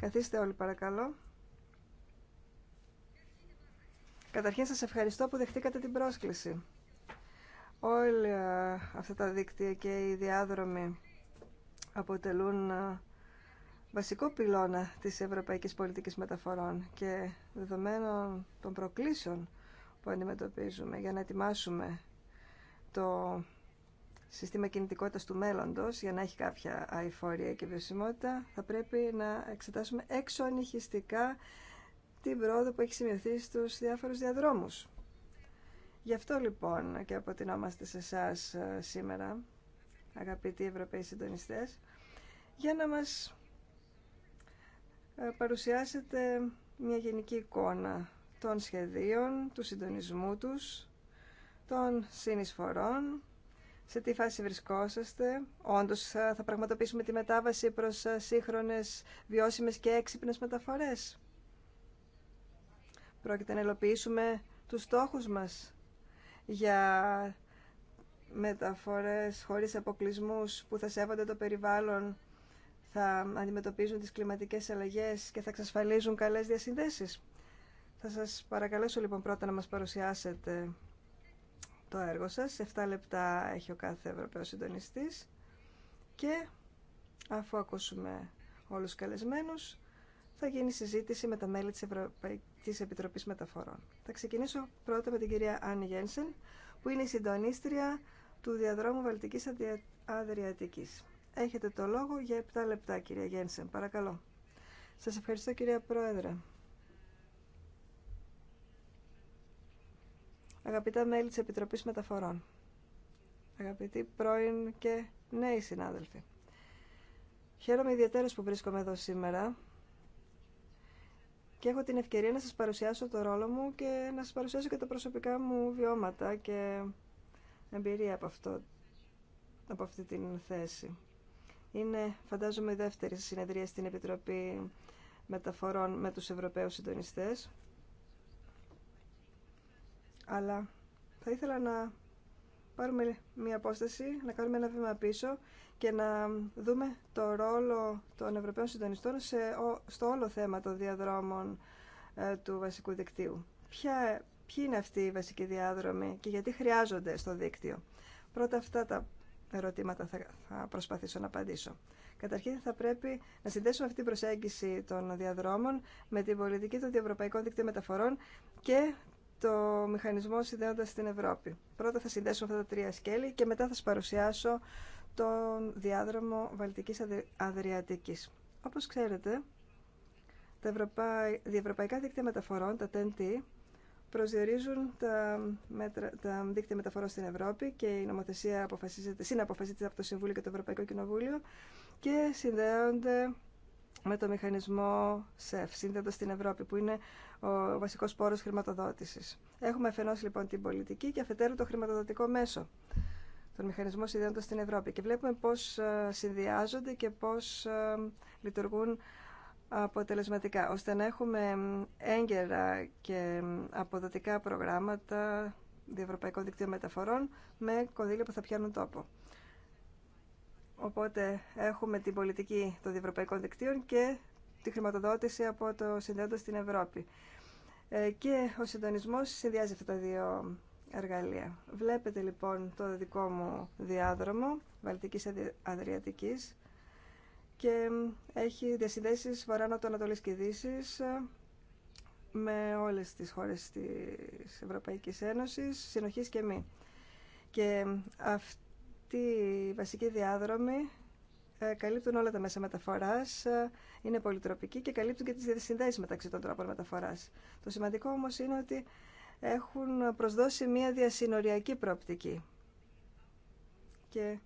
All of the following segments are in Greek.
Καθίστε όλοι παρακαλώ. Καταρχήν σας ευχαριστώ που δεχτήκατε την πρόσκληση. Όλα ε, αυτά τα δίκτυα και οι διάδρομοι αποτελούν ε, βασικό πυλώνα της ευρωπαϊκής πολιτικής μεταφορών και δεδομένων των προκλήσεων που αντιμετωπίζουμε για να ετοιμάσουμε το σύστημα κινητικότητας του μέλλοντος, για να έχει κάποια αηφορία και βιωσιμότητα, θα πρέπει να εξετάσουμε εξονυχιστικά την πρόοδο που έχει σημειωθεί στους διάφορους διαδρόμους. Γι' αυτό λοιπόν και αποτινόμαστε σε εσά ε, σήμερα, αγαπητοί Ευρωπαίοι συντονιστές, για να μας ε, παρουσιάσετε μια γενική εικόνα των σχεδίων, του συντονισμού τους, των συνεισφορών σε τι φάση βρισκόσαστε. όντω θα πραγματοποιήσουμε τη μετάβαση προς ε, σύγχρονες, βιώσιμες και έξυπνε μεταφορές. Πρόκειται να υλοποιήσουμε του στόχους μας για μεταφορές χωρίς αποκλεισμούς που θα σέβονται το περιβάλλον, θα αντιμετωπίζουν τις κλιματικές αλλαγές και θα εξασφαλίζουν καλές διασυνδέσεις. Θα σας παρακαλέσω λοιπόν πρώτα να μας παρουσιάσετε το έργο σας. 7 λεπτά έχει ο κάθε Ευρωπαίος Συντονιστής και αφού ακούσουμε όλους τους καλεσμένους θα γίνει συζήτηση με τα μέλη της Ευρωπαϊκής Επιτροπής Μεταφορών. Θα ξεκινήσω πρώτα με την κυρία Άννη Γένσεν που είναι η συντονίστρια του διαδρόμου Βαλτικής Αδριατικής. Έχετε το λόγο για 7 λεπτά κυρία Γένσεν. Παρακαλώ. Σας ευχαριστώ κυρία Πρόεδρε. Αγαπητά μέλη της Επιτροπής Μεταφορών, αγαπητοί πρώην και νέοι συνάδελφοι, χαίρομαι ιδιαίτερα που βρίσκομαι εδώ σήμερα και έχω την ευκαιρία να σας παρουσιάσω το ρόλο μου και να σας παρουσιάσω και τα προσωπικά μου βιώματα και εμπειρία από, αυτό, από αυτή την θέση. Είναι, φαντάζομαι, η δεύτερη συνεδρία στην Επιτροπή Μεταφορών με τους Ευρωπαίους Συντονιστές αλλά θα ήθελα να πάρουμε μια απόσταση, να κάνουμε ένα βήμα πίσω και να δούμε το ρόλο των Ευρωπαίων Συντονιστών στο όλο θέμα των διαδρόμων ε, του βασικού δικτύου. Ποια, ποιοι είναι αυτοί οι βασικοί διάδρομοι και γιατί χρειάζονται στο δίκτυο. Πρώτα αυτά τα ερωτήματα θα, θα προσπαθήσω να απαντήσω. Καταρχήν θα πρέπει να συνδέσουμε αυτή την προσέγγιση των διαδρόμων με την πολιτική των διευρωπαϊκών δικτύων μεταφορών και το μηχανισμό συνδέοντα την Ευρώπη. Πρώτα θα συνδέσω αυτά τα τρία σκέλη και μετά θα σα παρουσιάσω τον διάδρομο Βαλτικής Αδριατικής. Όπως ξέρετε, τα διευρωπαϊκά δίκτυα μεταφορών, τα TNT, προσδιορίζουν τα, μέτρα, τα δίκτυα μεταφορών στην Ευρώπη και η νομοθεσία αποφασίζεται, συναποφασίζεται από το Συμβούλιο και το Ευρωπαϊκό Κοινοβούλιο και συνδέονται με το μηχανισμό ΣΕΦ, σύνδετο στην Ευρώπη, που είναι ο βασικός πόρος χρηματοδότησης. Έχουμε αφενός λοιπόν την πολιτική και αφετέρου το χρηματοδοτικό μέσο, τον μηχανισμό συνδέοντα στην Ευρώπη. Και βλέπουμε πώς ε, συνδυάζονται και πώς ε, λειτουργούν αποτελεσματικά, ώστε να έχουμε έγκαιρα και αποδοτικά προγράμματα διευρωπαϊκών δικτύων μεταφορών με κονδύλια που θα πιάνουν τόπο. Οπότε έχουμε την πολιτική των διευρωπαϊκών δικτύων και τη χρηματοδότηση από το Συνδέοντα στην Ευρώπη. Ε, και ο συντονισμός συνδυάζει αυτά τα δύο εργαλεία. Βλέπετε λοιπόν το δικό μου διάδρομο Βαλτικής Αδριατικής και έχει διασυνδέσεις των και δύσης ε, με όλες τις χώρες της Ευρωπαϊκής Ένωσης, συνοχής και μη. Και αυτοί οι βασικοί διάδρομοι ε, καλύπτουν όλα τα μέσα μεταφορά, ε, είναι πολυτροπικοί και καλύπτουν και τι διασυνδέσει μεταξύ των τρόπων μεταφορά. Το σημαντικό όμω είναι ότι έχουν προσδώσει μια διασυνοριακή προοπτική και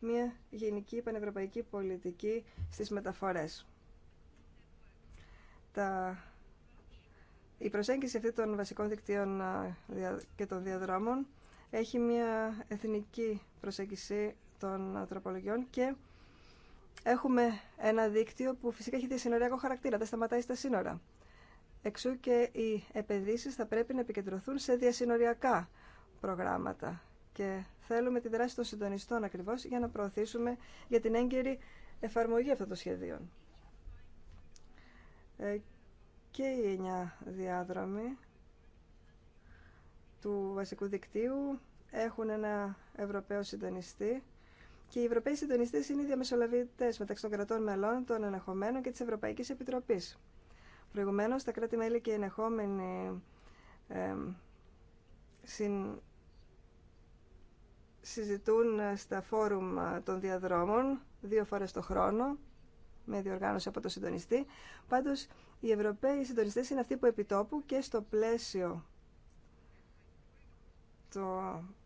μια γενική πανευρωπαϊκή πολιτική στις μεταφορές. Τα... Η προσέγγιση αυτή των βασικών δικτύων ε, και των διαδρόμων έχει μια εθνική προσέγγιση των τροπολογιών και έχουμε ένα δίκτυο που φυσικά έχει διασυνοριακό χαρακτήρα, δεν σταματάει στα σύνορα. Εξού και οι επενδύσει θα πρέπει να επικεντρωθούν σε διασυνοριακά προγράμματα και θέλουμε τη δράση των συντονιστών ακριβώς για να προωθήσουμε για την έγκαιρη εφαρμογή αυτών των σχεδίων. Ε, και οι εννιά του βασικού δικτύου έχουν ένα Ευρωπαίο συντονιστή και οι Ευρωπαίοι συντονιστέ είναι οι διαμεσολαβητέ μεταξύ των κρατών μελών, των ενεχομένων και τη Ευρωπαϊκή Επιτροπή. Προηγουμένω, τα κράτη-μέλη και οι ενεχόμενοι ε, συζητούν στα φόρουμ των διαδρόμων δύο φορέ το χρόνο με διοργάνωση από το συντονιστή. Πάντως, οι Ευρωπαίοι συντονιστές είναι αυτοί που επιτόπου και στο πλαίσιο του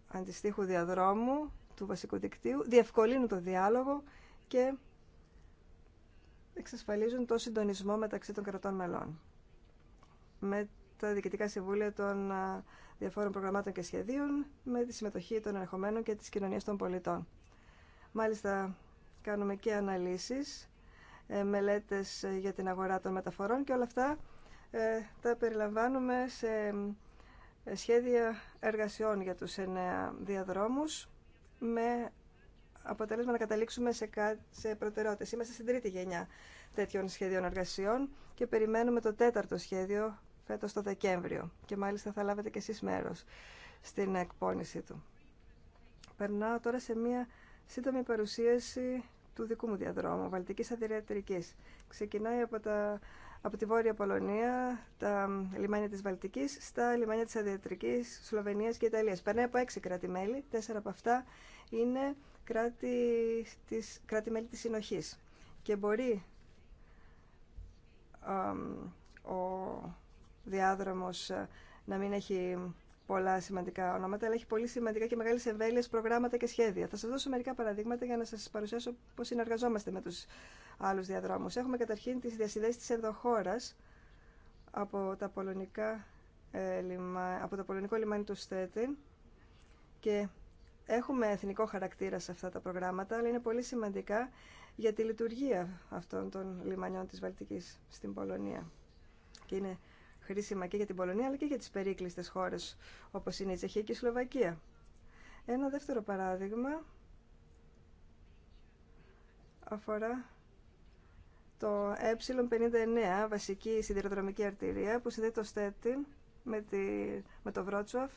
αντιστοίχου διαδρόμου του βασικού δικτύου, διευκολύνουν το διάλογο και εξασφαλίζουν το συντονισμό μεταξύ των κρατών μελών. Με τα διοικητικά συμβούλια των διαφόρων προγραμμάτων και σχεδίων, με τη συμμετοχή των ενεχομένων και της κοινωνίας των πολιτών. Μάλιστα, κάνουμε και αναλύσεις, ε, μελέτες ε, για την αγορά των μεταφορών και όλα αυτά ε, τα περιλαμβάνουμε σε σχέδια εργασιών για τους εννέα διαδρόμους με αποτέλεσμα να καταλήξουμε σε, κα... σε προτεραιότητες. Είμαστε στην τρίτη γενιά τέτοιων σχέδιων εργασιών και περιμένουμε το τέταρτο σχέδιο φέτος το Δεκέμβριο και μάλιστα θα λάβετε και εσείς μέρος στην εκπόνησή του. Περνάω τώρα σε μια σύντομη παρουσίαση του δικού μου διαδρόμου, Βαλτικής Αδριατρικής. Ξεκινάει από τα από τη Βόρεια Πολωνία, τα λιμάνια της Βαλτικής, στα λιμάνια της Αδιατρικής, Σλοβενίας και Ιταλίας. Περνάει από έξι κράτη-μέλη, τέσσερα από αυτά είναι κράτη της, κράτη-μέλη της συνοχής. Και μπορεί ο διάδρομος ε, να μην έχει πολλά σημαντικά ονόματα, αλλά έχει πολύ σημαντικά και μεγάλε ευέλειε προγράμματα και σχέδια. Θα σα δώσω μερικά παραδείγματα για να σα παρουσιάσω πώ συνεργαζόμαστε με του άλλου διαδρόμου. Έχουμε καταρχήν τι διασυνδέσει τη ενδοχώρα από, ε, από το πολωνικό λιμάνι του Στέτιν και έχουμε εθνικό χαρακτήρα σε αυτά τα προγράμματα, αλλά είναι πολύ σημαντικά για τη λειτουργία αυτών των λιμανιών της Βαλτικής στην Πολωνία. Και είναι χρήσιμα και για την Πολωνία αλλά και για τις περίκλειστες χώρες όπως είναι η Τσεχία και η Σλοβακία. Ένα δεύτερο παράδειγμα αφορά το ε59, βασική σιδηροδρομική αρτηρία που συνδέει το Στέτιν με, τη, με το Βρότσοφ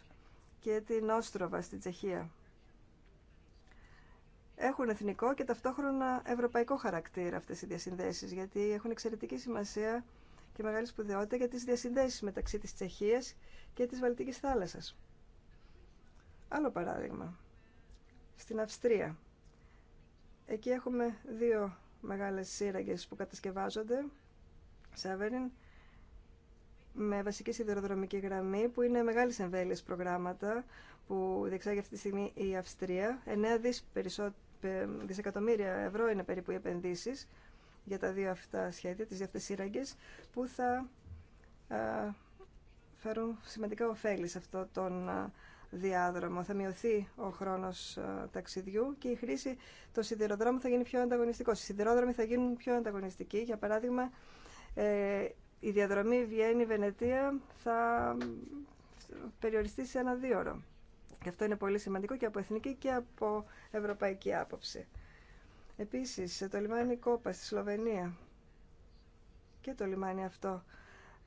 και την Όστροβα στην Τσεχία. Έχουν εθνικό και ταυτόχρονα ευρωπαϊκό χαρακτήρα αυτές οι διασυνδέσεις γιατί έχουν εξαιρετική σημασία και μεγάλη σπουδαιότητα για τις διασυνδέσεις μεταξύ της Τσεχίας και της Βαλτικής θάλασσας. Άλλο παράδειγμα, στην Αυστρία. Εκεί έχουμε δύο μεγάλες σύραγγες που κατασκευάζονται, Σέβεριν, με βασική σιδηροδρομική γραμμή, που είναι μεγάλη εμβέλεια προγράμματα που διεξάγει αυτή τη στιγμή η Αυστρία. 9 δισεκατομμύρια ευρώ είναι περίπου οι επενδύσεις για τα δύο αυτά σχέδια, τις δύο αυτές σύραγγες, που θα φέρουν σημαντικά ωφέλη σε αυτό τον διάδρομο. Θα μειωθεί ο χρόνος ταξιδιού και η χρήση των σιδηροδρόμων θα γίνει πιο ανταγωνιστικός. Οι σιδηρόδρομοι θα γίνουν πιο ανταγωνιστικοί. Για παράδειγμα, ε, η διαδρομή Βιέννη-Βενετία θα περιοριστεί σε ένα δύο ώρο. Και αυτό είναι πολύ σημαντικό και από εθνική και από ευρωπαϊκή άποψη. Επίσης, το λιμάνι Κόπα στη Σλοβενία και το λιμάνι αυτό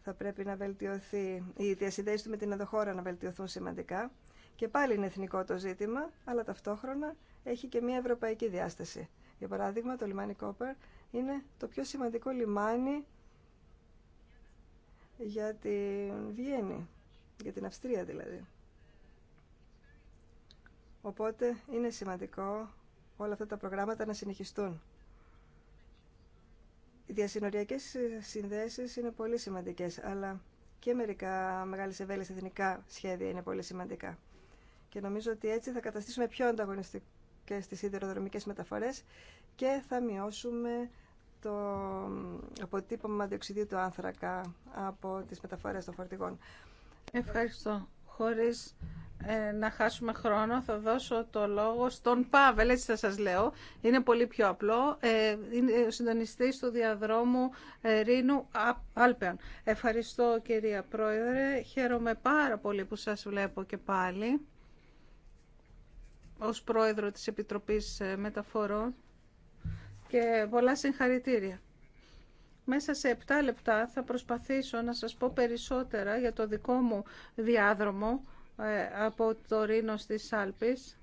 θα πρέπει να βελτιωθεί, οι διασυνδέσεις του με την ενδοχώρα να βελτιωθούν σημαντικά. Και πάλι είναι εθνικό το ζήτημα, αλλά ταυτόχρονα έχει και μια ευρωπαϊκή διάσταση. Για παράδειγμα, το λιμάνι Κόπερ είναι το πιο σημαντικό λιμάνι για την Βιέννη, για την Αυστρία δηλαδή. Οπότε είναι σημαντικό όλα αυτά τα προγράμματα να συνεχιστούν. Οι διασυνοριακές συνδέσεις είναι πολύ σημαντικές, αλλά και μερικά μεγάλες ευέλες εθνικά σχέδια είναι πολύ σημαντικά. Και νομίζω ότι έτσι θα καταστήσουμε πιο ανταγωνιστικές τις σιδηροδρομικές μεταφορές και θα μειώσουμε το αποτύπωμα διοξιδίου του άνθρακα από τις μεταφορές των φορτηγών. Ευχαριστώ. Ε, να χάσουμε χρόνο θα δώσω το λόγο στον Πάβελ, έτσι θα σας λέω. Είναι πολύ πιο απλό. Ε, είναι ο συντονιστής του διαδρόμου ε, Ρήνου Άλπεων. Ευχαριστώ κυρία Πρόεδρε. Χαίρομαι πάρα πολύ που σας βλέπω και πάλι ως Πρόεδρο της Επιτροπής Μεταφορών και πολλά συγχαρητήρια. Μέσα σε 7 λεπτά θα προσπαθήσω να σας πω περισσότερα για το δικό μου διάδρομο ε, από το Ρήνο στις Άλπεις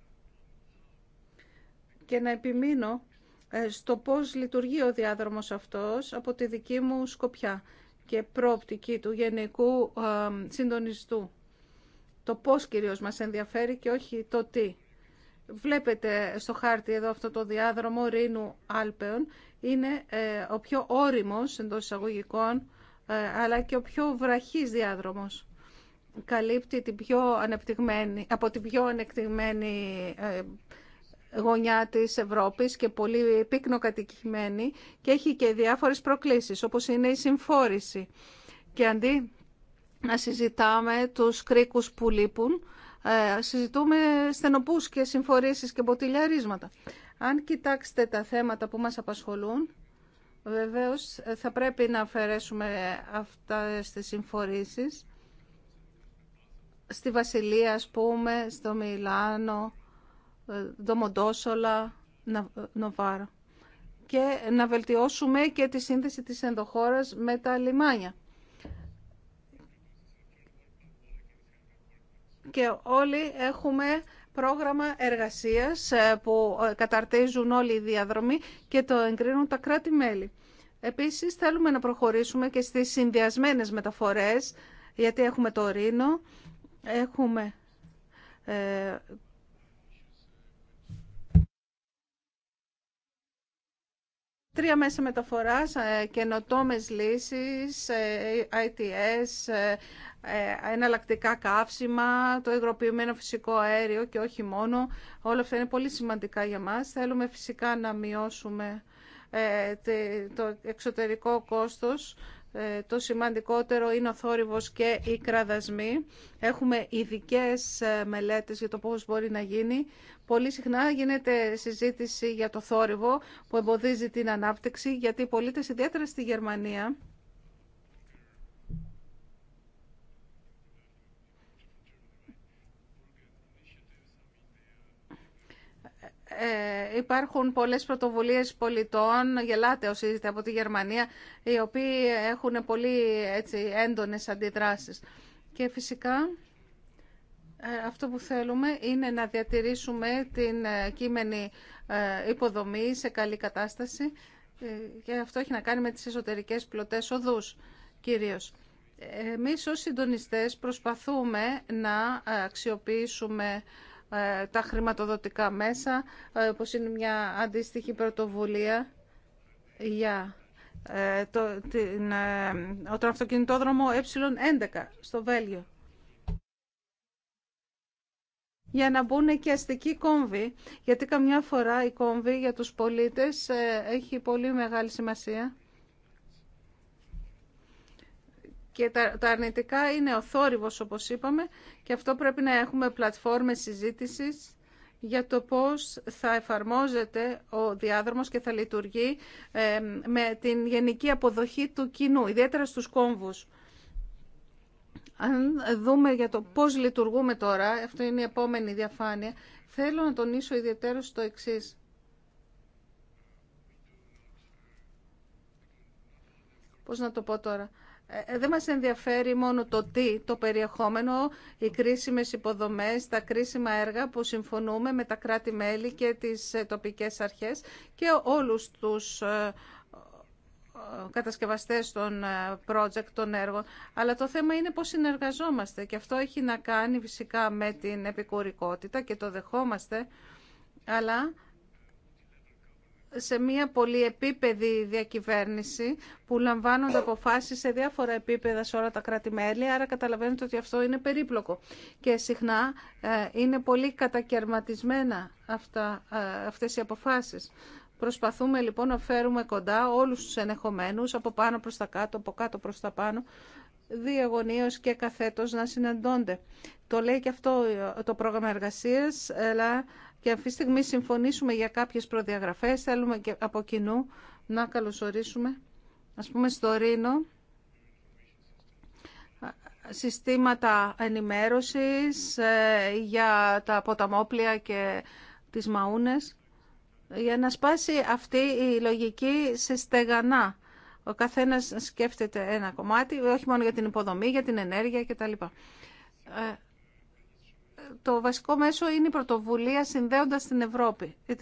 και να επιμείνω ε, στο πώς λειτουργεί ο διάδρομος αυτός από τη δική μου σκοπιά και πρόπτικη του γενικού ε, συντονιστού. Το πώς κυρίως μας ενδιαφέρει και όχι το τι. Βλέπετε στο χάρτη εδώ αυτό το διάδρομο Ρήνου Άλπεων. Είναι ο πιο όριμος εντό εισαγωγικών αλλά και ο πιο βραχής διάδρομος καλύπτει την πιο ανεπτυγμένη, από την πιο ανεπτυγμένη ε, γωνιά της Ευρώπης και πολύ πύκνο κατοικημένη και έχει και διάφορες προκλήσεις όπως είναι η συμφόρηση. Και αντί να συζητάμε τους κρίκους που λείπουν, ε, συζητούμε στενοπούς και συμφορήσεις και μποτιλιαρίσματα. Αν κοιτάξετε τα θέματα που μας απασχολούν, βεβαίως ε, θα πρέπει να αφαιρέσουμε αυτά στις συμφορήσεις στη Βασιλεία, ας πούμε, στο Μιλάνο, ε, το Μοντόσολα, Νοβάρα. Και να βελτιώσουμε και τη σύνδεση της ενδοχώρας με τα λιμάνια. Και όλοι έχουμε πρόγραμμα εργασίας ε, που ε, καταρτίζουν όλοι οι διαδρομοί και το εγκρίνουν τα κράτη-μέλη. Επίσης θέλουμε να προχωρήσουμε και στις συνδυασμένες μεταφορές, γιατί έχουμε το Ρήνο Έχουμε ε, τρία μέσα μεταφοράς, ε, καινοτόμες λύσεις, ε, ITS, ε, εναλλακτικά καύσιμα, το υγροποιημένο φυσικό αέριο και όχι μόνο. Όλα αυτά είναι πολύ σημαντικά για μας. Θέλουμε φυσικά να μειώσουμε το εξωτερικό κόστος ε, το σημαντικότερο είναι ο θόρυβος και οι κραδασμοί. Έχουμε ειδικέ ε, μελέτες για το πώς μπορεί να γίνει. Πολύ συχνά γίνεται συζήτηση για το θόρυβο που εμποδίζει την ανάπτυξη, γιατί οι πολίτες, ιδιαίτερα στη Γερμανία, Ε, υπάρχουν πολλές πρωτοβουλίες πολιτών, γελάτε όσοι είστε από τη Γερμανία, οι οποίοι έχουν πολύ έτσι, έντονες αντιδράσεις. Και φυσικά ε, αυτό που θέλουμε είναι να διατηρήσουμε την ε, κείμενη υποδομή σε καλή κατάσταση και αυτό έχει να κάνει με τις εσωτερικές πλωτές οδούς κυρίως. Εμείς ως συντονιστές προσπαθούμε να αξιοποιήσουμε ε, τα χρηματοδοτικά μέσα, ε, πως είναι μια αντίστοιχη πρωτοβουλία για ε, τον αυτοκινητόδρομο ε11 στο Βέλγιο. Για να μπουν και αστικοί κόμβοι, γιατί καμιά φορά η κόμβη για τους πολίτες έχει πολύ μεγάλη σημασία. Και τα, τα αρνητικά είναι ο θόρυβος, όπως είπαμε, και αυτό πρέπει να έχουμε πλατφόρμες συζήτησης για το πώς θα εφαρμόζεται ο διάδρομος και θα λειτουργεί ε, με την γενική αποδοχή του κοινού, ιδιαίτερα στους κόμβους. Αν δούμε για το πώς λειτουργούμε τώρα, αυτό είναι η επόμενη διαφάνεια, θέλω να τονίσω ιδιαίτερα στο εξής. Πώς να το πω τώρα. Ε, ε, δεν μας ενδιαφέρει μόνο το τι, το περιεχόμενο, οι κρίσιμες υποδομές, τα κρίσιμα έργα που συμφωνούμε με τα κράτη-μέλη και τις ε, τοπικές αρχές και όλους τους κατασκευαστές των project, των έργων. Αλλά το θέμα είναι πώς συνεργαζόμαστε και αυτό έχει να κάνει φυσικά με την επικουρικότητα και το δεχόμαστε, αλλά σε μια πολυεπίπεδη διακυβέρνηση που λαμβάνονται αποφάσεις σε διάφορα επίπεδα σε όλα τα κράτη-μέλη, άρα καταλαβαίνετε ότι αυτό είναι περίπλοκο. Και συχνά ε, είναι πολύ κατακαιρματισμένα αυτά, ε, αυτές οι αποφάσεις. Προσπαθούμε λοιπόν να φέρουμε κοντά όλους τους ενεχομένους, από πάνω προς τα κάτω, από κάτω προς τα πάνω, διαγωνίως και καθέτος να συναντώνται. Το λέει και αυτό το πρόγραμμα εργασίας, αλλά και αυτή τη στιγμή συμφωνήσουμε για κάποιες προδιαγραφές, θέλουμε και από κοινού να καλωσορίσουμε. Ας πούμε στο Ρήνο, συστήματα ενημέρωσης ε, για τα ποταμόπλια και τις μαούνες, για να σπάσει αυτή η λογική σε στεγανά ο καθένα σκέφτεται ένα κομμάτι, όχι μόνο για την υποδομή, για την ενέργεια κτλ. Ε, το βασικό μέσο είναι η πρωτοβουλία συνδέοντας την Ευρώπη, ε,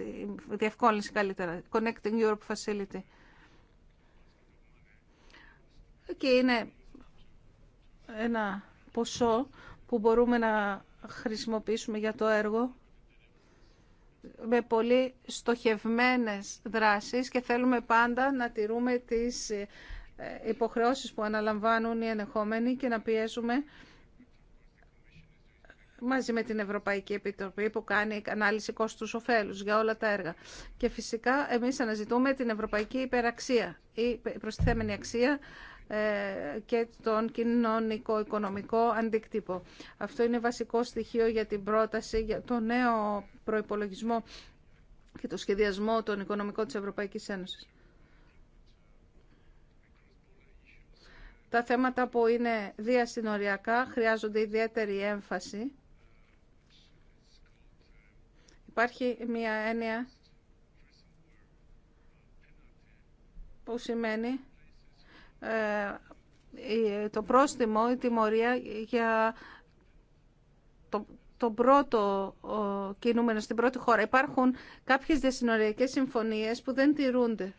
διευκόλυνση καλύτερα, Connecting Europe Facility. Και είναι ένα ποσό που μπορούμε να χρησιμοποιήσουμε για το έργο με πολύ στοχευμένες δράσεις και θέλουμε πάντα να τηρούμε τις ε, υποχρεώσεις που αναλαμβάνουν οι ενεχόμενοι και να πιέζουμε μαζί με την Ευρωπαϊκή Επιτροπή που κάνει ανάλυση κόστους κόστους-οφέλους για όλα τα έργα. Και φυσικά εμείς αναζητούμε την ευρωπαϊκή υπεραξία ή προστιθέμενη αξία ε, και τον κοινωνικο-οικονομικό αντίκτυπο. Αυτό είναι βασικό στοιχείο για την πρόταση για το νέο προϋπολογισμό και το σχεδιασμό των οικονομικών της Ευρωπαϊκής Ένωσης. Τα θέματα που είναι διασυνοριακά χρειάζονται ιδιαίτερη έμφαση. Υπάρχει μια έννοια που σημαίνει ε, το πρόστιμο, η μορία για το, τον πρώτο κινούμενο στην πρώτη χώρα. Υπάρχουν κάποιες διασυνοριακές συμφωνίες που δεν τηρούνται.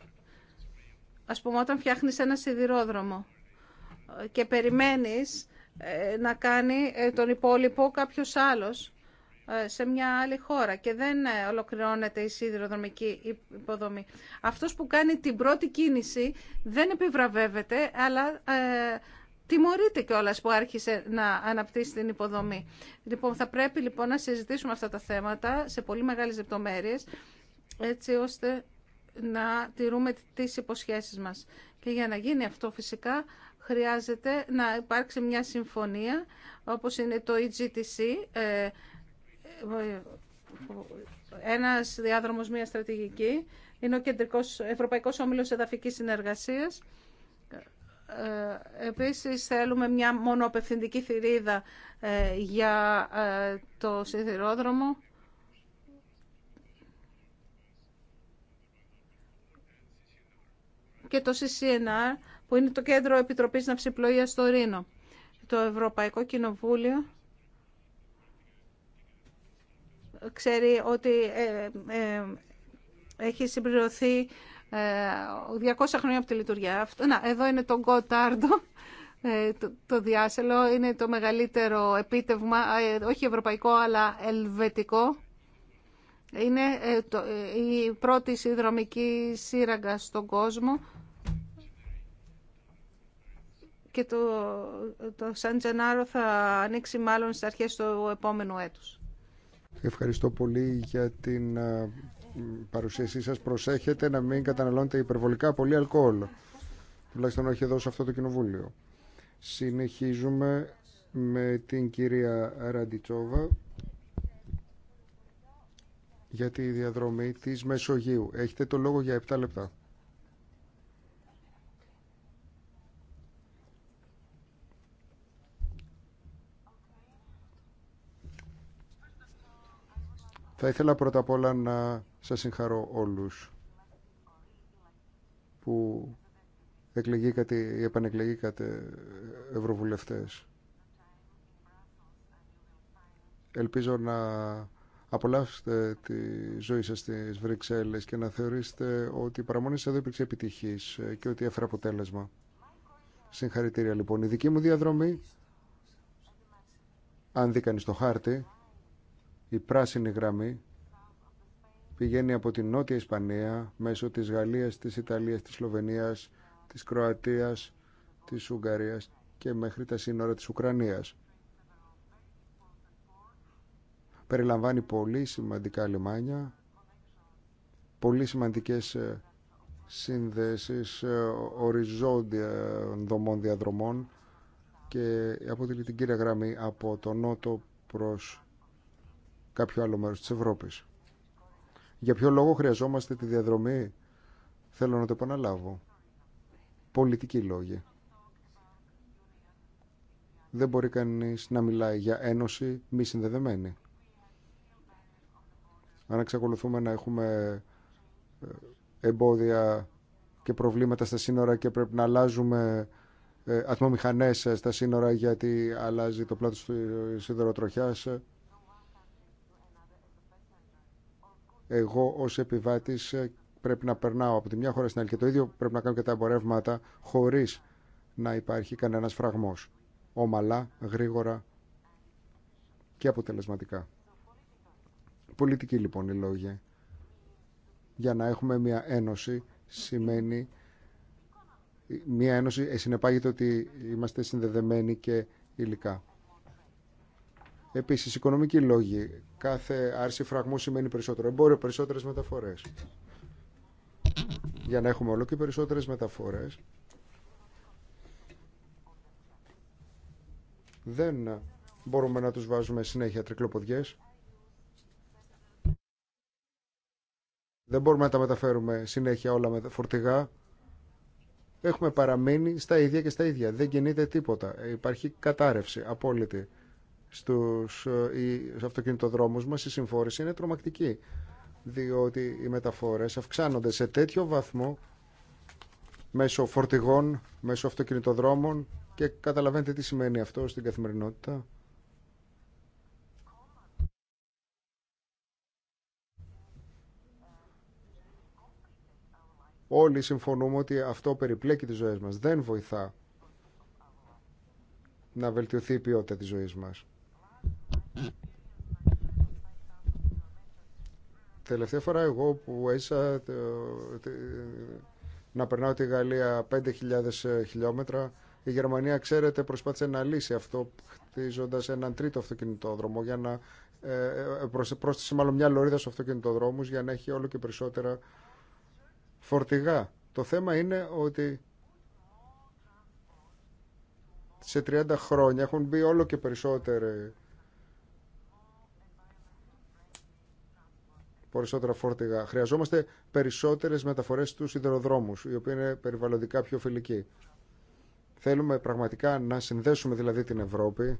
Ας πούμε όταν φτιάχνεις ένα σιδηρόδρομο και περιμένεις ε, να κάνει ε, τον υπόλοιπο κάποιος άλλος ε, σε μια άλλη χώρα και δεν ε, ολοκληρώνεται η σιδηροδρομική υποδομή. Αυτός που κάνει την πρώτη κίνηση δεν επιβραβεύεται, αλλά ε, τιμωρείται κιόλα που άρχισε να αναπτύσσει την υποδομή. Λοιπόν, θα πρέπει λοιπόν να συζητήσουμε αυτά τα θέματα σε πολύ μεγάλες λεπτομέρειε, έτσι ώστε να τηρούμε τις υποσχέσεις μας. Και για να γίνει αυτό φυσικά χρειάζεται να υπάρξει μια συμφωνία, όπως είναι το EGTC, ένας διάδρομος, μια στρατηγική. Είναι ο κεντρικός Ευρωπαϊκός Όμιλος Εδαφικής Συνεργασίας. Ε, επίσης θέλουμε μια μόνο απευθυντική θηρίδα ε, για ε, το σιδηρόδρομο. Και το CCNR που είναι το Κέντρο Επιτροπής Ναυσιπλοείας στο Ρήνο. Το Ευρωπαϊκό Κοινοβούλιο ξέρει ότι ε, ε, έχει συμπληρωθεί 200 ε, χρόνια από τη λειτουργία. Να, εδώ είναι το Γκοτάρντο. Το, διάσελο είναι το μεγαλύτερο επίτευγμα, όχι ευρωπαϊκό αλλά ελβετικό. Είναι η πρώτη συνδρομική σύραγγα στον κόσμο και το, το Σαν θα ανοίξει μάλλον στις αρχές του επόμενου έτους. Ευχαριστώ πολύ για την παρουσίασή σας. Προσέχετε να μην καταναλώνετε υπερβολικά πολύ αλκοόλ. Τουλάχιστον όχι εδώ σε αυτό το κοινοβούλιο. Συνεχίζουμε με την κυρία Ραντιτσόβα για τη διαδρομή της Μεσογείου. Έχετε το λόγο για 7 λεπτά. Θα ήθελα πρώτα απ' όλα να σας συγχαρώ όλους που εκλεγήκατε ή επανεκλεγήκατε ευρωβουλευτές. Ελπίζω να απολαύσετε τη ζωή σας στις Βρυξέλλες και να θεωρήσετε ότι η παραμονή σας εδώ υπήρξε επιτυχής και ότι έφερε αποτέλεσμα. Συγχαρητήρια λοιπόν. Η δική μου διαδρομή, αν δει κανείς το χάρτη, η πράσινη γραμμή πηγαίνει από την Νότια Ισπανία μέσω της Γαλλίας, της Ιταλίας, της Σλοβενίας, της Κροατίας, της Ουγγαρίας και μέχρι τα σύνορα της Ουκρανίας. Περιλαμβάνει πολύ σημαντικά λιμάνια, πολύ σημαντικές ε, συνδέσεις ε, οριζόντια δομών διαδρομών και αποτελεί την κύρια γραμμή από το νότο προς κάποιο άλλο μέρος της Ευρώπης. Για ποιο λόγο χρειαζόμαστε τη διαδρομή, θέλω να το επαναλάβω. Πολιτικοί λόγοι. Δεν μπορεί κανείς να μιλάει για ένωση μη συνδεδεμένη. Αν εξακολουθούμε να έχουμε ε, εμπόδια και προβλήματα στα σύνορα και πρέπει να αλλάζουμε ε, ατμομηχανές ε, στα σύνορα γιατί αλλάζει το πλάτος του σιδεροτροχιάς εγώ ως επιβάτης ε, πρέπει να περνάω από τη μια χώρα στην άλλη και το ίδιο πρέπει να κάνω και τα εμπορεύματα χωρίς να υπάρχει κανένας φραγμός. Ομαλά, γρήγορα και αποτελεσματικά. Πολιτική λοιπόν η λόγια. Για να έχουμε μια ένωση σημαίνει μια ένωση ε, συνεπάγεται ότι είμαστε συνδεδεμένοι και υλικά. Επίσης, οικονομικοί λόγοι. Κάθε άρση φραγμού σημαίνει περισσότερο εμπόριο, περισσότερες μεταφορές. Για να έχουμε όλο και περισσότερες μεταφορές, δεν μπορούμε να τους βάζουμε συνέχεια τρικλοποδιές. Δεν μπορούμε να τα μεταφέρουμε συνέχεια όλα με φορτηγά. Έχουμε παραμείνει στα ίδια και στα ίδια. Δεν κινείται τίποτα. Υπάρχει κατάρρευση απόλυτη. Ε, στους αυτοκινητοδρόμους μας η συμφόρηση είναι τρομακτική διότι οι μεταφορές αυξάνονται σε τέτοιο βαθμό μέσω φορτηγών, μέσω αυτοκινητοδρόμων και καταλαβαίνετε τι σημαίνει αυτό στην καθημερινότητα. Όλοι συμφωνούμε ότι αυτό περιπλέκει τις ζωές μας. Δεν βοηθά να βελτιωθεί η ποιότητα της ζωής μας. Τελευταία φορά εγώ που έζησα να περνάω τη Γαλλία 5.000 ε, χιλιόμετρα, η Γερμανία, ξέρετε, προσπάθησε να λύσει αυτό χτίζοντας έναν τρίτο αυτοκινητόδρομο για να ε, ε, πρόσθεσε μάλλον μια λωρίδα στους αυτοκινητοδρόμους για να έχει όλο και περισσότερα φορτηγά. Το θέμα είναι ότι σε 30 χρόνια έχουν μπει όλο και περισσότεροι περισσότερα φόρτηγα. Χρειαζόμαστε περισσότερε μεταφορέ στου σιδηροδρόμου, οι οποίοι είναι περιβαλλοντικά πιο φιλικοί. Θέλουμε πραγματικά να συνδέσουμε δηλαδή την Ευρώπη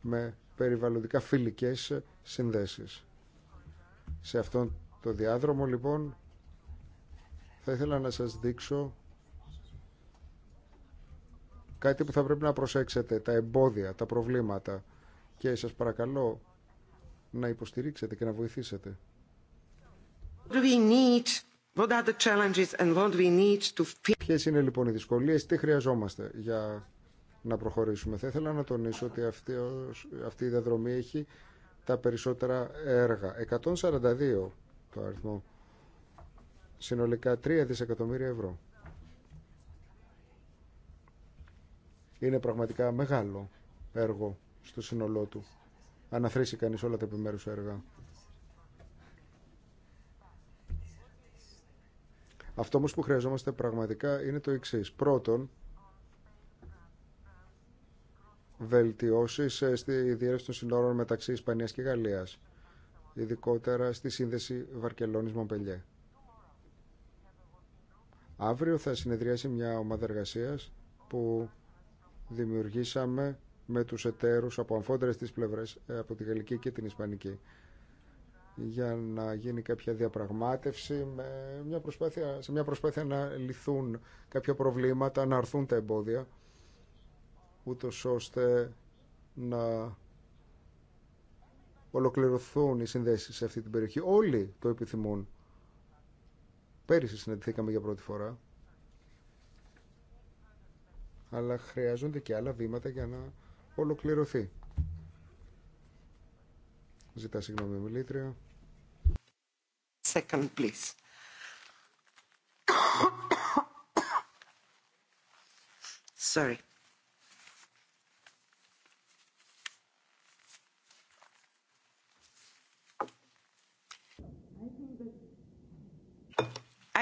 με περιβαλλοντικά φιλικές συνδέσεις. Σε αυτόν το διάδρομο λοιπόν θα ήθελα να σας δείξω κάτι που θα πρέπει να προσέξετε, τα εμπόδια, τα προβλήματα και σας παρακαλώ να υποστηρίξετε και να βοηθήσετε. Ποιε είναι λοιπόν οι δυσκολίε τι χρειαζόμαστε για να προχωρήσουμε. Θα ήθελα να τονίσω ότι αυτή, η διαδρομή έχει τα περισσότερα έργα. 142 το αριθμό. Συνολικά 3 δισεκατομμύρια ευρώ. Είναι πραγματικά μεγάλο έργο στο σύνολό του. Αναθρήσει κανείς όλα τα επιμέρους έργα. Αυτό όμως που χρειαζόμαστε πραγματικά είναι το εξή. Πρώτον, βελτιώσεις ε, στη διέρευση των συνόρων μεταξύ Ισπανίας και Γαλλίας, ειδικότερα στη σύνδεση Βαρκελόνης-Μομπελιέ. Αύριο θα συνεδριάσει μια ομάδα εργασίας που δημιουργήσαμε με τους εταίρους από αμφότερες τις πλευρές, ε, από τη Γαλλική και την Ισπανική, για να γίνει κάποια διαπραγμάτευση με μια προσπάθεια, σε μια προσπάθεια να λυθούν κάποια προβλήματα, να αρθούν τα εμπόδια ούτως ώστε να ολοκληρωθούν οι συνδέσεις σε αυτή την περιοχή. Όλοι το επιθυμούν. Πέρυσι συναντηθήκαμε για πρώτη φορά. Αλλά χρειάζονται και άλλα βήματα για να ολοκληρωθεί. Ζητά συγγνώμη, μιλήτρια second, please. Sorry.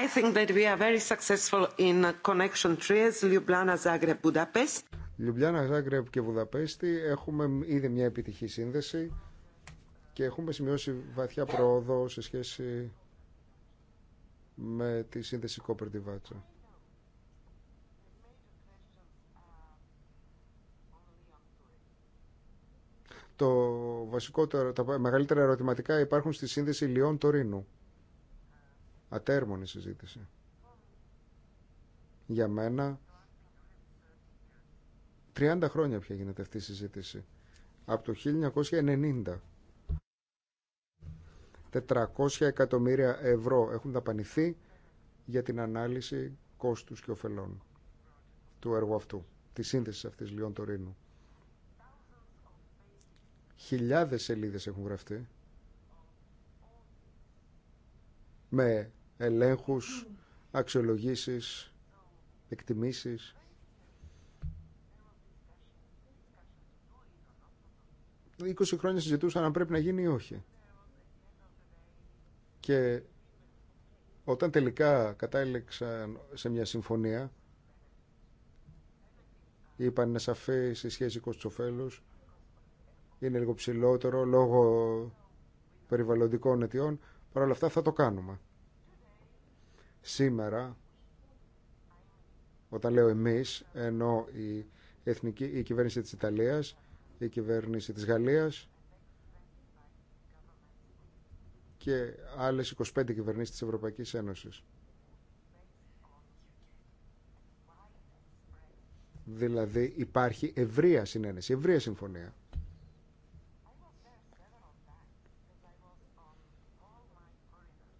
I think that we are very successful in connection trees, Ljubljana, Zagreb, Budapest. Ljubljana Zagreb και Βουδαπέστη έχουμε ήδη μια επιτυχή σύνδεση και έχουμε σημειώσει βαθιά πρόοδο σε σχέση με τη σύνδεση Κόπερ Βάτσα. Το βασικό τα μεγαλύτερα ερωτηματικά υπάρχουν στη σύνδεση Λιών Τωρίνου. Ατέρμονη συζήτηση. Για μένα, 30 χρόνια πια γίνεται αυτή η συζήτηση. Από το 1990. 400 εκατομμύρια ευρώ έχουν δαπανηθεί για την ανάλυση κόστους και ωφελών του έργου αυτού, τη σύνθεση αυτής Λιών Τωρίνου. Χιλιάδες σελίδες έχουν γραφτεί με ελέγχους, αξιολογήσεις, εκτιμήσεις. 20 χρόνια συζητούσαν αν πρέπει να γίνει ή όχι. Και όταν τελικά κατάληξαν σε μια συμφωνία, είπαν είναι σαφέ σε σχέση κοστοφέλους, είναι λίγο ψηλότερο λόγω περιβαλλοντικών αιτιών, παρόλα αυτά θα το κάνουμε. Σήμερα, όταν λέω εμείς, ενώ η, εθνική, η κυβέρνηση της Ιταλίας, η κυβέρνηση της Γαλλίας, και άλλες 25 κυβερνήσεις της Ευρωπαϊκής Ένωσης. Δηλαδή υπάρχει ευρεία συνένεση, ευρεία συμφωνία.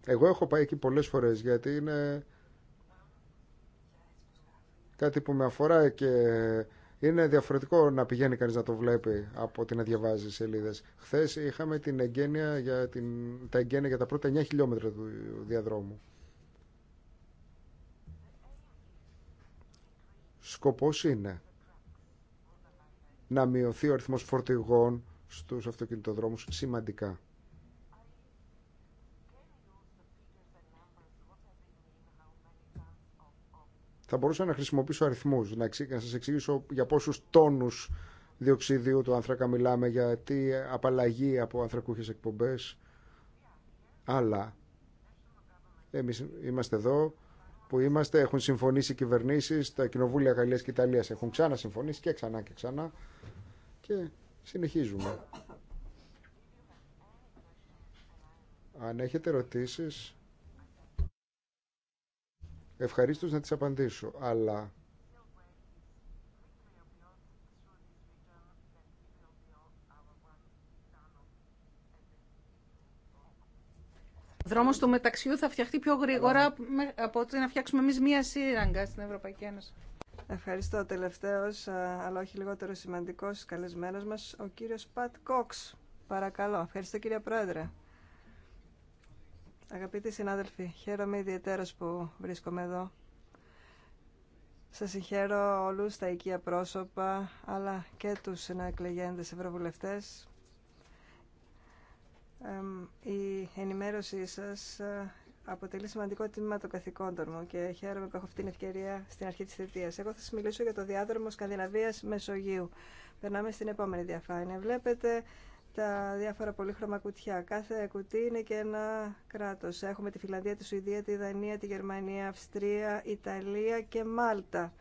Εγώ έχω πάει εκεί πολλές φορές γιατί είναι κάτι που με αφορά και είναι διαφορετικό να πηγαίνει κανείς να το βλέπει από ότι να διαβάζει σελίδε. Χθε είχαμε την για την, τα εγκαίνια για τα πρώτα 9 χιλιόμετρα του διαδρόμου. Σκοπός είναι να μειωθεί ο αριθμός φορτηγών στους αυτοκινητοδρόμους σημαντικά. Θα μπορούσα να χρησιμοποιήσω αριθμούς, να, να σας εξηγήσω για πόσους τόνους διοξιδίου του άνθρακα μιλάμε, τι απαλλαγή από ανθρακούχε εκπομπέ. αλλά εμείς είμαστε εδώ που είμαστε, έχουν συμφωνήσει οι κυβερνήσεις, τα κοινοβούλια Γαλλία και Ιταλία. έχουν ξανά συμφωνήσει και ξανά και ξανά και συνεχίζουμε. Αν έχετε ερωτήσεις Ευχαριστώ να τις απαντήσω, αλλά Ο δρόμο του μεταξιού θα φτιαχτεί πιο γρήγορα από ότι να φτιάξουμε εμεί μία σύραγγα στην Ευρωπαϊκή Ένωση. Ευχαριστώ. Τελευταίο, αλλά όχι λιγότερο σημαντικό, καλεσμένο μα, ο κύριο Πατ Κόξ. Παρακαλώ. Ευχαριστώ, κύριε Πρόεδρε. Αγαπητοί συνάδελφοι, χαίρομαι ιδιαίτερα που βρίσκομαι εδώ. Σας συγχαίρω όλους τα οικία πρόσωπα, αλλά και τους συναεκλεγέντες ευρωβουλευτές. η ενημέρωσή σας ε, αποτελεί σημαντικό τμήμα των καθηκόντων μου και χαίρομαι που έχω αυτή την ευκαιρία στην αρχή της θετίας. Εγώ θα σας μιλήσω για το διάδρομο Σκανδιναβίας Μεσογείου. Περνάμε στην επόμενη διαφάνεια. Βλέπετε τα διάφορα πολύχρωμα κουτιά. Κάθε κουτί είναι και ένα κράτο. Έχουμε τη Φιλανδία, τη Σουηδία, τη Δανία, τη Γερμανία, Αυστρία, Ιταλία και Μάλτα.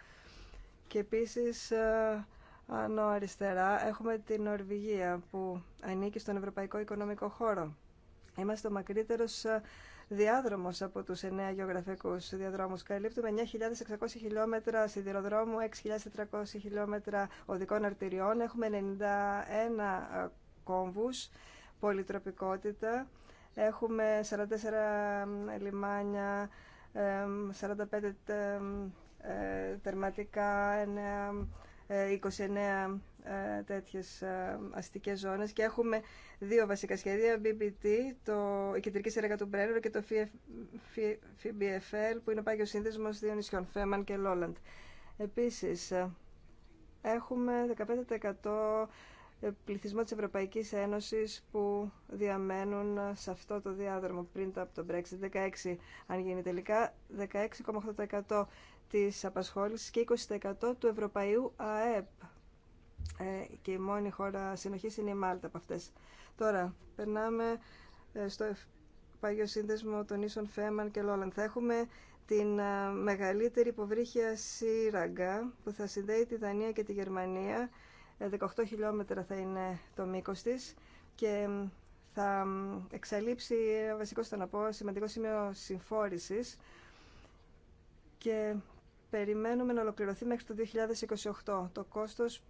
Και επίση, ε, ανώ αριστερά έχουμε την Νορβηγία που ανήκει στον Ευρωπαϊκό Οικονομικό Χώρο. Είμαστε ο μακρύτερο ε, διάδρομο από τους εννέα γεωγραφικούς διαδρόμους. Καλύπτουμε 9.600 χιλιόμετρα σιδηροδρόμου, 6.400 χιλιόμετρα οδικών αρτηριών. Έχουμε 91 κόμβους, πολυτροπικότητα. Έχουμε 44 λιμάνια, 45 ε, τερματικά, 29 ε, ε, τέτοιες αστικές ζώνες και έχουμε δύο βασικά σχέδια, BBT, το, η κεντρική σειρά του Μπρένερ και το FBFL που είναι ο πάγιος σύνδεσμος δύο νησιών, Φέμαν και Λόλαντ. Επίσης, έχουμε 15% πληθυσμό της Ευρωπαϊκής Ένωσης που διαμένουν σε αυτό το διάδρομο πριν από το Brexit. 16, αν γίνει τελικά, 16,8% της απασχόλησης και 20% του ευρωπαϊού ΑΕΠ. Ε, και η μόνη χώρα συνοχής είναι η Μάλτα από αυτές. Τώρα, περνάμε ε, στο παγιο σύνδεσμο των ίσων Φέμαν και Λόλαν. Θα έχουμε την ε, μεγαλύτερη υποβρύχια σύραγγα που θα συνδέει τη Δανία και τη Γερμανία 18 χιλιόμετρα θα είναι το μήκος της και θα εξαλείψει ένα ε, βασικό πω σημαντικό σημείο συμφόρησης και περιμένουμε να ολοκληρωθεί μέχρι το 2028. Το κόστος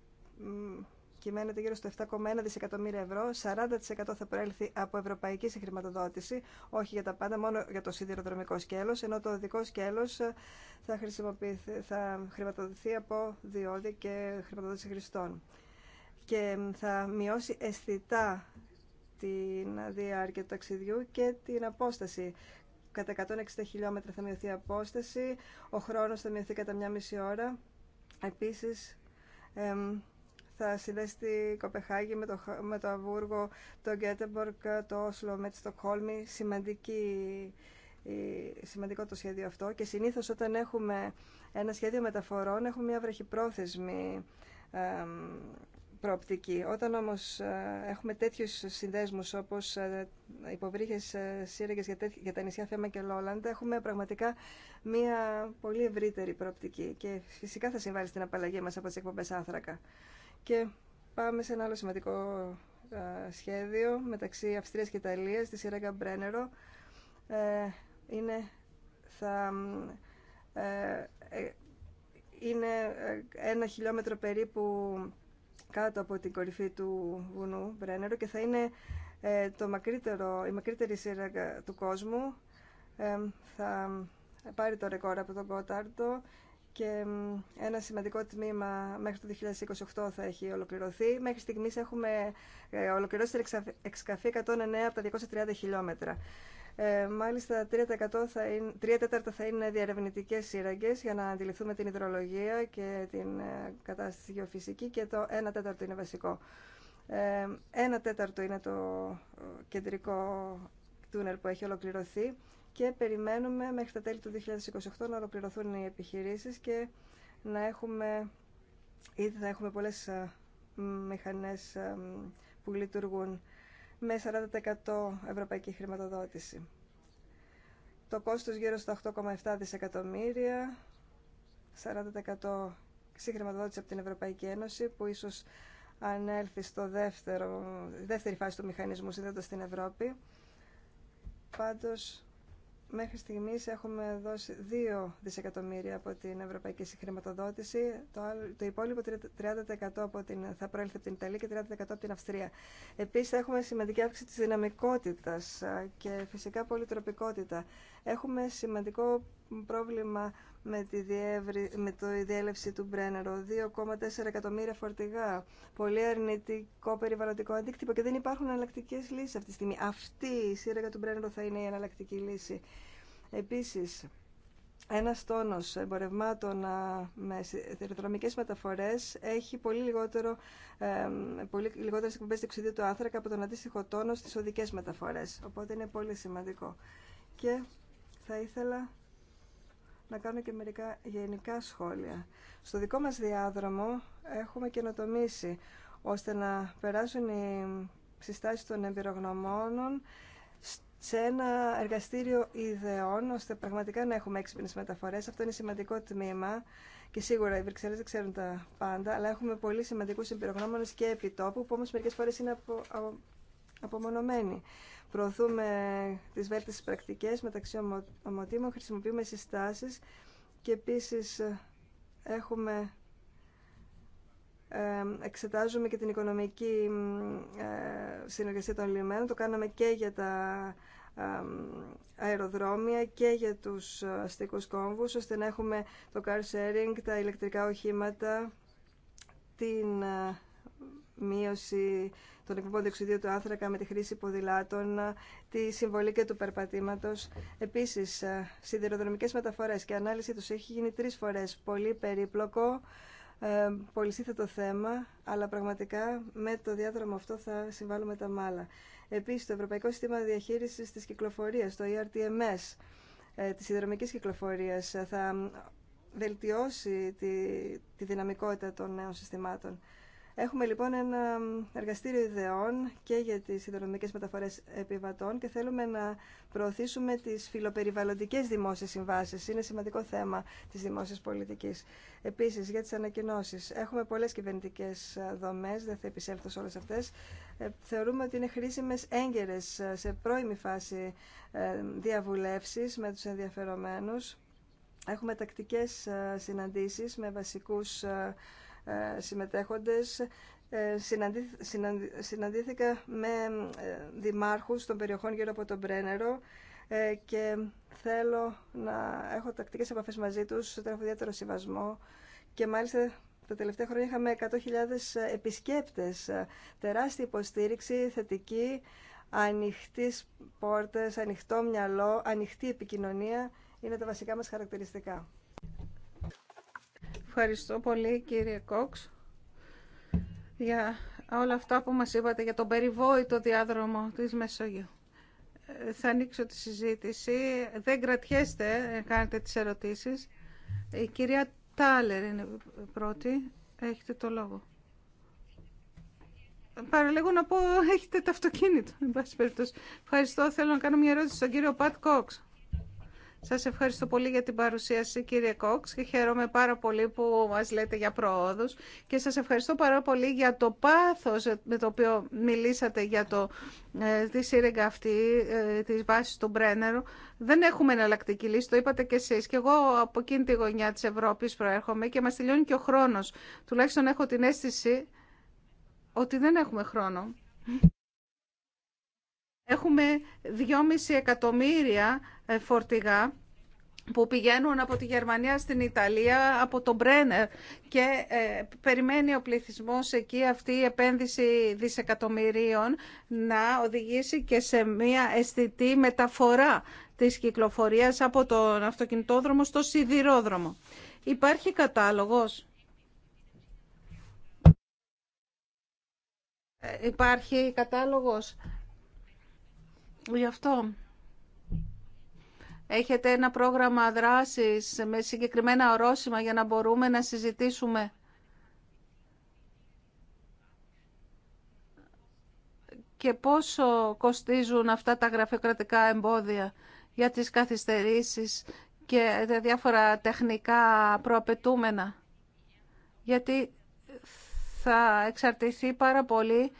κυμαίνεται γύρω στο 7,1 δισεκατομμύρια ευρώ. 40% θα προέλθει από ευρωπαϊκή συγχρηματοδότηση, όχι για τα πάντα, μόνο για το σιδηροδρομικό σκέλος, ενώ το οδικό σκέλος ε, θα, θα χρηματοδοτηθεί από διόδια και χρηματοδότηση χρηστών. Και θα μειώσει αισθητά την διάρκεια του ταξιδιού και την απόσταση κατά 160 χιλιόμετρα θα μειωθεί η απόσταση, ο χρόνος θα μειωθεί κατά μια μισή ώρα. Επίσης, εμ, θα συνδέσει τη Κοπεχάγη με το, με το Αβούργο, το Γκέτεμπορκ, το Όσλο με τη Στοκχόλμη. Σημαντική, σημαντικό το σχέδιο αυτό και συνήθω όταν έχουμε ένα σχέδιο μεταφορών έχουμε μια βραχυπρόθεσμη προοπτική. Όταν όμως ε, έχουμε τέτοιους συνδέσμους όπως ε, υποβρύχες ε, σύραγγες για τα νησιά Θέμα και Λόλαντ έχουμε πραγματικά μια πολύ ευρύτερη προοπτική και φυσικά θα συμβάλλει στην απαλλαγή μα από τι εκπομπέ άνθρακα. Και πάμε σε ένα άλλο σημαντικό ε, σχέδιο μεταξύ Αυστρίας και Ιταλίας, τη σειρά Γκαμπρένερο. Ε, είναι, θα, ε, είναι ένα χιλιόμετρο περίπου κάτω από την κορυφή του βουνού Μπρένερο και θα είναι το μακρύτερο, η μακρύτερη σύραγγα του κόσμου. θα πάρει το ρεκόρ από τον Κόταρτο και ένα σημαντικό τμήμα μέχρι το 2028 θα έχει ολοκληρωθεί. Μέχρι στιγμής έχουμε ε, ολοκληρώσει την εξκαφή 109 από τα 230 χιλιόμετρα. Ε, μάλιστα, 3, θα τέταρτα θα είναι διαρευνητικές σύραγγες για να αντιληφθούμε την υδρολογία και την ε, κατάσταση γεωφυσική και το 1 τέταρτο είναι βασικό. Ε, 1 τέταρτο είναι το ε, κεντρικό τούνελ που έχει ολοκληρωθεί και περιμένουμε μέχρι τα τέλη του 2028 να ολοκληρωθούν οι επιχειρήσεις και να έχουμε, ήδη θα έχουμε πολλές ε, μηχανές ε, που λειτουργούν με 40% ευρωπαϊκή χρηματοδότηση. Το κόστος γύρω στα 8,7 δισεκατομμύρια, 40% ξεχρηματοδότηση από την Ευρωπαϊκή Ένωση που ίσως ανέλθει στο δεύτερο, δεύτερη φάση του μηχανισμού συνδέοντας στην Ευρώπη. Πάντως Μέχρι στιγμής έχουμε δώσει 2 δισεκατομμύρια από την Ευρωπαϊκή Συγχρηματοδότηση, το, το υπόλοιπο 30% από την, θα προέλθει από την Ιταλία και 30% από την Αυστρία. Επίσης έχουμε σημαντική αύξηση της δυναμικότητας ε, και φυσικά πολυτροπικότητα. Έχουμε σημαντικό πρόβλημα με τη διεύρυ... με το διέλευση του Μπρένερο. 2,4 εκατομμύρια φορτηγά. Πολύ αρνητικό περιβαλλοντικό αντίκτυπο και δεν υπάρχουν εναλλακτικέ λύσει αυτή τη στιγμή. Αυτή η σύραγα του Μπρένερο θα είναι η εναλλακτική λύση. Επίση, ένα τόνο εμπορευμάτων με θερμοδρομικέ μεταφορέ έχει πολύ, λιγότερο, ε, πολύ λιγότερε εκπομπέ διοξιδίου του άνθρακα από τον αντίστοιχο τόνο στι οδικέ μεταφορέ. Οπότε είναι πολύ σημαντικό. Και θα ήθελα να κάνω και μερικά γενικά σχόλια. Στο δικό μας διάδρομο έχουμε καινοτομήσει ώστε να περάσουν οι συστάσεις των εμπειρογνωμόνων σε ένα εργαστήριο ιδεών, ώστε πραγματικά να έχουμε έξυπνες μεταφορές. Αυτό είναι σημαντικό τμήμα και σίγουρα οι Βρυξέλλες δεν ξέρουν τα πάντα, αλλά έχουμε πολύ σημαντικούς εμπειρογνώμονες και επιτόπου, που όμως μερικές φορές είναι απομονωμένοι προωθούμε τις βέλτιστες πρακτικές μεταξύ ομοτήμων, χρησιμοποιούμε συστάσεις και επίσης ε, έχουμε ε, εξετάζουμε και την οικονομική ε, συνεργασία των λιμένων. Το κάναμε και για τα αεροδρόμια και για τους αστικούς κόμβους, ώστε να έχουμε το car sharing, τα ηλεκτρικά οχήματα, την μείωση τον εκπομπών διοξιδίου του άνθρακα με τη χρήση ποδηλάτων, τη συμβολή και του περπατήματο. Επίση, ε, σιδηροδρομικέ μεταφορέ και ανάλυση του έχει γίνει τρει φορέ. Πολύ περίπλοκο, ε, πολυσύθετο θέμα, αλλά πραγματικά με το διάδρομο αυτό θα συμβάλλουμε τα μάλα. Επίση, το Ευρωπαϊκό Σύστημα Διαχείριση τη Κυκλοφορία, το ERTMS, ε, τη Σιδηροδρομική κυκλοφορία, θα βελτιώσει τη, τη δυναμικότητα των νέων συστημάτων. Έχουμε λοιπόν ένα εργαστήριο ιδεών και για τις ιδεονομικές μεταφορές επιβατών και θέλουμε να προωθήσουμε τις φιλοπεριβαλλοντικές δημόσιες συμβάσεις. Είναι σημαντικό θέμα της δημόσιας πολιτικής. Επίσης, για τις ανακοινώσεις. Έχουμε πολλές κυβερνητικέ δομές, δεν θα επισέλθω σε όλες αυτές. Ε, θεωρούμε ότι είναι χρήσιμες έγκαιρες ε, σε πρώιμη φάση ε, διαβουλεύσεις με τους ενδιαφερομένους. Έχουμε τακτικές συναντήσεις με βασικούς ε, συμμετέχοντες ε, συναντήθηκα με ε, δημάρχους των περιοχών γύρω από τον Μπρένερο και θέλω να έχω τακτικές επαφές μαζί τους, τον έχω ιδιαίτερο συμβασμό και μάλιστα τα τελευταία χρόνια είχαμε 100.000 επισκέπτες, τεράστια υποστήριξη, θετική, ανοιχτής πόρτες, ανοιχτό μυαλό, ανοιχτή επικοινωνία είναι τα βασικά μας χαρακτηριστικά. Ευχαριστώ πολύ κύριε Κόξ για όλα αυτά που μας είπατε για τον περιβόητο διάδρομο της Μεσογείου. Ε, θα ανοίξω τη συζήτηση. Δεν κρατιέστε, κάνετε τις ερωτήσεις. Η κυρία Τάλερ είναι πρώτη. Έχετε το λόγο. Παραλέγω να πω, έχετε το αυτοκίνητο. Εν πάση Ευχαριστώ. Θέλω να κάνω μια ερώτηση στον κύριο Πατ Κόξ. Σας ευχαριστώ πολύ για την παρουσίαση κύριε Κόξ και χαίρομαι πάρα πολύ που μας λέτε για προόδους και σας ευχαριστώ πάρα πολύ για το πάθος με το οποίο μιλήσατε για το, ε, τη σύρεγγα αυτή ε, της βάσης του Μπρένερου. Δεν έχουμε εναλλακτική λύση, το είπατε κι εσείς. Και εγώ από εκείνη τη γωνιά της Ευρώπης προέρχομαι και μας τελειώνει και ο χρόνος. Τουλάχιστον έχω την αίσθηση ότι δεν έχουμε χρόνο. Έχουμε 2,5 εκατομμύρια ε, φορτηγά που πηγαίνουν από τη Γερμανία στην Ιταλία από τον Μπρένερ και ε, περιμένει ο πληθυσμός εκεί αυτή η επένδυση δισεκατομμυρίων να οδηγήσει και σε μια αισθητή μεταφορά της κυκλοφορίας από τον αυτοκινητόδρομο στο σιδηρόδρομο. Υπάρχει κατάλογος. Ε, υπάρχει κατάλογος. Γι' αυτό... Έχετε ένα πρόγραμμα δράσης με συγκεκριμένα ορόσημα για να μπορούμε να συζητήσουμε και πόσο κοστίζουν αυτά τα γραφειοκρατικά εμπόδια για τις καθυστερήσεις και τα διάφορα τεχνικά προαπαιτούμενα. Γιατί θα εξαρτηθεί πάρα πολύ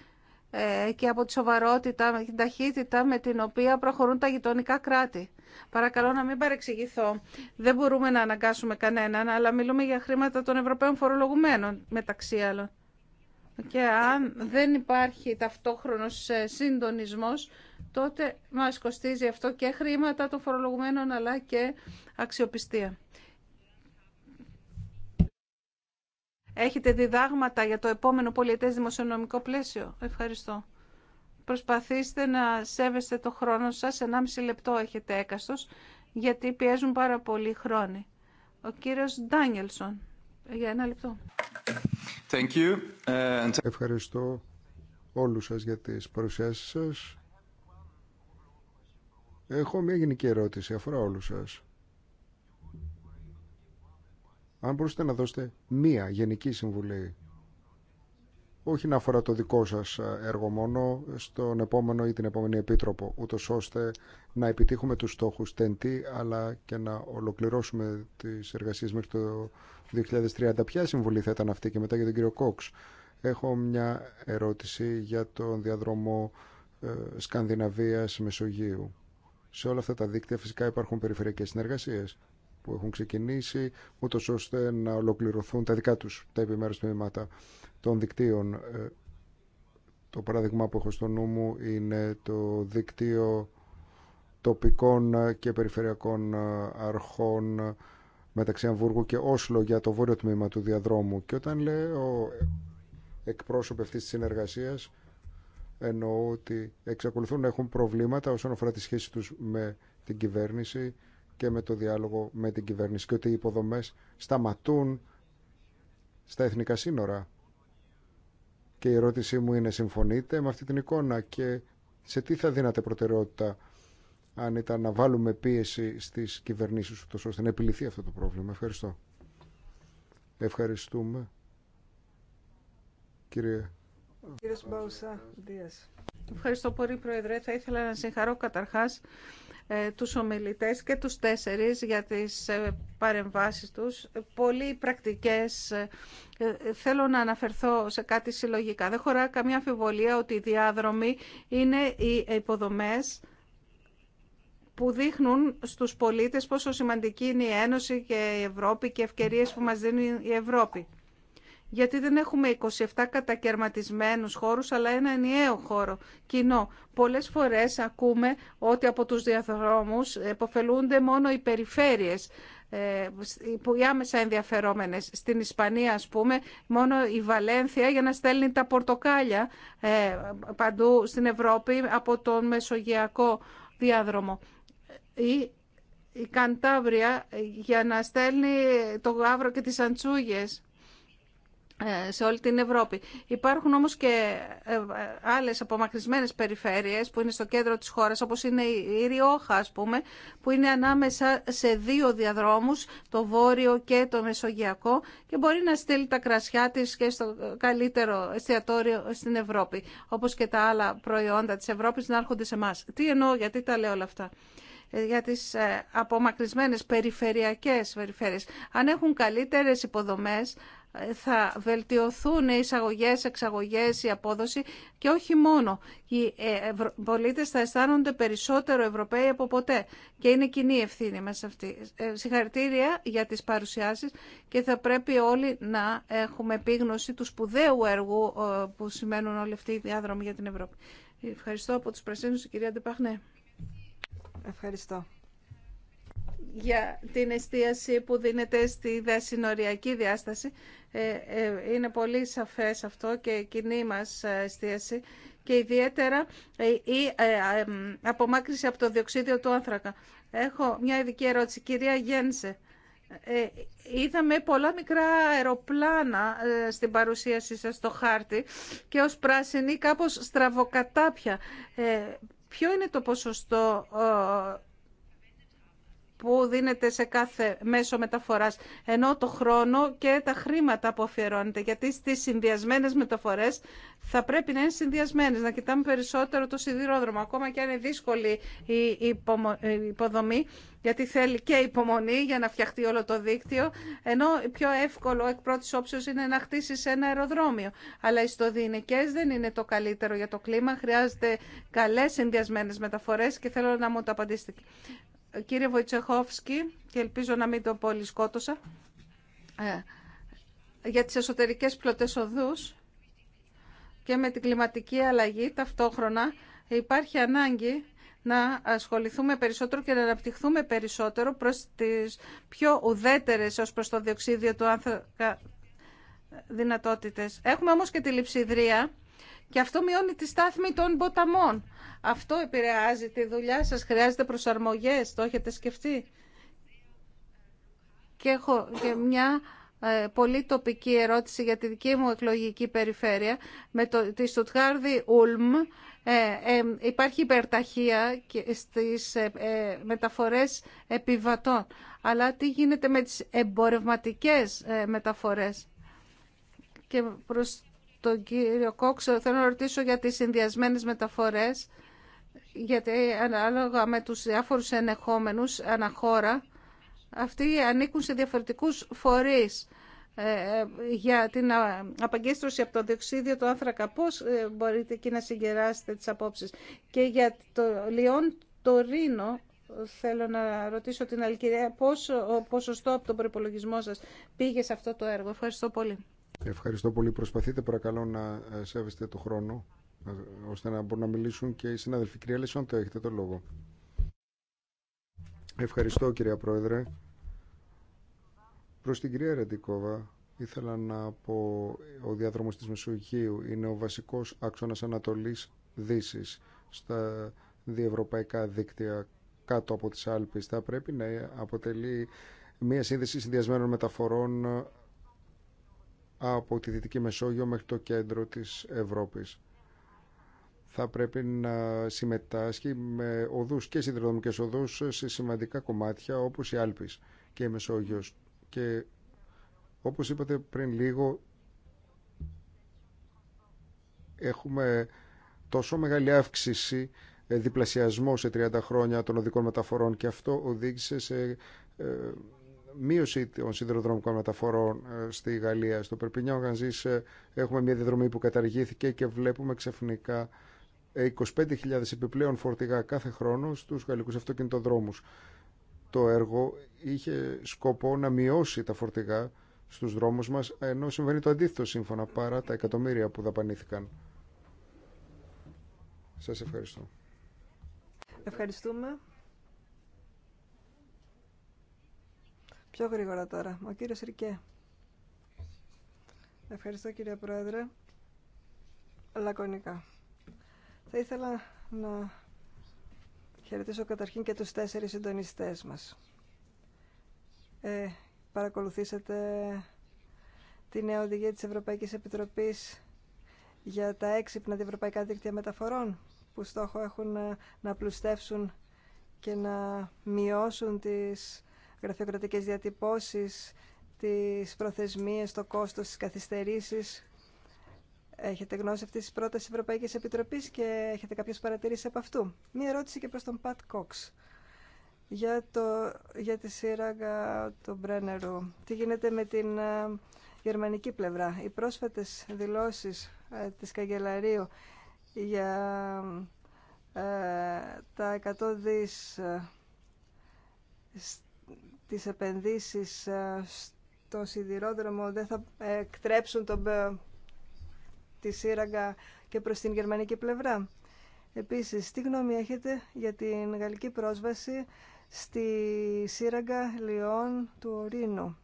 ε, και από τη σοβαρότητα, την ταχύτητα με την οποία προχωρούν τα γειτονικά κράτη. Παρακαλώ να μην παρεξηγηθώ. Δεν μπορούμε να αναγκάσουμε κανέναν, αλλά μιλούμε για χρήματα των Ευρωπαίων φορολογουμένων, μεταξύ άλλων. Και αν δεν υπάρχει ταυτόχρονος ε, συντονισμός, τότε μας κοστίζει αυτό και χρήματα των φορολογουμένων, αλλά και αξιοπιστία. Έχετε διδάγματα για το επόμενο πολιετές δημοσιονομικό πλαίσιο. Ευχαριστώ. Προσπαθήστε να σέβεστε το χρόνο σας, 1,5 λεπτό έχετε έκαστος, γιατί πιέζουν πάρα πολύ χρόνοι. Ο κύριος Ντάνιελσον, για ένα λεπτό. Thank you. Ε, Ευχαριστώ όλους σας για τις παρουσιάσεις σας. Έχω μια γενική ερώτηση, αφορά όλους σας. Αν μπορούσατε να δώσετε μία γενική συμβουλή όχι να αφορά το δικό σας ε, έργο μόνο, στον επόμενο ή την επόμενη επίτροπο, ούτω ώστε να επιτύχουμε τους στόχους TNT, αλλά και να ολοκληρώσουμε τις εργασίες μέχρι το 2030. Ποια συμβουλή θα ήταν αυτή και μετά για τον κύριο Κόξ. Έχω μια ερώτηση για τον διαδρομό ε, Σκανδιναβίας-Μεσογείου. Σε όλα αυτά τα δίκτυα φυσικά υπάρχουν περιφερειακές συνεργασίες που έχουν ξεκινήσει, ούτω ώστε να ολοκληρωθούν τα δικά τους τα επιμέρους τμήματα των δικτύων. Ε, το παράδειγμα που έχω στο νου μου είναι το δίκτυο τοπικών και περιφερειακών ε, αρχών μεταξύ Αμβούργου και Όσλο για το βόρειο τμήμα του διαδρόμου. Και όταν λέω εκπρόσωποι αυτής της συνεργασίας, εννοώ ότι εξακολουθούν να έχουν προβλήματα όσον αφορά τη σχέση τους με την κυβέρνηση και με το διάλογο με την κυβέρνηση και ότι οι υποδομές σταματούν στα εθνικά σύνορα και η ερώτησή μου είναι, συμφωνείτε με αυτή την εικόνα και σε τι θα δίνατε προτεραιότητα αν ήταν να βάλουμε πίεση στις κυβερνήσεις ούτως ώστε να επιληθεί αυτό το πρόβλημα. Ευχαριστώ. Ευχαριστούμε. Κύριε. Κύριε Μπαουσά, Ευχαριστώ πολύ, Πρόεδρε. Θα ήθελα να συγχαρώ καταρχάς ε, τους ομιλητές και τους τέσσερις για τις ε, παρεμβάσεις τους. Πολύ πρακτικές. Ε, θέλω να αναφερθώ σε κάτι συλλογικά. Δεν χωρά καμία αμφιβολία ότι οι διάδρομοι είναι οι υποδομές που δείχνουν στους πολίτες πόσο σημαντική είναι η Ένωση και η Ευρώπη και ευκαιρίες που μας δίνει η Ευρώπη γιατί δεν έχουμε 27 κατακαιρματισμένους χώρους, αλλά ένα ενιαίο χώρο, κοινό. Πολλές φορές ακούμε ότι από τους διαδρόμους εποφελούνται μόνο οι περιφέρειες, ε, οι άμεσα ενδιαφερόμενες. Στην Ισπανία, ας πούμε, μόνο η Βαλένθια για να στέλνει τα πορτοκάλια ε, παντού στην Ευρώπη από τον Μεσογειακό διάδρομο. Ή η Καντάβρια για να στέλνει το γάβρο και τις αντσούγες ε, σε όλη την Ευρώπη. Υπάρχουν όμως και ε, άλλες απομακρυσμένες περιφέρειες που είναι στο κέντρο της χώρας, όπως είναι η Ριόχα, ας πούμε, που είναι ανάμεσα σε δύο διαδρόμους, το Βόρειο και το Μεσογειακό, και μπορεί να στείλει τα κρασιά της και στο καλύτερο εστιατόριο στην Ευρώπη, όπως και τα άλλα προϊόντα της Ευρώπης να έρχονται σε εμά. Τι εννοώ, γιατί τα λέω όλα αυτά ε, για τις απομακρυσμένες περιφερειακές περιφέρειες. Αν έχουν καλύτερες υποδομές, θα βελτιωθούν οι εισαγωγές, εξαγωγές, η απόδοση και όχι μόνο. Οι ε, πολίτες θα αισθάνονται περισσότερο Ευρωπαίοι από ποτέ και είναι κοινή ευθύνη μας αυτή. Ε, συγχαρητήρια για τις παρουσιάσεις και θα πρέπει όλοι να έχουμε επίγνωση του σπουδαίου έργου ε, που σημαίνουν όλοι αυτοί οι διάδρομοι για την Ευρώπη. Ευχαριστώ από τους πράσινου, η κυρία Ντεπαχνέ. Ναι. Ευχαριστώ για την εστίαση που δίνεται στη δεσυνοριακή διάσταση ε, ε, είναι πολύ σαφές αυτό και κοινή μας ε, εστίαση και ιδιαίτερα η απομάκρυση από το διοξίδιο του άνθρακα. Έχω μια ειδική ερώτηση. Κυρία Γένσε, είδαμε πολλά μικρά αεροπλάνα στην παρουσίασή σας στο χάρτη και ως πράσινη κάπως στραβοκατάπια. Ποιο είναι το ποσοστό που δίνεται σε κάθε μέσο μεταφοράς, ενώ το χρόνο και τα χρήματα που αφιερώνεται, γιατί στις συνδυασμένες μεταφορές θα πρέπει να είναι συνδυασμένες, να κοιτάμε περισσότερο το σιδηρόδρομο, ακόμα και αν είναι δύσκολη η υποδομή, γιατί θέλει και υπομονή για να φτιαχτεί όλο το δίκτυο, ενώ πιο εύκολο εκ πρώτης όψεως είναι να χτίσεις ένα αεροδρόμιο. Αλλά οι στοδυνικές δεν είναι το καλύτερο για το κλίμα, χρειάζεται καλές συνδυασμένες μεταφορές και θέλω να μου το απαντήσετε. Κύριε Βοητσεχόφσκι, και ελπίζω να μην το πολύ σκότωσα, ε, για τις εσωτερικές πλωτές οδούς και με την κλιματική αλλαγή ταυτόχρονα υπάρχει ανάγκη να ασχοληθούμε περισσότερο και να αναπτυχθούμε περισσότερο προς τις πιο ουδέτερες ως προς το διοξίδιο του άνθρακα δυνατότητες. Έχουμε όμως και τη λειψιδρία και αυτό μειώνει τη στάθμη των ποταμών. Αυτό επηρεάζει τη δουλειά σας. Χρειάζεται προσαρμογές. Το έχετε σκεφτεί. Και έχω και μια ε, πολύ τοπική ερώτηση για τη δική μου εκλογική περιφέρεια. Με το, τη Στουτγάρδη Ούλμ ε, ε, υπάρχει υπερταχεία και στις μεταφορές επιβατών. Αλλά τι γίνεται με τις εμπορευματικές μεταφορές. Και προς τον κύριο Κόξο θέλω να ρωτήσω για τις συνδυασμένες μεταφορές γιατί ανάλογα με τους διάφορους ενεχόμενους αναχώρα αυτοί ανήκουν σε διαφορετικούς φορείς ε, ε, για την απαγκίστρωση από το διοξίδιο του άνθρακα. Πώς ε, μπορείτε εκεί να συγκεράσετε τις απόψεις. Και για το Λιόν το Ρήνο θέλω να ρωτήσω την Αλκυρία πόσο ποσοστό από τον προπολογισμό σας πήγε σε αυτό το έργο. Ευχαριστώ πολύ. Ευχαριστώ πολύ. Προσπαθείτε παρακαλώ να ε, σέβεστε το χρόνο ε, ώστε να μπορούν να μιλήσουν και οι συνάδελφοι. Κυρία Λεσόντα, έχετε το λόγο. Ευχαριστώ κυρία Πρόεδρε. Προς την κυρία Ρεντικόβα ήθελα να πω ο διάδρομος της Μεσογείου είναι ο βασικός άξονας Ανατολής Δύσης στα διευρωπαϊκά δίκτυα κάτω από τις Άλπεις. Θα πρέπει να αποτελεί μια σύνδεση συνδυασμένων μεταφορών από τη Δυτική Μεσόγειο μέχρι το κέντρο της Ευρώπης. Θα πρέπει να συμμετάσχει με οδούς και συνδρομικές οδούς σε σημαντικά κομμάτια όπως η Άλπης και η Μεσόγειος. Και όπως είπατε πριν λίγο, έχουμε τόσο μεγάλη αύξηση ε, διπλασιασμό σε 30 χρόνια των οδικών μεταφορών και αυτό οδήγησε σε ε, μείωση των σιδηροδρομικών μεταφορών ε, στη Γαλλία. Στο Περπινιό Γανζής ε, έχουμε μια διαδρομή που καταργήθηκε και βλέπουμε ξαφνικά 25.000 ε, επιπλέον φορτηγά κάθε χρόνο στους γαλλικούς αυτοκινητοδρόμους. Το έργο είχε σκοπό να μειώσει τα φορτηγά στους δρόμους μας, ενώ συμβαίνει το αντίθετο σύμφωνα παρά τα εκατομμύρια που δαπανήθηκαν. Σας ευχαριστώ. Ευχαριστούμε. Πιο γρήγορα τώρα. Ο κύριος Ρικέ. Ευχαριστώ κύριε Πρόεδρε. Λακωνικά. Θα ήθελα να χαιρετήσω καταρχήν και τους τέσσερις συντονιστές μας. Ε, παρακολουθήσατε τη νέα οδηγία της Ευρωπαϊκής Επιτροπής για τα έξυπνα διευρωπαϊκά δίκτυα μεταφορών που στόχο έχουν να, πλουστεύσουν και να μειώσουν τις γραφειοκρατικές διατυπώσεις, τις προθεσμίες, το κόστος, τις καθυστερήσεις. Έχετε γνώση αυτής της πρότασης Ευρωπαϊκής Επιτροπής και έχετε κάποιες παρατηρήσεις από αυτού. Μία ερώτηση και προς τον Πατ Κόξ για, το, για τη σύραγγα του Μπρένερου. Τι γίνεται με την ε, γερμανική πλευρά. Οι πρόσφατες δηλώσεις ε, της Καγκελαρίου για ε, τα 100 δις τις επενδύσεις ε, στο σιδηρόδρομο δεν θα εκτρέψουν τον, τη σύραγγα και προς την γερμανική πλευρά. Επίσης, τι γνώμη έχετε για την γαλλική πρόσβαση στη σύραγγα Λιών του Ορίνου.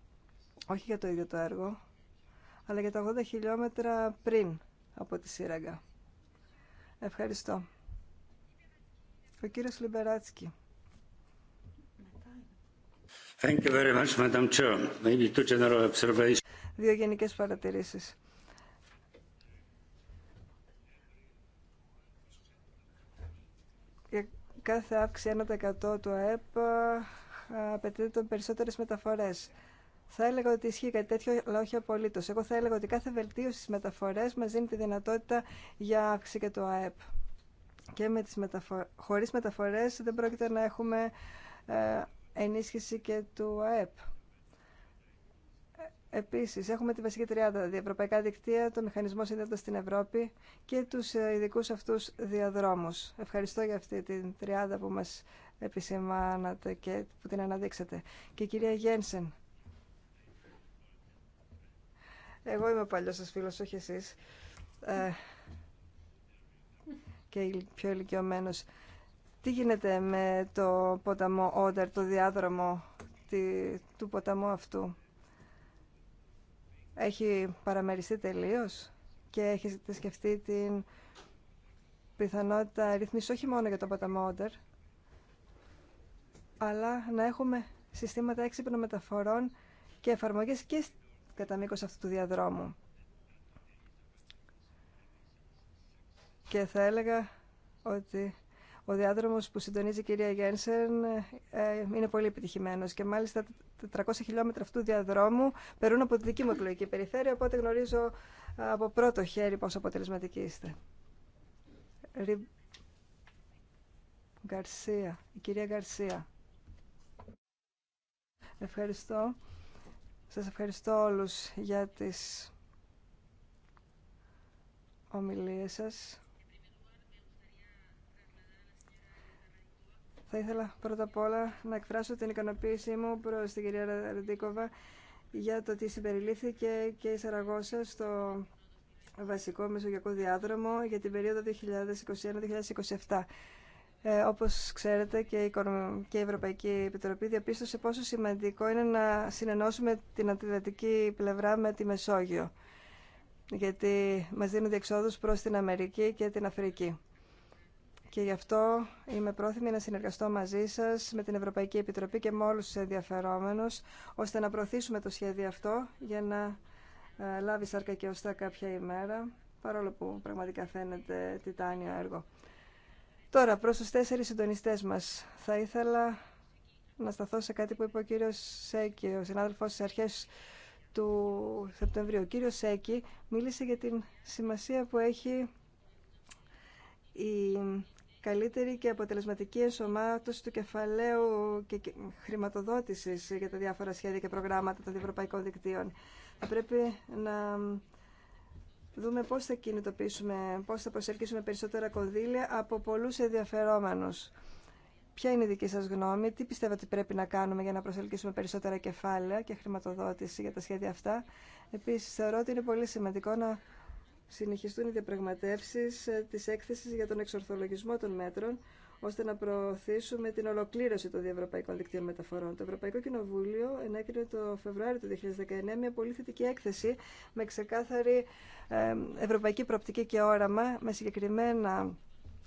Όχι για το ίδιο το έργο, αλλά για τα 80 χιλιόμετρα πριν από τη σύραγγα. Ευχαριστώ. Ο κύριος Λιμπεράτσκι. Δύο γενικές παρατηρήσεις. κάθε αύξηση 1% του ΑΕΠ ε, απαιτείται περισσότερες μεταφορές. Θα έλεγα ότι ισχύει κάτι τέτοιο, αλλά όχι απολύτω. Εγώ θα έλεγα ότι κάθε βελτίωση στι μεταφορέ μα δίνει τη δυνατότητα για αύξηση και το ΑΕΠ. Και με τις μεταφο... χωρίς μεταφορές δεν πρόκειται να έχουμε ε, ενίσχυση και του ΑΕΠ. Επίσης, έχουμε τη βασική τριάδα, διευρωπαϊκά δικτύα, το μηχανισμό σύνδετος στην Ευρώπη και τους ε, ειδικού αυτούς διαδρόμους. Ευχαριστώ για αυτή την τριάδα που μα επισημάνατε και που την αναδείξατε. Και κυρία Γένσεν. Εγώ είμαι ο παλιός σας φίλος, όχι εσείς. Ε, και πιο ηλικιωμένος. Τι γίνεται με το ποταμό Όντερ, το διάδρομο του ποταμού αυτού. Έχει παραμεριστεί τελείως και έχετε σκεφτεί την πιθανότητα ρυθμίσης όχι μόνο για το ποταμό Όντερ, αλλά να έχουμε συστήματα έξυπνων μεταφορών και εφαρμογές και κατά μήκος αυτού του διαδρόμου. Και θα έλεγα ότι ο διάδρομος που συντονίζει η κυρία Γένσεν ε, είναι πολύ επιτυχημένος και μάλιστα 400 χιλιόμετρα αυτού διαδρόμου περούν από τη δική μου εκλογική περιφέρεια, οπότε γνωρίζω ε, από πρώτο χέρι πόσο αποτελεσματικοί είστε. η κυρία Γκαρσία. Ευχαριστώ. Σας ευχαριστώ όλους για τις ομιλίες σας. Θα ήθελα πρώτα απ' όλα να εκφράσω την ικανοποίησή μου προς την κυρία Ρεντίκοβα για το ότι συμπεριλήφθηκε και η Σαραγώσα στο βασικό μεσογειακό διάδρομο για την περίοδο 2021-2027. Ε, όπως ξέρετε και η, Ευρωπαϊκή Επιτροπή διαπίστωσε πόσο σημαντικό είναι να συνενώσουμε την αντιδρατική πλευρά με τη Μεσόγειο γιατί μας δίνουν διεξόδους προς την Αμερική και την Αφρική και γι' αυτό είμαι πρόθυμη να συνεργαστώ μαζί σας με την Ευρωπαϊκή Επιτροπή και με όλου του ενδιαφερόμενους ώστε να προωθήσουμε το σχέδιο αυτό για να ε, λάβει σάρκα και ωστά κάποια ημέρα παρόλο που πραγματικά φαίνεται τιτάνιο έργο. Τώρα, προς τους τέσσερις συντονιστέ μας θα ήθελα να σταθώ σε κάτι που είπε ο κύριο Σέκη, ο συνάδελφο στι αρχέ του Σεπτεμβρίου. Ο κύριος Σέκη μίλησε για την σημασία που έχει η καλύτερη και αποτελεσματική ενσωμάτωση του κεφαλαίου και χρηματοδότησης για τα διάφορα σχέδια και προγράμματα των ευρωπαϊκών δικτύων. Θα πρέπει να δούμε πώς θα κινητοποιήσουμε, πώς θα προσελκύσουμε περισσότερα κονδύλια από πολλούς ενδιαφερόμενους. Ποια είναι η δική σας γνώμη, τι πιστεύετε ότι πρέπει να κάνουμε για να προσελκύσουμε περισσότερα κεφάλαια και χρηματοδότηση για τα σχέδια αυτά. Επίσης, θεωρώ ότι είναι πολύ σημαντικό να συνεχιστούν οι διαπραγματεύσει ε, τη έκθεση για τον εξορθολογισμό των μέτρων ώστε να προωθήσουμε την ολοκλήρωση των διευρωπαϊκών δικτύων μεταφορών. Το Ευρωπαϊκό Κοινοβούλιο ενέκρινε το Φεβρουάριο του 2019 μια πολύ θετική έκθεση με ξεκάθαρη ε, ευρωπαϊκή προοπτική και όραμα με συγκεκριμένα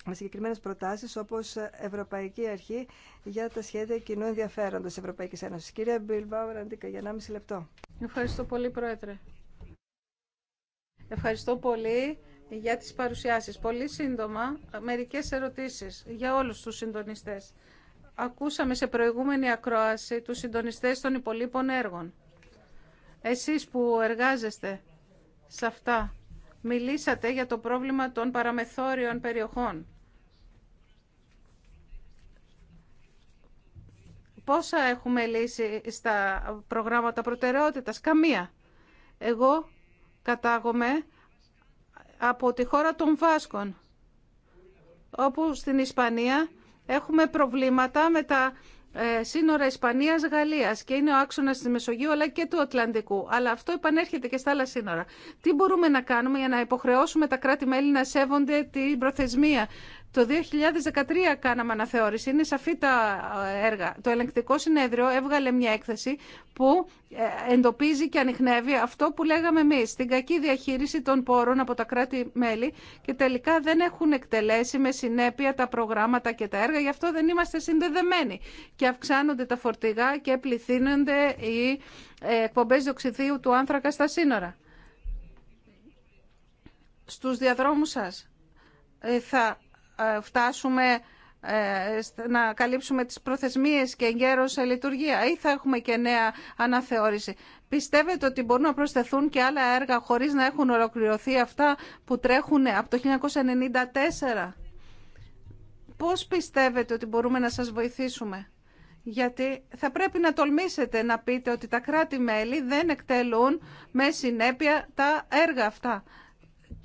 με συγκεκριμένες προτάσεις όπως Ευρωπαϊκή Αρχή για τα σχέδια κοινού ενδιαφέροντος Ευρωπαϊκής Ένωσης. Κυρία Μπιλμπάου, αντίκα για 1,5 λεπτό. Ευχαριστώ πολύ, Πρόεδρε. Ευχαριστώ πολύ για τις παρουσιάσεις. Πολύ σύντομα, μερικές ερωτήσεις για όλους τους συντονιστές. Ακούσαμε σε προηγούμενη ακρόαση τους συντονιστές των υπολείπων έργων. Εσείς που εργάζεστε σε αυτά, μιλήσατε για το πρόβλημα των παραμεθόριων περιοχών. Πόσα έχουμε λύσει στα προγράμματα προτεραιότητας, καμία. Εγώ κατάγομαι από τη χώρα των Βάσκων, όπου στην Ισπανία έχουμε προβλήματα με τα ε, σύνορα Ισπανίας-Γαλλίας και είναι ο άξονας της Μεσογείου αλλά και του Ατλαντικού. Αλλά αυτό επανέρχεται και στα άλλα σύνορα. Τι μπορούμε να κάνουμε για να υποχρεώσουμε τα κράτη-μέλη να σέβονται την προθεσμία το 2013 κάναμε αναθεώρηση, είναι σαφή τα ε, έργα. Το ελεγκτικό συνέδριο έβγαλε μια έκθεση που ε, εντοπίζει και ανοιχνεύει αυτό που λέγαμε εμεί, την κακή διαχείριση των πόρων από τα κράτη-μέλη και τελικά δεν έχουν εκτελέσει με συνέπεια τα προγράμματα και τα έργα, γι' αυτό δεν είμαστε συνδεδεμένοι. Και αυξάνονται τα φορτηγά και πληθύνονται οι ε, εκπομπέ διοξιδίου του άνθρακα στα σύνορα. Στους διαδρόμους σας θα ε, φτάσουμε ε, να καλύψουμε τις προθεσμίες και εγκαίρως σε λειτουργία ή θα έχουμε και νέα αναθεώρηση. Πιστεύετε ότι μπορούν να προσθεθούν και άλλα έργα χωρίς να έχουν ολοκληρωθεί αυτά που τρέχουν από το 1994. Πώς πιστεύετε ότι μπορούμε να σας βοηθήσουμε. Γιατί θα πρέπει να τολμήσετε να πείτε ότι τα κράτη-μέλη δεν εκτελούν με συνέπεια τα έργα αυτά.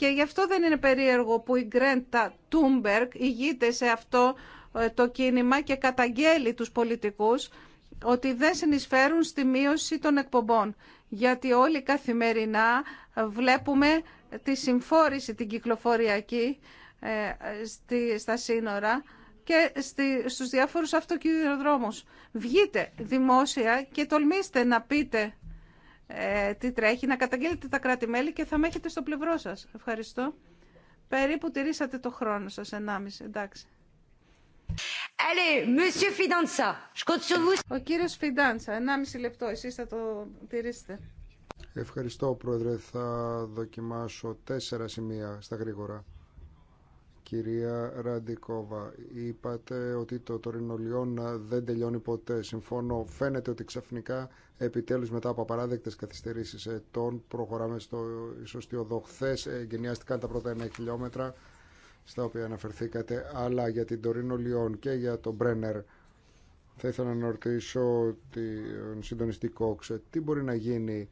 Και γι' αυτό δεν είναι περίεργο που η Γκρέντα Τούμπερκ ηγείται σε αυτό ε, το κίνημα και καταγγέλει τους πολιτικούς ότι δεν συνεισφέρουν στη μείωση των εκπομπών. Γιατί όλοι καθημερινά βλέπουμε τη συμφόρηση την κυκλοφοριακή ε, στα σύνορα και στους διάφορους αυτοκινητοδρόμους. Βγείτε δημόσια και τολμήστε να πείτε ε, τι τρέχει, να καταγγείλετε τα κράτη-μέλη και θα με έχετε στο πλευρό σας. Ευχαριστώ. Περίπου τηρήσατε το χρόνο σας, ενάμιση. Εντάξει. Allez, monsieur Fidanza, je compte sur vous. Ο κύριο Φιντάντσα, ενάμιση λεπτό, εσείς θα το τηρήσετε. Ευχαριστώ, Πρόεδρε. Θα δοκιμάσω τέσσερα σημεία στα γρήγορα. Κυρία Ραντικόβα, είπατε ότι το τωρινό Λιόν δεν τελειώνει ποτέ. Συμφωνώ. Φαίνεται ότι ξαφνικά, επιτέλους μετά από απαράδεκτε καθυστερήσεις ετών, προχωράμε στο σωστή οδό. Χθε εγκαινιάστηκαν τα πρώτα 9 χιλιόμετρα, στα οποία αναφερθήκατε, αλλά για την τωρινό Λιόν και για τον Μπρένερ. Θα ήθελα να ρωτήσω τον συντονιστή τι μπορεί να γίνει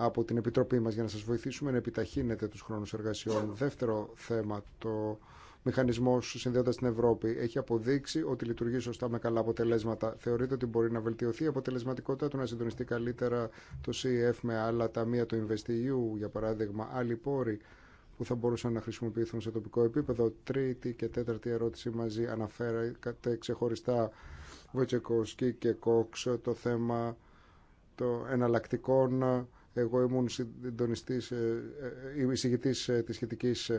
από την Επιτροπή μας για να σας βοηθήσουμε να επιταχύνετε τους χρόνους εργασιών. Δεύτερο θέμα, το μηχανισμός συνδέοντας την Ευρώπη έχει αποδείξει ότι λειτουργεί σωστά με καλά αποτελέσματα. Θεωρείτε ότι μπορεί να βελτιωθεί η αποτελεσματικότητα του να συντονιστεί καλύτερα το CEF με άλλα ταμεία του InvestEU, για παράδειγμα, άλλοι πόροι που θα μπορούσαν να χρησιμοποιηθούν σε τοπικό επίπεδο. Τρίτη και τέταρτη ερώτηση μαζί αναφέρατε ξεχωριστά Βοητσεκοσκή και Κόξ το θέμα των εναλλακτικών εγώ ήμουν συντονιστής, ε, ε, ε, εισηγητής της σχετικής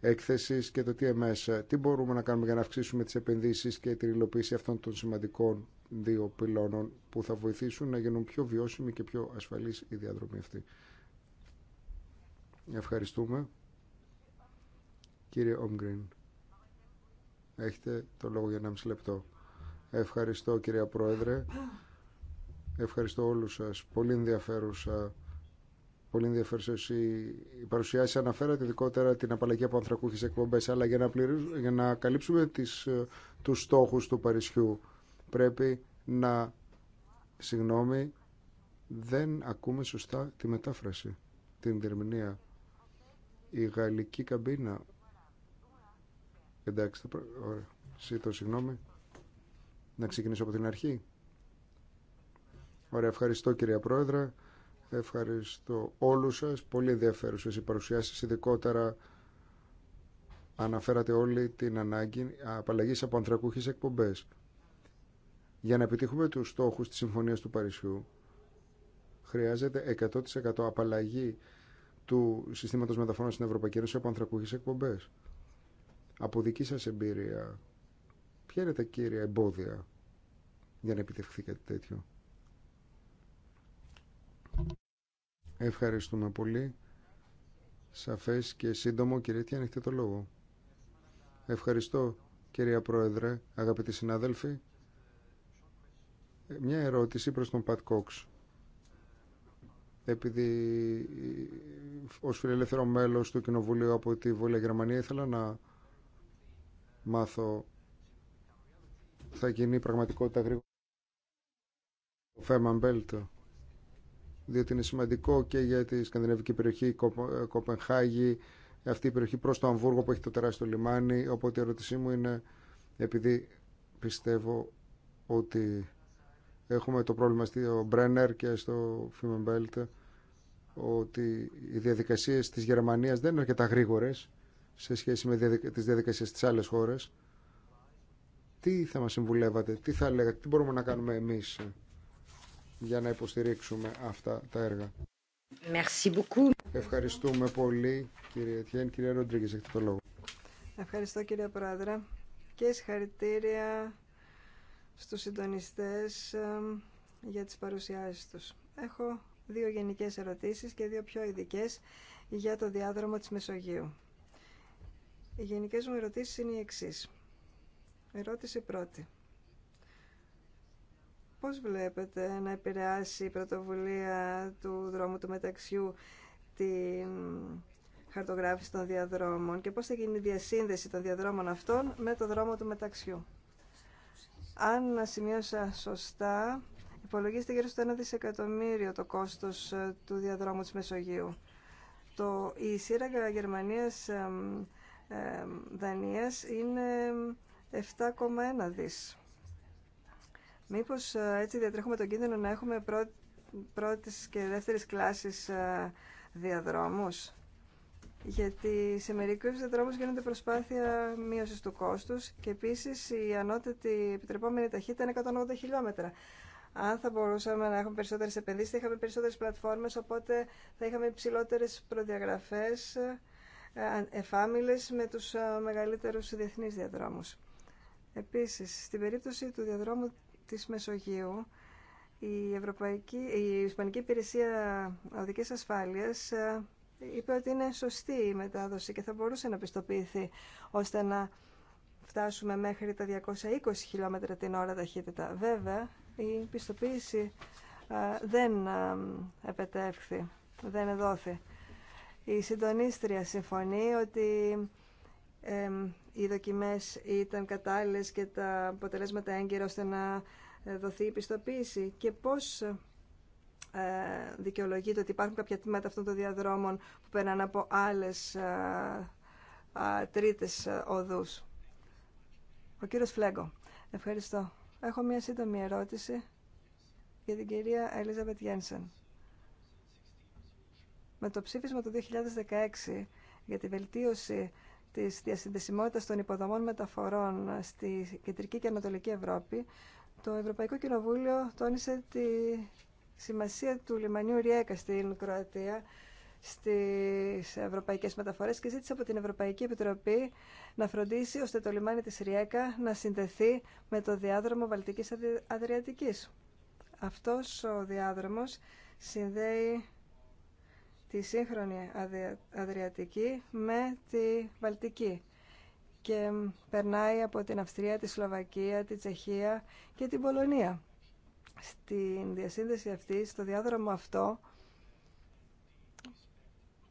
έκθεσης και το TMS. Τι μπορούμε να κάνουμε για να αυξήσουμε τις επενδύσεις και την υλοποίηση αυτών των σημαντικών δύο πυλώνων που θα βοηθήσουν να γίνουν πιο βιώσιμοι και πιο ασφαλείς οι διάδρομοι αυτοί. Ευχαριστούμε. Κύριε Ομγκριν, έχετε το λόγο για 1,5 λεπτό. Ευχαριστώ κύριε Πρόεδρε. Ευχαριστώ όλους σας. Πολύ ενδιαφέρουσα. Πολύ ενδιαφέρουσα η παρουσιάση. Αναφέρατε ειδικότερα την απαλλαγή από ανθρακούχε εκπομπέ, αλλά για να, για να καλύψουμε τις, ε, τους στόχους του Παρισιού πρέπει να... Συγγνώμη, δεν ακούμε σωστά τη μετάφραση, την διερμηνία. Η γαλλική καμπίνα. Εντάξει, ωραία. συγγνώμη. Να ξεκινήσω από την αρχή. Ωραία, ευχαριστώ κυρία Πρόεδρε. Ευχαριστώ όλους σας. Πολύ ενδιαφέρουσες οι παρουσιάσεις, ειδικότερα αναφέρατε όλη την ανάγκη απαλλαγής από ανθρακούχες εκπομπές. Για να επιτύχουμε τους στόχους της Συμφωνίας του Παρισιού, χρειάζεται 100% απαλλαγή του συστήματος μεταφορών στην Ευρωπαϊκή Ένωση από ανθρακούχες εκπομπές. Από δική σας εμπειρία, ποια είναι τα κύρια εμπόδια για να επιτευχθεί κάτι τέτοιο. Ευχαριστούμε πολύ. Σαφές και σύντομο, κύριε Τι, έχετε το λόγο. Ευχαριστώ, κυρία Πρόεδρε, αγαπητοί συνάδελφοι. Ε, μια ερώτηση προς τον Πατ Κόξ. Επειδή ε, ως φιλελεύθερο μέλος του Κοινοβουλίου από τη Βόλια Γερμανία ήθελα να μάθω θα γίνει πραγματικότητα γρήγορα. το Μπέλτο διότι είναι σημαντικό και για τη σκανδιναβική περιοχή ε, Κοπενχάγη, αυτή η περιοχή προς το Αμβούργο που έχει το τεράστιο λιμάνι, οπότε η ερώτησή μου είναι, επειδή πιστεύω ότι έχουμε το πρόβλημα στο Μπρένερ και στο Φιμεμπέλτ, ότι οι διαδικασίες της Γερμανίας δεν είναι αρκετά γρήγορες σε σχέση με τις διαδικασίες της άλλες χώρες. Τι θα μας συμβουλεύατε, τι θα λέγατε, τι μπορούμε να κάνουμε εμείς για να υποστηρίξουμε αυτά τα έργα. Merci beaucoup. Ευχαριστούμε πολύ κύριε Τιέν. Κύριε Ροντρίγκης, έχετε το λόγο. Ευχαριστώ κύριε Πρόεδρε και συγχαρητήρια στους συντονιστές για τις παρουσιάσεις τους. Έχω δύο γενικές ερωτήσεις και δύο πιο ειδικέ για το διάδρομο της Μεσογείου. Οι γενικές μου ερωτήσεις είναι οι εξής. Ερώτηση πρώτη πώς βλέπετε να επηρεάσει η πρωτοβουλία του δρόμου του μεταξιού την χαρτογράφηση των διαδρόμων και πώς θα γίνει η διασύνδεση των διαδρόμων αυτών με το δρόμο του μεταξιού. Αν να σημείωσα σωστά, υπολογίστε γύρω στο 1 δισεκατομμύριο το κόστος ε, του διαδρόμου της Μεσογείου. Το, η σύραγγα Γερμανίας ε, Δανίας είναι 7,1 δις. Μήπως ε, έτσι διατρέχουμε τον κίνδυνο να έχουμε πρώτη, πρώτης και δεύτερης κλάσης ε, διαδρόμους. Γιατί σε μερικούς διαδρόμους γίνονται προσπάθεια μείωση του κόστους και επίσης η ανώτατη επιτρεπόμενη ταχύτητα είναι 180 χιλιόμετρα. Αν θα μπορούσαμε να έχουμε περισσότερες επενδύσει, θα είχαμε περισσότερες πλατφόρμες, οπότε θα είχαμε υψηλότερε προδιαγραφέ ε, εφάμιλε με του μεγαλύτερου διεθνεί διαδρόμου. Επίση, στην περίπτωση του διαδρόμου της Μεσογείου η, Ευρωπαϊκή, η Ισπανική Υπηρεσία Οδικής Ασφάλειας ε, είπε ότι είναι σωστή η μετάδοση και θα μπορούσε να πιστοποιηθεί ώστε να φτάσουμε μέχρι τα 220 χιλιόμετρα την ώρα ταχύτητα. Βέβαια, η πιστοποίηση ε, δεν ε, επετεύχθη, δεν εδόθη. Η συντονίστρια συμφωνεί ότι οι δοκιμές ήταν κατάλληλες και τα αποτελέσματα έγκαιρα ώστε να ε, δοθεί η πιστοποίηση και πώς ε, δικαιολογείται ότι υπάρχουν κάποια τμήματα αυτών των διαδρόμων που περνάνε από άλλες ε, τρίτες οδούς. Ο κύριος Φλέγκο. Ευχαριστώ. Έχω μια σύντομη ερώτηση για την κυρία Ελίζα Γένσεν. Με το ψήφισμα του 2016 για τη βελτίωση της διασυνδεσιμότητας των υποδομών μεταφορών στη Κεντρική και Ανατολική Ευρώπη, το Ευρωπαϊκό Κοινοβούλιο τόνισε τη σημασία του λιμανιού Ριέκα στην Κροατία στις ευρωπαϊκές μεταφορές και ζήτησε από την Ευρωπαϊκή Επιτροπή να φροντίσει ώστε το λιμάνι της Ριέκα να συνδεθεί με το διάδρομο Βαλτικής Αδριατικής. Αυτός ο διάδρομος συνδέει τη σύγχρονη Αδριατική με τη Βαλτική και περνάει από την Αυστρία, τη Σλοβακία, τη Τσεχία και την Πολωνία. Στην διασύνδεση αυτή, στο διάδρομο αυτό,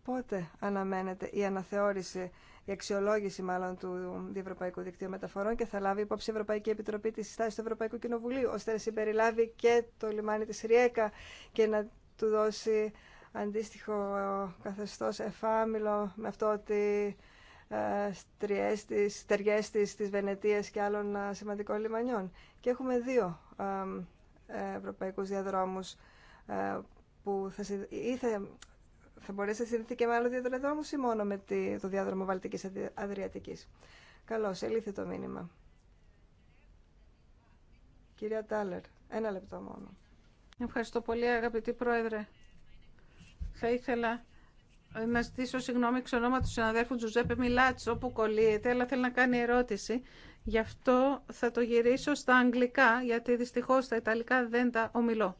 πότε αναμένεται η αναθεώρηση, η αξιολόγηση μάλλον του Διευρωπαϊκού Δικτύου Μεταφορών και θα λάβει υπόψη η Ευρωπαϊκή Επιτροπή τη συστάση του Ευρωπαϊκού Κοινοβουλίου, ώστε να συμπεριλάβει και το λιμάνι της Ριέκα και να του δώσει αντίστοιχο καθεστώς εφάμιλο με αυτό ότι ε, στριέστης, τεριέστης της Βενετίας και άλλων ε, σημαντικών λιμανιών. Και έχουμε δύο ε, ευρωπαϊκούς διαδρόμους που θα, ή θα, μπορέσει να συνδεθεί και με άλλο διαδρομούς ή μόνο με το διάδρομο Βαλτικής Αδριατικής. Καλώς, ελήφθη το μήνυμα. Κυρία Τάλερ, ένα λεπτό μόνο. Ευχαριστώ πολύ αγαπητή Πρόεδρε θα ήθελα να ζητήσω συγγνώμη εξ ονόματος του συναδέλφου Τζουζέπε Μιλάτσο που κολλείεται, αλλά θέλει να κάνει ερώτηση. Γι' αυτό θα το γυρίσω στα αγγλικά, γιατί δυστυχώς στα ιταλικά δεν τα ομιλώ.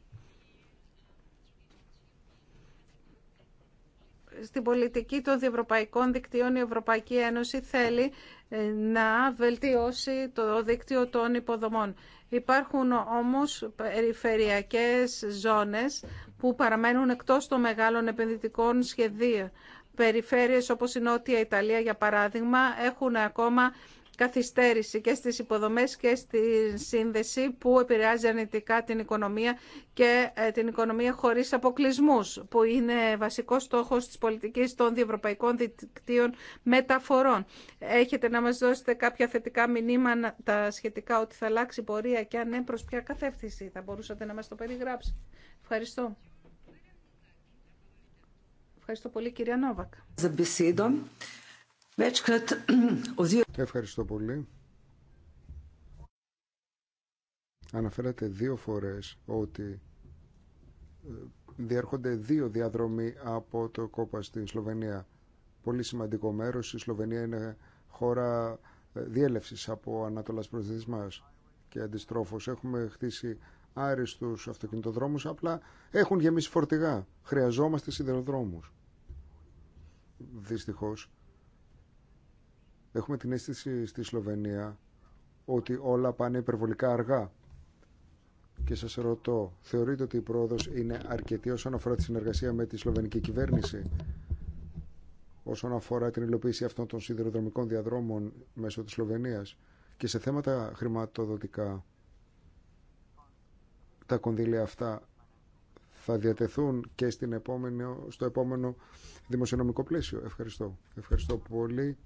Στην πολιτική των διευρωπαϊκών δικτύων η Ευρωπαϊκή Ένωση θέλει ε, να βελτιώσει το δίκτυο των υποδομών. Υπάρχουν όμως περιφερειακές ζώνες που παραμένουν εκτός των μεγάλων επενδυτικών σχεδίων. Περιφέρειες όπως η Νότια Ιταλία, για παράδειγμα, έχουν ακόμα καθυστέρηση και στις υποδομές και στη σύνδεση που επηρεάζει αρνητικά την οικονομία και ε, την οικονομία χωρίς αποκλεισμούς, που είναι βασικός στόχος της πολιτικής των διευρωπαϊκών δικτύων μεταφορών. Έχετε να μας δώσετε κάποια θετικά μηνύματα σχετικά ότι θα αλλάξει πορεία και αν ναι, προς ποια κατεύθυνση. θα μπορούσατε να μας το περιγράψετε. Ευχαριστώ. Ευχαριστώ πολύ κυρία Νόβακ. Ευχαριστώ πολύ. Αναφέρατε δύο φορές ότι ε, διέρχονται δύο διαδρομοί από το κόπα στην Σλοβενία. Πολύ σημαντικό μέρος. Η Σλοβενία είναι χώρα ε, διέλευσης από ανατολάς προς και αντιστρόφως έχουμε χτίσει άριστους αυτοκινητοδρόμους απλά έχουν γεμίσει φορτηγά. Χρειαζόμαστε σιδεροδρόμους. Δυστυχώς Έχουμε την αίσθηση στη Σλοβενία ότι όλα πάνε υπερβολικά αργά. Και σας ρωτώ, θεωρείτε ότι η πρόοδος είναι αρκετή όσον αφορά τη συνεργασία με τη σλοβενική κυβέρνηση, όσον αφορά την υλοποίηση αυτών των σιδηροδρομικών διαδρόμων μέσω της Σλοβενίας και σε θέματα χρηματοδοτικά τα κονδύλια αυτά θα διατεθούν και στην στο επόμενο δημοσιονομικό πλαίσιο. Ευχαριστώ. Ευχαριστώ πολύ.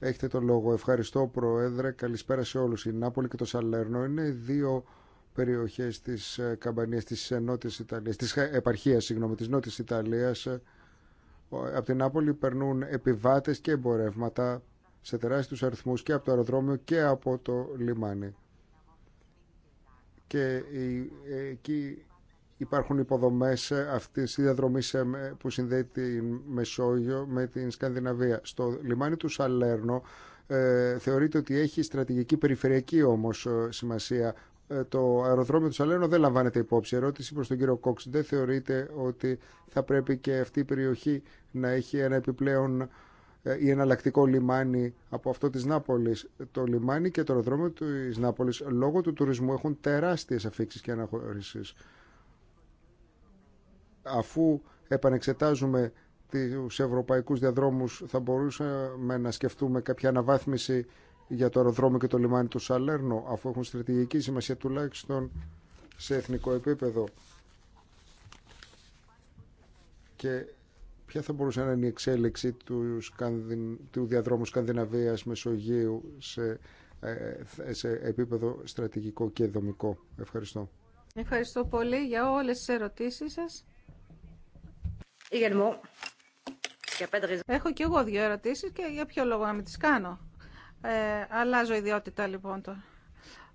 Έχετε το λόγο. Ευχαριστώ, Πρόεδρε. Καλησπέρα σε όλους. Η Νάπολη και το Σαλέρνο είναι δύο περιοχές της ε, καμπανίας ε, ε, της Νότιας Ιταλίας, της επαρχίας, συγγνώμη, της Ιταλίας. Από την Νάπολη περνούν επιβάτες και εμπορεύματα σε τεράστιους αριθμούς και από το αεροδρόμιο και από το λιμάνι. Και εκεί υπάρχουν υποδομές ε, αυτής της διαδρομής ε, που συνδέει τη Μεσόγειο με την Σκανδιναβία. Στο λιμάνι του Σαλέρνο ε, θεωρείται ότι έχει στρατηγική περιφερειακή όμως ε, σημασία. το αεροδρόμιο του Σαλέρνο δεν λαμβάνεται υπόψη. Ερώτηση προς τον κύριο Κόξ. Δεν θεωρείται ότι θα πρέπει και αυτή η περιοχή να έχει ένα επιπλέον ή εναλλακτικό λιμάνι από αυτό της Νάπολης. Το λιμάνι και το αεροδρόμιο της Νάπολης λόγω του τουρισμού έχουν τεράστιες αφήξεις και αναχωρήσεις αφού επανεξετάζουμε τους ευρωπαϊκούς διαδρόμους θα μπορούσαμε να σκεφτούμε κάποια αναβάθμιση για το αεροδρόμιο και το λιμάνι του Σαλέρνο αφού έχουν στρατηγική σημασία τουλάχιστον σε εθνικό επίπεδο και ποια θα μπορούσε να είναι η εξέλιξη του, διαδρόμου Σκανδιναβίας Μεσογείου σε, ε, σε επίπεδο στρατηγικό και δομικό. Ευχαριστώ. Ευχαριστώ πολύ για όλες τις ερωτήσεις σας. Έχω και εγώ δύο ερωτήσεις και για ποιο λόγο να μην τις κάνω. Ε, αλλάζω ιδιότητα λοιπόν τώρα.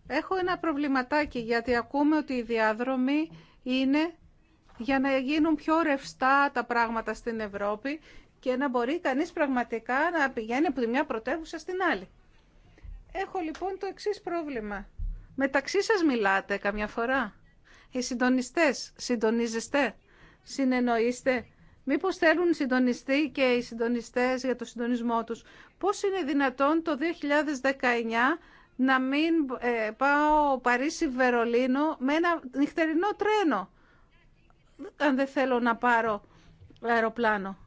Έχω ένα προβληματάκι γιατί ακούμε ότι οι διάδρομοι είναι για να γίνουν πιο ρευστά τα πράγματα στην Ευρώπη και να μπορεί κανείς πραγματικά να πηγαίνει από τη μια πρωτεύουσα στην άλλη. Έχω λοιπόν το εξής πρόβλημα. Μεταξύ σας μιλάτε καμιά φορά. Οι συντονιστές, συντονίζεστε, συνεννοείστε Μήπως θέλουν συντονιστεί και οι συντονιστές για το συντονισμό τους. Πώς είναι δυνατόν το 2019 να μην ε, πάω Παρίσι-Βερολίνο με ένα νυχτερινό τρένο, αν δεν θέλω να πάρω αεροπλάνο.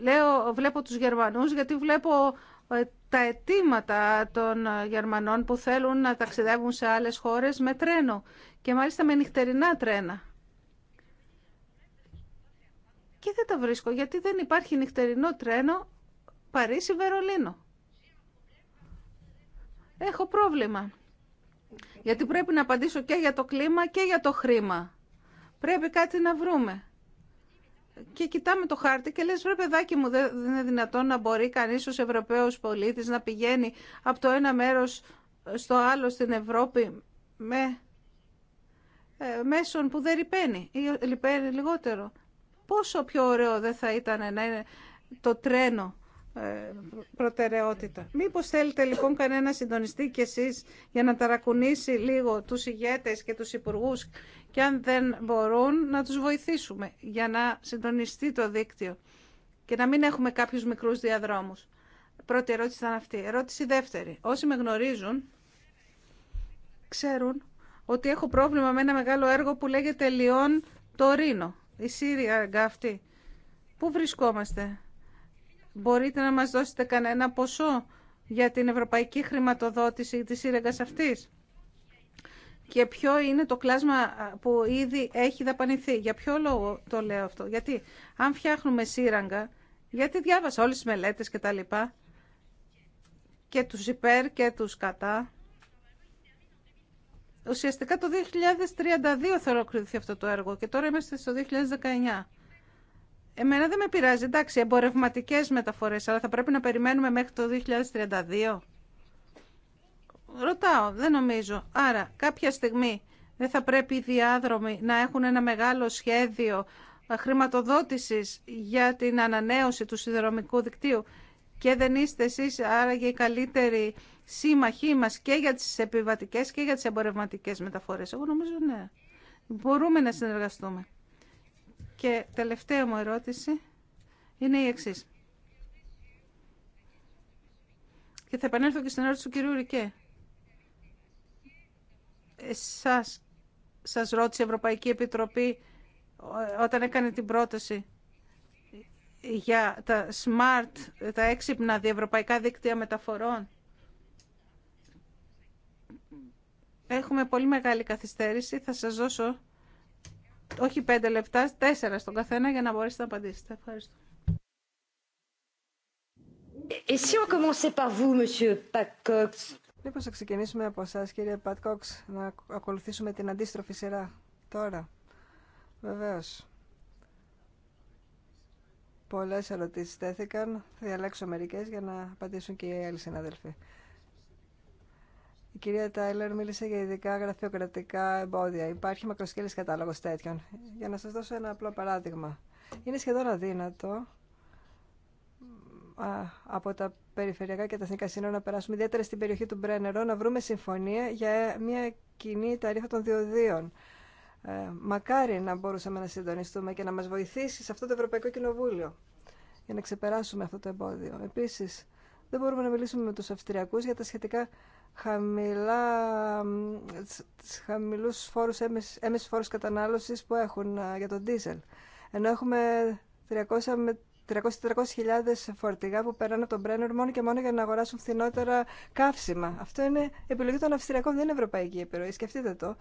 Λέω, βλέπω τους Γερμανούς γιατί βλέπω ε, τα αιτήματα των ε, Γερμανών που θέλουν να ταξιδεύουν σε άλλες χώρες με τρένο και μάλιστα με νυχτερινά τρένα. Και δεν τα βρίσκω γιατί δεν υπάρχει νυχτερινό τρένο Παρίσι-Βερολίνο. Έχω πρόβλημα. Γιατί πρέπει να απαντήσω και για το κλίμα και για το χρήμα. Πρέπει κάτι να βρούμε και κοιτάμε το χάρτη και λες βρε παιδάκι μου δεν είναι δυνατόν να μπορεί κανείς ως Ευρωπαίος πολίτης να πηγαίνει από το ένα μέρος στο άλλο στην Ευρώπη με ε, μέσον που δεν ρηπαίνει ή λιπαίνει λιγότερο. Πόσο πιο ωραίο δεν θα ήταν να είναι το τρένο ε, προτεραιότητα. Μήπως θέλετε λοιπόν κανένα συντονιστή κι εσείς για να ταρακουνήσει λίγο τους ηγέτες και τους υπουργούς και αν δεν μπορούν να τους βοηθήσουμε για να συντονιστεί το δίκτυο και να μην έχουμε κάποιους μικρούς διαδρόμους. Πρώτη ερώτηση ήταν αυτή. Ερώτηση δεύτερη. Όσοι με γνωρίζουν, ξέρουν ότι έχω πρόβλημα με ένα μεγάλο έργο που λέγεται Λιόν Τωρίνο, η Σύρια γκάφτη. Πού βρισκόμαστε Μπορείτε να μας δώσετε κανένα ποσό για την ευρωπαϊκή χρηματοδότηση της σύρεγγας αυτής. Και ποιο είναι το κλάσμα που ήδη έχει δαπανηθεί. Για ποιο λόγο το λέω αυτό. Γιατί αν φτιάχνουμε σύραγγα, γιατί διάβασα όλες τις μελέτες και τα λοιπά, και τους υπέρ και τους κατά, ουσιαστικά το 2032 θα ολοκληρωθεί αυτό το έργο και τώρα είμαστε στο 2019. Εμένα δεν με πειράζει, εντάξει, εμπορευματικέ μεταφορέ, αλλά θα πρέπει να περιμένουμε μέχρι το 2032. Ρωτάω, δεν νομίζω. Άρα, κάποια στιγμή δεν θα πρέπει οι διάδρομοι να έχουν ένα μεγάλο σχέδιο χρηματοδότησης για την ανανέωση του σιδηρομικού δικτύου και δεν είστε εσείς άραγε οι καλύτεροι σύμμαχοί μας και για τις επιβατικές και για τις εμπορευματικές μεταφορές. Εγώ νομίζω ναι. Μπορούμε να συνεργαστούμε. Και τελευταία μου ερώτηση είναι η εξής. Και θα επανέλθω και στην ερώτηση του κυρίου Ρικέ. Εσάς, σας ρώτησε η Ευρωπαϊκή Επιτροπή ε, όταν έκανε την πρόταση για τα smart, τα έξυπνα διευρωπαϊκά δίκτυα μεταφορών. Έχουμε πολύ μεγάλη καθυστέρηση. Θα σας δώσω όχι πέντε λεπτά, τέσσερα στον καθένα για να μπορέσετε να απαντήσετε. Ευχαριστώ. Et si on par vous, monsieur Patcox Λοιπόν, θα ξεκινήσουμε από εσά, κύριε Πατκόξ, να ακολουθήσουμε την αντίστροφη σειρά τώρα. Βεβαίω. Πολλέ ερωτήσει τέθηκαν. Θα διαλέξω μερικέ για να απαντήσουν και οι άλλοι συναδελφοί. Η κυρία Τάιλερ μίλησε για ειδικά γραφειοκρατικά εμπόδια. Υπάρχει μακροσκέλη κατάλογος τέτοιων. Για να σα δώσω ένα απλό παράδειγμα. Είναι σχεδόν αδύνατο από τα περιφερειακά και τα εθνικά σύνορα να περάσουμε, ιδιαίτερα στην περιοχή του Μπρένερο, να βρούμε συμφωνία για μια κοινή ταρίφα των διοδίων. Ε, μακάρι να μπορούσαμε να συντονιστούμε και να μα βοηθήσει σε αυτό το Ευρωπαϊκό Κοινοβούλιο για να ξεπεράσουμε αυτό το εμπόδιο. Επίση, δεν μπορούμε να μιλήσουμε με του Αυστριακού για τα σχετικά χαμηλά, τις χαμηλούς φόρους, κατανάλωση φόρους κατανάλωσης που έχουν για τον δίζελ. Ενώ έχουμε 300 με 300-400 χιλιάδες φορτηγά που περνάνε από τον Μπρένερ μόνο και μόνο για να αγοράσουν φθηνότερα καύσιμα. Αυτό είναι επιλογή των Αυστριακών, δεν είναι ευρωπαϊκή επιρροή. Σκεφτείτε το.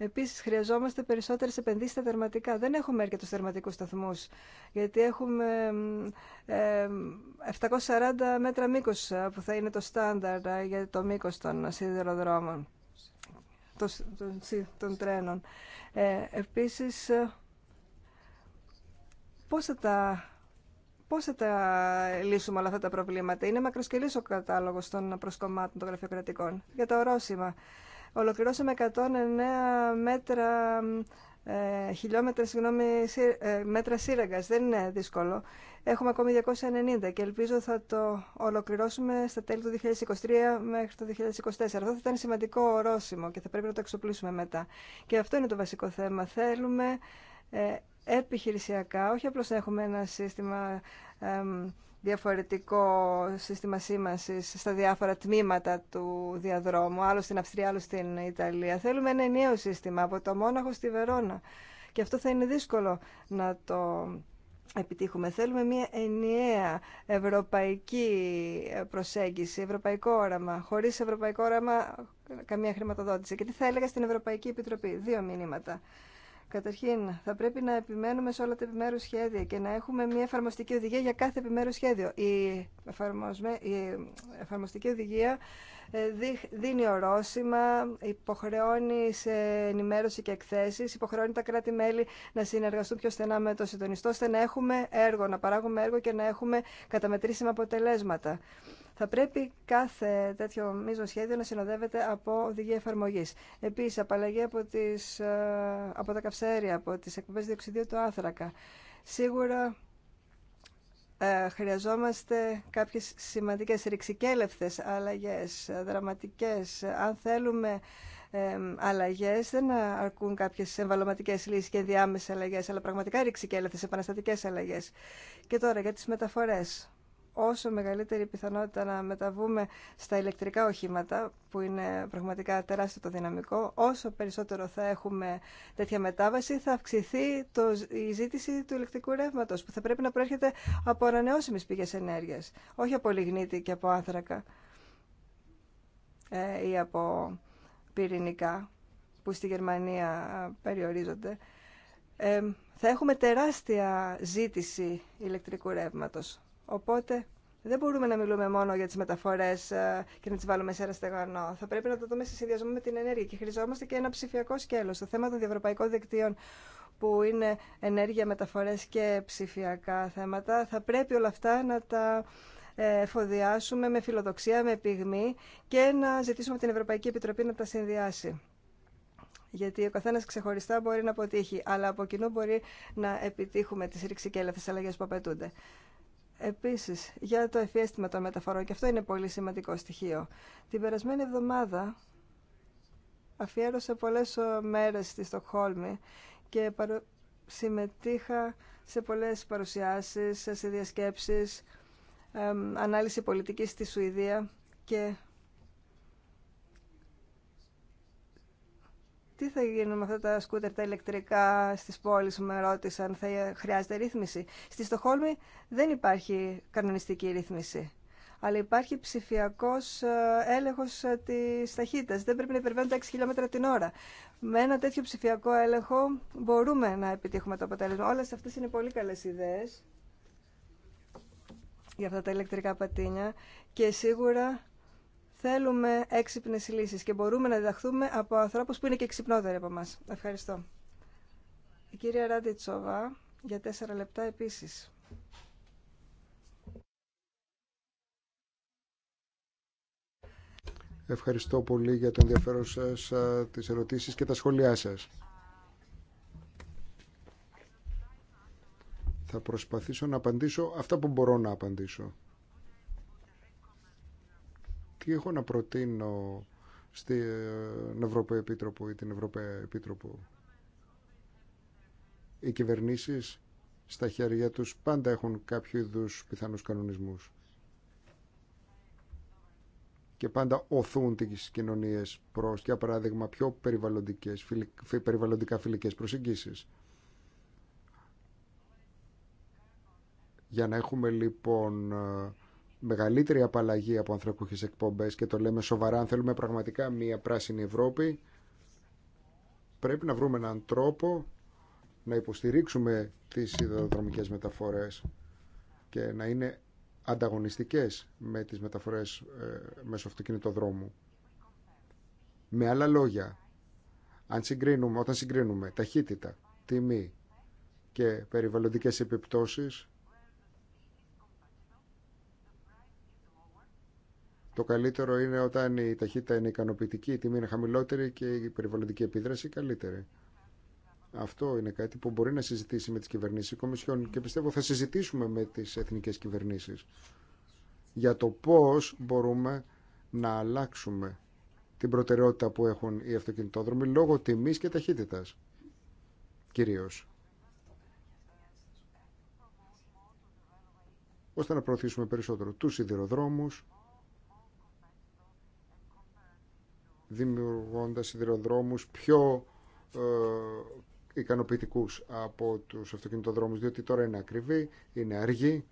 Επίση, χρειαζόμαστε περισσότερε επενδύσει στα δερματικά. Δεν έχουμε αρκετού δερματικού σταθμού, γιατί έχουμε 740 μέτρα μήκο ε, που θα είναι το στάνταρ ε, για το μήκο των σιδηροδρόμων, των, των τρένων. Ε, Επίση, ε, πώ θα Πώς θα τα λύσουμε όλα αυτά τα προβλήματα. Είναι μακροσκελής ο κατάλογος των προσκομμάτων των γραφειοκρατικών. Για τα ορόσημα. Ολοκληρώσαμε 109 μέτρα, ε, χιλιόμετρα, συγγνώμη, ε, μέτρα σύραγγας. Δεν είναι δύσκολο. Έχουμε ακόμη 290 και ελπίζω θα το ολοκληρώσουμε στα τέλη του 2023 μέχρι το 2024. Αυτό θα ήταν σημαντικό ορόσημο και θα πρέπει να το εξοπλίσουμε μετά. Και αυτό είναι το βασικό θέμα. Θέλουμε ε, επιχειρησιακά, όχι απλώς να έχουμε ένα σύστημα διαφορετικό σύστημα σήμανσης στα διάφορα τμήματα του διαδρόμου, άλλο στην Αυστρία, άλλο στην Ιταλία. Θέλουμε ένα ενιαίο σύστημα από το Μόναχο στη Βερόνα. Και αυτό θα είναι δύσκολο να το επιτύχουμε. Θέλουμε μια ενιαία ευρωπαϊκή προσέγγιση, ευρωπαϊκό όραμα. Χωρίς ευρωπαϊκό όραμα καμία χρηματοδότηση. Και τι θα έλεγα στην Ευρωπαϊκή Επιτροπή. Δύο μήνυματα. Καταρχήν, θα πρέπει να επιμένουμε σε όλα τα επιμέρους σχέδια και να έχουμε μια εφαρμοστική οδηγία για κάθε επιμέρους σχέδιο. Η, εφαρμοστική οδηγία ε, δίνει ορόσημα, υποχρεώνει σε ενημέρωση και εκθέσεις, υποχρεώνει τα κράτη-μέλη να συνεργαστούν πιο στενά με το συντονιστό, ώστε να έχουμε έργο, να παράγουμε έργο και να έχουμε καταμετρήσιμα αποτελέσματα. Θα πρέπει κάθε τέτοιο μείζον σχέδιο να συνοδεύεται από οδηγία εφαρμογή. Επίση, απαλλαγή ε, από, τα καυσαέρια, από τι εκπομπέ διοξιδίου του άνθρακα. Σίγουρα ε, χρειαζόμαστε κάποιες σημαντικές ρηξικέλευθες αλλαγές, δραματικές. Αν θέλουμε ε, αλλαγές, δεν αρκούν κάποιες εμβαλωματικές λύσεις και διάμεσες αλλαγές, αλλά πραγματικά ρηξικέλευθες, επαναστατικές αλλαγές. Και τώρα για τις μεταφορές όσο μεγαλύτερη πιθανότητα να μεταβούμε στα ηλεκτρικά οχήματα, που είναι πραγματικά τεράστιο το δυναμικό, όσο περισσότερο θα έχουμε τέτοια μετάβαση, θα αυξηθεί το, η ζήτηση του ηλεκτρικού ρεύματο, που θα πρέπει να προέρχεται από ανανεώσιμε πηγέ ενέργεια, όχι από λιγνίτη και από άνθρακα ε, ή από πυρηνικά, που στη Γερμανία ε, περιορίζονται. Ε, θα έχουμε τεράστια ζήτηση ηλεκτρικού ρεύματος. Οπότε δεν μπορούμε να μιλούμε μόνο για τι μεταφορέ ε, και να τι βάλουμε σε ένα στεγανό. Θα πρέπει να το δούμε σε συνδυασμό με την ενέργεια. Και χρειαζόμαστε και ένα ψηφιακό σκέλο. Το θέμα των διευρωπαϊκών δικτύων, που είναι ενέργεια, μεταφορέ και ψηφιακά θέματα, θα πρέπει όλα αυτά να τα ε, εφοδιάσουμε με φιλοδοξία, με πυγμή και να ζητήσουμε την Ευρωπαϊκή Επιτροπή να τα συνδυάσει. Γιατί ο καθένα ξεχωριστά μπορεί να αποτύχει, αλλά από κοινού μπορεί να επιτύχουμε τι ρηξικέλευτε αλλαγέ που απαιτούνται. Επίσης, για το εφιέστημα των μεταφορών, και αυτό είναι πολύ σημαντικό στοιχείο. Την περασμένη εβδομάδα αφιέρωσα πολλές μέρες στη Στοκχόλμη και συμμετείχα σε πολλές παρουσιάσεις, σε διασκέψεις, ανάλυση πολιτικής στη Σουηδία και Τι θα γίνει με αυτά τα σκούτερ τα ηλεκτρικά στις πόλεις, με ρώτησαν, θα χρειάζεται ρύθμιση. Στη Στοχόλμη δεν υπάρχει κανονιστική ρύθμιση. Αλλά υπάρχει ψηφιακό ε, έλεγχο ε, τη ταχύτητα. Δεν πρέπει να υπερβαίνουν τα 6 χιλιόμετρα την ώρα. Με ένα τέτοιο ψηφιακό έλεγχο μπορούμε να επιτύχουμε το αποτέλεσμα. Όλε αυτέ είναι πολύ καλέ ιδέε για αυτά τα ηλεκτρικά πατίνια και σίγουρα Θέλουμε έξυπνες λύσεις και μπορούμε να διδαχθούμε από ανθρώπους που είναι και ξυπνότεροι από μας. Ευχαριστώ. Η κυρία Ράντι Τσόβα για τέσσερα λεπτά επίσης. Ευχαριστώ πολύ για το ενδιαφέρον σας, τις ερωτήσεις και τα σχόλιά σας. Θα προσπαθήσω να απαντήσω αυτά που μπορώ να απαντήσω τι έχω να προτείνω στην ε, Ευρωπαϊκή Επίτροπο ή την Ευρωπαϊκή Επίτροπο. Οι κυβερνήσεις στα χέρια τους πάντα έχουν κάποιο είδου πιθανούς κανονισμούς και πάντα οθούν τις κοινωνίες προς, για παράδειγμα, πιο περιβαλλοντικές, περιβαλλοντικά φιλικές προσεγγίσεις. Για να έχουμε λοιπόν ε, μεγαλύτερη απαλλαγή από ανθρώπινε εκπομπέ και το λέμε σοβαρά αν θέλουμε πραγματικά μια πράσινη Ευρώπη πρέπει να βρούμε έναν τρόπο να υποστηρίξουμε τις ιδεοδρομικές μεταφορές και να είναι ανταγωνιστικές με τις μεταφορές ε, μέσω αυτοκινητοδρόμου. Με άλλα λόγια, αν συγκρίνουμε, όταν συγκρίνουμε ταχύτητα, τιμή και περιβαλλοντικές επιπτώσεις, Το καλύτερο είναι όταν η ταχύτητα είναι ικανοποιητική, η τιμή είναι χαμηλότερη και η περιβαλλοντική επίδραση καλύτερη. Αυτό είναι κάτι που μπορεί να συζητήσει με τις κυβερνήσεις κομισιών και πιστεύω θα συζητήσουμε με τις εθνικές κυβερνήσεις για το πώς μπορούμε να αλλάξουμε την προτεραιότητα που έχουν οι αυτοκινητόδρομοι λόγω τιμής και ταχύτητας κυρίως. Ώστε να προωθήσουμε περισσότερο τους σιδηροδρόμους, δημιουργώντας σιδηροδρόμους πιο ε, ικανοποιητικούς από τους αυτοκινητοδρόμους, διότι τώρα είναι ακριβή, είναι αργή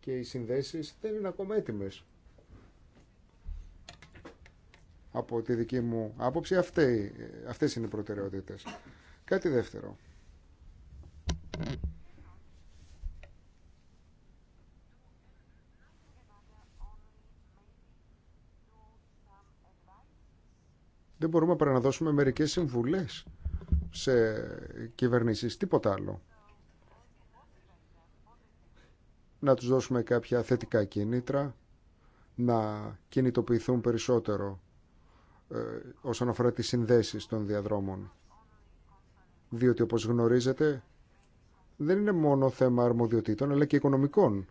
και οι συνδέσεις δεν είναι ακόμα έτοιμες. Από τη δική μου άποψη ε, αυτές είναι οι προτεραιότητες. Κάτι δεύτερο. Δεν μπορούμε παρά να δώσουμε μερικές συμβουλές σε κυβερνήσεις, τίποτα άλλο. Να τους δώσουμε κάποια θετικά κίνητρα, να κινητοποιηθούν περισσότερο ε, όσον αφορά τις συνδέσεις των διαδρόμων. Διότι όπως γνωρίζετε δεν είναι μόνο θέμα αρμοδιοτήτων αλλά και οικονομικών.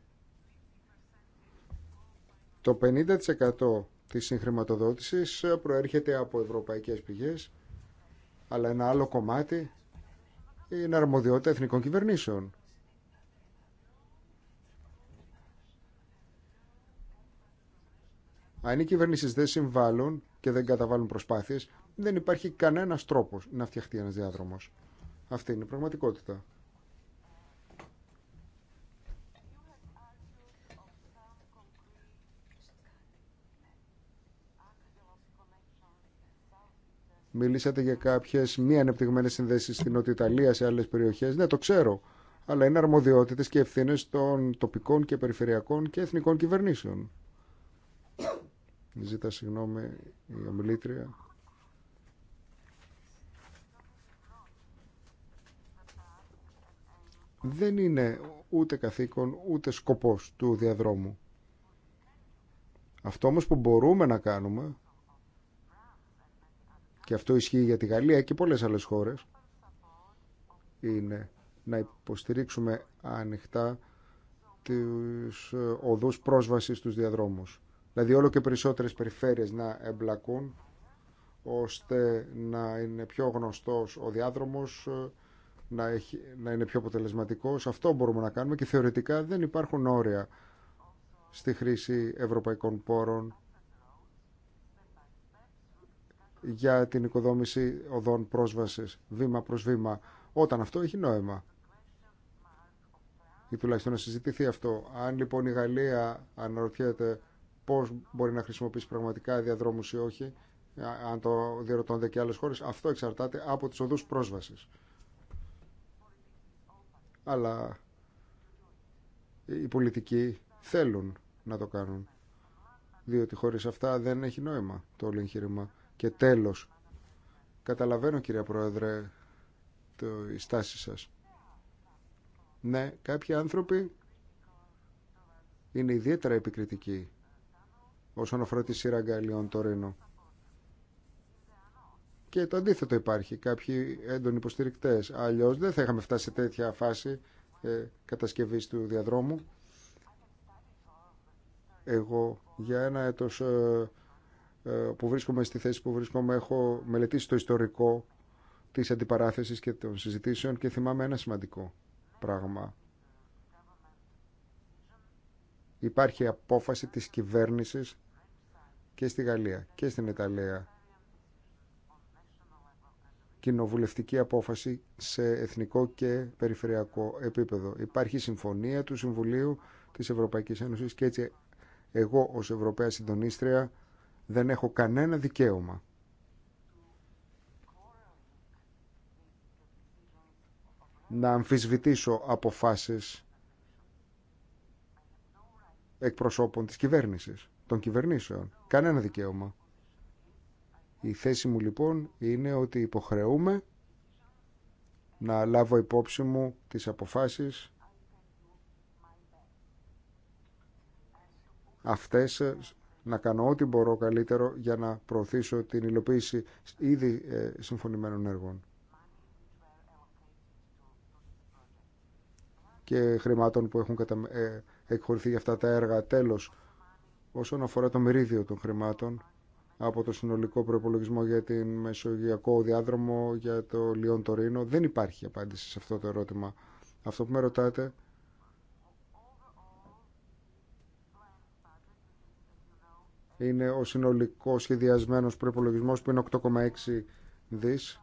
Το 50% της συγχρηματοδότησης προέρχεται από ευρωπαϊκές πηγές, αλλά ένα άλλο κομμάτι είναι αρμοδιότητα εθνικών κυβερνήσεων. Αν οι κυβερνήσει δεν συμβάλλουν και δεν καταβάλουν προσπάθειες, δεν υπάρχει κανένα τρόπο να φτιαχτεί ένα διάδρομο. Αυτή είναι η πραγματικότητα. Μιλήσατε για κάποιες μη ανεπτυγμένε συνδέσεις στην Νότια Ιταλία, σε άλλες περιοχές. Ναι, το ξέρω. Αλλά είναι αρμοδιότητες και ευθύνε των τοπικών και περιφερειακών και εθνικών κυβερνήσεων. Ζήτα συγγνώμη η ομιλήτρια. Δεν είναι ούτε καθήκον ούτε σκοπός του διαδρόμου. Αυτό όμως που μπορούμε να κάνουμε και αυτό ισχύει για τη Γαλλία και πολλές άλλες χώρες είναι να υποστηρίξουμε ανοιχτά τους ε, οδούς πρόσβασης στους διαδρόμους. Δηλαδή όλο και περισσότερες περιφέρειες να εμπλακούν ώστε να είναι πιο γνωστός ο διάδρομος, ε, να, είναι πιο αποτελεσματικός. Αυτό μπορούμε να κάνουμε και θεωρητικά δεν υπάρχουν όρια στη χρήση ευρωπαϊκών πόρων για την οικοδόμηση οδών πρόσβασης βήμα προς βήμα όταν αυτό έχει νόημα ή τουλάχιστον να συζητηθεί αυτό. Αν λοιπόν η Γαλλία αναρωτιέται πώς μπορεί να χρησιμοποιήσει πραγματικά διαδρόμους ή όχι, αν το διερωτώνται και άλλες χώρες, αυτό εξαρτάται από τις οδούς πρόσβασης. Αλλά οι πολιτικοί θέλουν να το κάνουν, διότι χωρίς αυτά δεν έχει νόημα το όλο εγχείρημα. Και τέλος, καταλαβαίνω κυρία Πρόεδρε το, η στάση σας. Ναι, κάποιοι άνθρωποι είναι ιδιαίτερα επικριτικοί όσον αφορά τη σειρά γκαλιών το Και το αντίθετο υπάρχει, κάποιοι έντονοι υποστηρικτές. Αλλιώς δεν θα είχαμε φτάσει σε τέτοια φάση ε, κατασκευής του διαδρόμου. Εγώ για ένα έτος ε, ε, που βρίσκομαι στη θέση που βρίσκομαι έχω μελετήσει το ιστορικό της αντιπαράθεση και των συζητήσεων και θυμάμαι ένα σημαντικό πράγμα. Υπάρχει απόφαση της κυβέρνησης και στη Γαλλία και στην Ιταλία κοινοβουλευτική απόφαση σε εθνικό και περιφερειακό επίπεδο. Υπάρχει συμφωνία του Συμβουλίου της Ευρωπαϊκής Ένωσης και έτσι εγώ ως Ευρωπαία Συντονίστρια δεν έχω κανένα δικαίωμα. να αμφισβητήσω αποφάσεις εκπροσώπων της κυβέρνησης, των κυβερνήσεων. Κανένα δικαίωμα. Η θέση μου λοιπόν είναι ότι υποχρεούμε να λάβω υπόψη μου τις αποφάσεις αυτές να κάνω ό,τι μπορώ καλύτερο για να προωθήσω την υλοποίηση ήδη ε, συμφωνημένων έργων. και χρημάτων που έχουν κατα... Ε, εκχωρηθεί για αυτά τα έργα. Τέλος, όσον αφορά το μερίδιο των χρημάτων από το συνολικό προπολογισμό για την Μεσογειακό Διάδρομο για το Λιόν Τωρίνο, δεν υπάρχει απάντηση σε αυτό το ερώτημα. Αυτό που με ρωτάτε είναι ο συνολικό σχεδιασμένος προπολογισμό που είναι 8,6 δις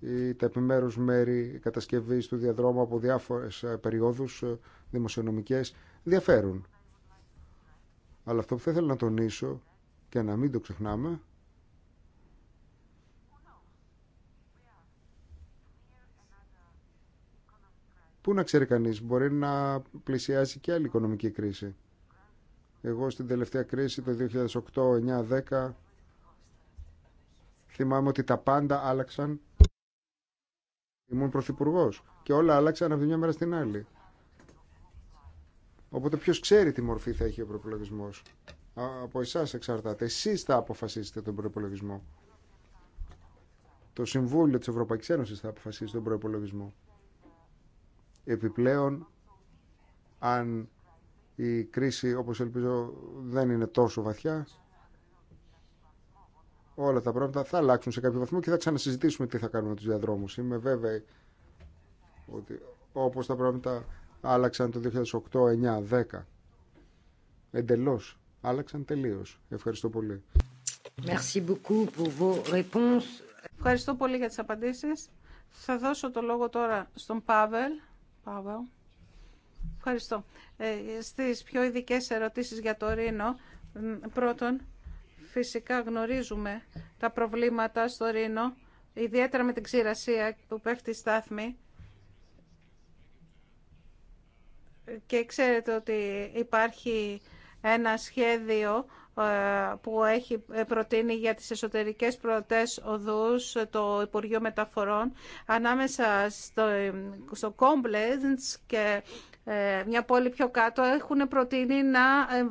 ή τα επιμέρους μέρη κατασκευής του διαδρόμου από διάφορες ε, περιόδους ε, δημοσιονομικές διαφέρουν. Αλλά αυτό που θα ήθελα να τονίσω και να μην το ξεχνάμε Πού να ξέρει κανείς, μπορεί να πλησιάσει και άλλη οικονομική κρίση. Εγώ στην τελευταία κρίση το 2008-9-10 θυμάμαι ότι τα πάντα άλλαξαν. Ήμουν πρωθυπουργό και όλα άλλαξαν από τη μια μέρα στην άλλη. Οπότε ποιο ξέρει τι μορφή θα έχει ο προπολογισμό. Από εσά εξαρτάται. Εσεί θα αποφασίσετε τον προπολογισμό. Το Συμβούλιο τη Ευρωπαϊκή Ένωση θα αποφασίσει τον προπολογισμό. Επιπλέον, αν η κρίση όπως ελπίζω δεν είναι τόσο βαθιά όλα τα πράγματα θα αλλάξουν σε κάποιο βαθμό και θα ξανασυζητήσουμε τι θα κάνουμε με τους διαδρόμους είμαι βέβαιη ότι όπως τα πράγματα άλλαξαν το 2008, 2009, 2010. εντελώς άλλαξαν τελείως ευχαριστώ πολύ Merci pour vos Ευχαριστώ πολύ για τις απαντήσεις. Θα δώσω το λόγο τώρα στον Πάβελ. Πάβελ. Ευχαριστώ. Ε, στις πιο ειδικέ ερωτήσεις για το Ρήνο, πρώτον, φυσικά γνωρίζουμε τα προβλήματα στο Ρήνο, ιδιαίτερα με την ξηρασία που πέφτει στάθμη. Και ξέρετε ότι υπάρχει ένα σχέδιο ε, που έχει ε, προτείνει για τις εσωτερικές προωτές οδούς το Υπουργείο Μεταφορών ανάμεσα στο, στο και ε, μια πόλη πιο κάτω έχουν προτείνει να,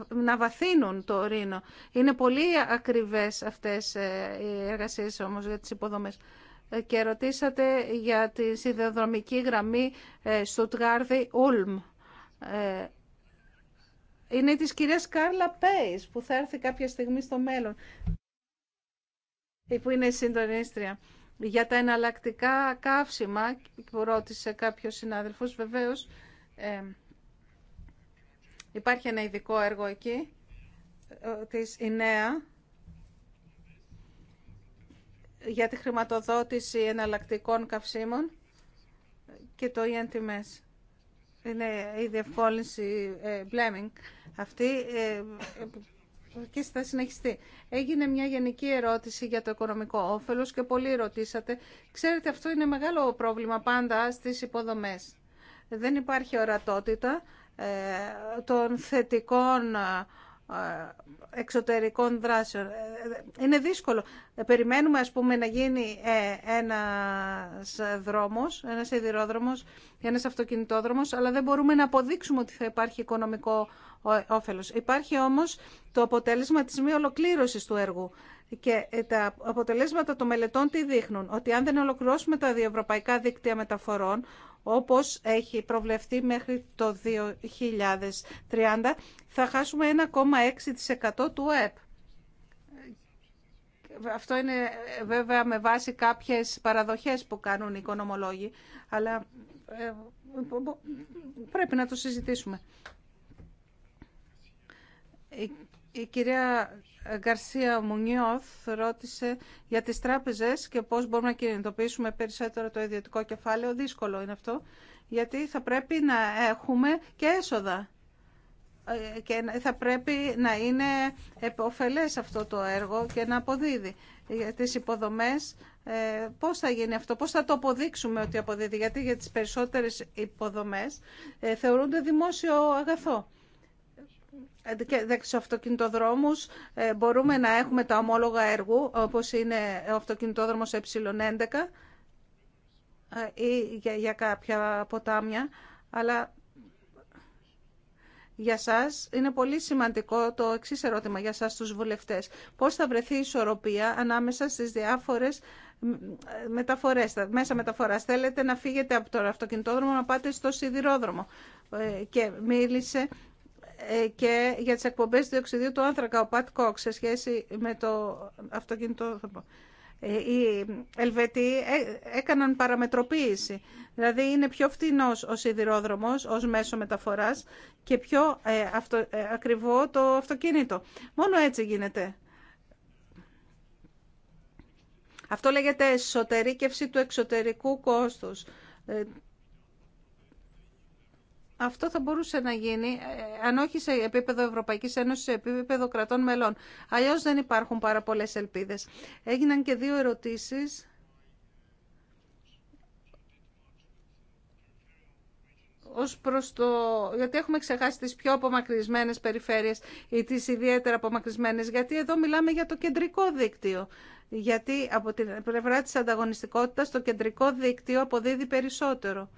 να βαθύνουν το ρήνο. Είναι πολύ ακριβές αυτές οι εργασίες όμως για τις υποδομές. Και ρωτήσατε για τη σιδεοδρομική γραμμή Στουτγάρδη-Ούλμ είναι της κυρίας Κάρλα Πέις που θα έρθει κάποια στιγμή στο μέλλον που είναι η συντονίστρια για τα εναλλακτικά καύσιμα που ρώτησε κάποιος συνάδελφος βεβαίως ε, υπάρχει ένα ειδικό έργο εκεί ε, της ΙΝΕΑ για τη χρηματοδότηση εναλλακτικών καυσίμων και το ENTMS είναι η διευκόλυνση ε, Blaming αυτή ε, και θα συνεχιστεί. Έγινε μια γενική ερώτηση για το οικονομικό όφελος και πολλοί ρωτήσατε. Ξέρετε, αυτό είναι μεγάλο πρόβλημα πάντα στις υποδομές. Δεν υπάρχει ορατότητα ε, των θετικών εξωτερικών δράσεων. Ε, ε, είναι δύσκολο. Ε, περιμένουμε, ας πούμε, να γίνει ένας δρόμος, ένας σιδηρόδρομος, ένας αυτοκινητόδρομος, αλλά δεν μπορούμε να αποδείξουμε ότι θα υπάρχει οικονομικό όφελος. Υπάρχει όμως το αποτέλεσμα της μη ολοκλήρωσης του έργου. Και τα αποτελέσματα των μελετών τι δείχνουν, ότι αν δεν ολοκληρώσουμε τα διευρωπαϊκά δίκτυα μεταφορών, όπως έχει προβλεφτεί μέχρι το 2030, θα χάσουμε 1,6% του ΕΠ. Αυτό είναι βέβαια με βάση κάποιες παραδοχές που κάνουν οι οικονομολόγοι, αλλά ε, πρέπει να το συζητήσουμε. Η κυρία Γκαρσία Μουνιώθ ρώτησε για τις τράπεζες και πώς μπορούμε να κινητοποιήσουμε περισσότερο το ιδιωτικό κεφάλαιο. Δύσκολο είναι αυτό, γιατί θα πρέπει να έχουμε και έσοδα ε, και θα πρέπει να είναι επωφελές αυτό το έργο και να αποδίδει για τις υποδομές. Ε, πώς θα γίνει αυτό, πώς θα το αποδείξουμε ότι αποδίδει, γιατί για τις περισσότερες υποδομές ε, θεωρούνται δημόσιο αγαθό. Ε, στους αυτοκινητοδρόμους ε, μπορούμε να έχουμε τα ομόλογα έργου, όπως είναι ο αυτοκινητόδρομος ε11 ε, ή για κάποια ποτάμια, αλλά για σας είναι πολύ σημαντικό το εξής ερώτημα για σας τους βουλευτές. Πώς θα βρεθεί η ισορροπία ανάμεσα στις διάφορες μεταφορές, μέσα μεταφοράς. Θέλετε να φύγετε από το αυτοκινητόδρομο να πάτε στο σιδηρόδρομο. Και μίλησε ε, και για τις εκπομπές διοξιδίου του άνθρακα, ο Πατ Κόκ, σε σχέση με το αυτοκίνητο ε, οι Ελβετοί ε, έκαναν παραμετροποίηση. Δηλαδή είναι πιο φτηνός ο σιδηρόδρομος ως μέσο μεταφοράς και πιο ακριβό το αυτοκίνητο. Μόνο έτσι γίνεται. Αυτό λέγεται εσωτερήκευση του εξωτερικού κόστους. Αυτό θα μπορούσε να γίνει, ε, αν όχι σε επίπεδο Ευρωπαϊκής Ένωση, σε επίπεδο κρατών μελών. Αλλιώς δεν υπάρχουν πάρα πολλέ ελπίδες. Έγιναν και δύο ερωτήσεις. ως προς το... γιατί έχουμε ξεχάσει τις πιο απομακρυσμένες περιφέρειες ή τις ιδιαίτερα απομακρυσμένες, γιατί εδώ μιλάμε για το κεντρικό δίκτυο. Γιατί από την πλευρά της ανταγωνιστικότητας το κεντρικό δίκτυο αποδίδει περισσότερο.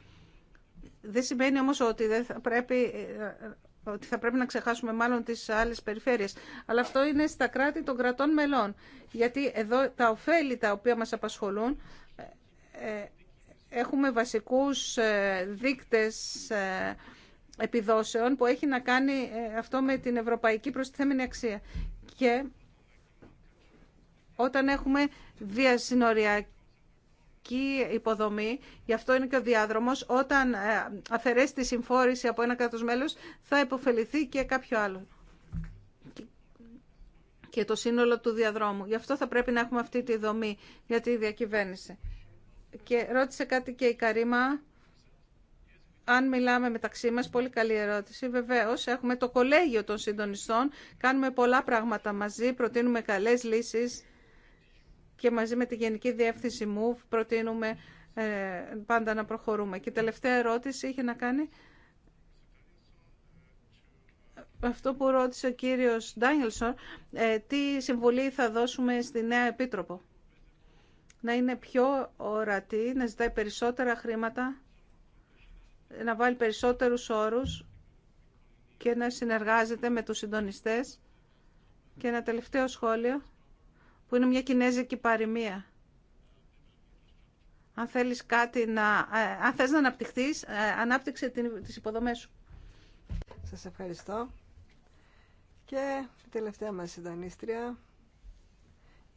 Δεν σημαίνει όμως ότι, δεν θα πρέπει, ε, ότι θα πρέπει να ξεχάσουμε μάλλον τις άλλες περιφέρειες. Αλλά αυτό είναι στα κράτη των κρατών μελών. Γιατί εδώ τα ωφέλη τα οποία μας απασχολούν ε, ε, έχουμε βασικούς δείκτες επιδόσεων που έχει να κάνει αυτό με την ευρωπαϊκή προστιθέμενη αξία. Και όταν έχουμε διασυνοριακή υποδομή, γι' αυτό είναι και ο διάδρομος, όταν ε, αφαιρέσει τη συμφόρηση από ένα κράτος μέλο θα υποφεληθεί και κάποιο άλλο και το σύνολο του διαδρόμου. Γι' αυτό θα πρέπει να έχουμε αυτή τη δομή για τη διακυβέρνηση. Και ρώτησε κάτι και η Καρίμα, αν μιλάμε μεταξύ μας, πολύ καλή ερώτηση. Βεβαίως, έχουμε το κολέγιο των συντονιστών, κάνουμε πολλά πράγματα μαζί, προτείνουμε καλές λύσεις και μαζί με τη Γενική Διεύθυνση μου, προτείνουμε ε, πάντα να προχωρούμε. Και η τελευταία ερώτηση είχε να κάνει αυτό που ρώτησε ο κύριος Ντάνιελσον, ε, τι συμβουλή θα δώσουμε στη νέα Επίτροπο. Να είναι πιο ορατή, να ζητάει περισσότερα χρήματα, να βάλει περισσότερους όρους και να συνεργάζεται με τους συντονιστές. Και ένα τελευταίο σχόλιο που είναι μια κινέζικη παροιμία. Αν θέλεις κάτι να, ε, αν θες να αναπτυχθείς, ε, ανάπτυξε τις υποδομές σου. Σας ευχαριστώ. Και η τελευταία μας συντονίστρια,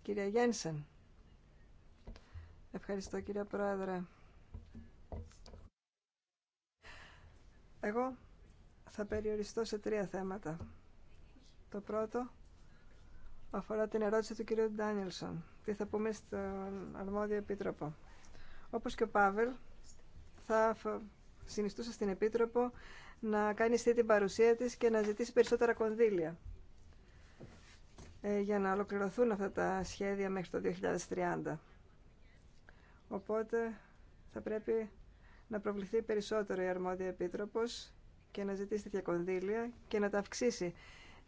κυρία Γένσεν. Ευχαριστώ κυρία Πρόεδρε. Εγώ θα περιοριστώ σε τρία θέματα. Το πρώτο αφορά την ερώτηση του κυρίου Ντάνιελσον. Τι θα πούμε στον αρμόδιο επίτροπο. Όπως και ο Πάβελ, θα συνιστούσα στην επίτροπο να κάνει αυτή την παρουσία της και να ζητήσει περισσότερα κονδύλια ε, για να ολοκληρωθούν αυτά τα σχέδια μέχρι το 2030. Οπότε θα πρέπει να προβληθεί περισσότερο η αρμόδια επίτροπος και να ζητήσει τέτοια κονδύλια και να τα αυξήσει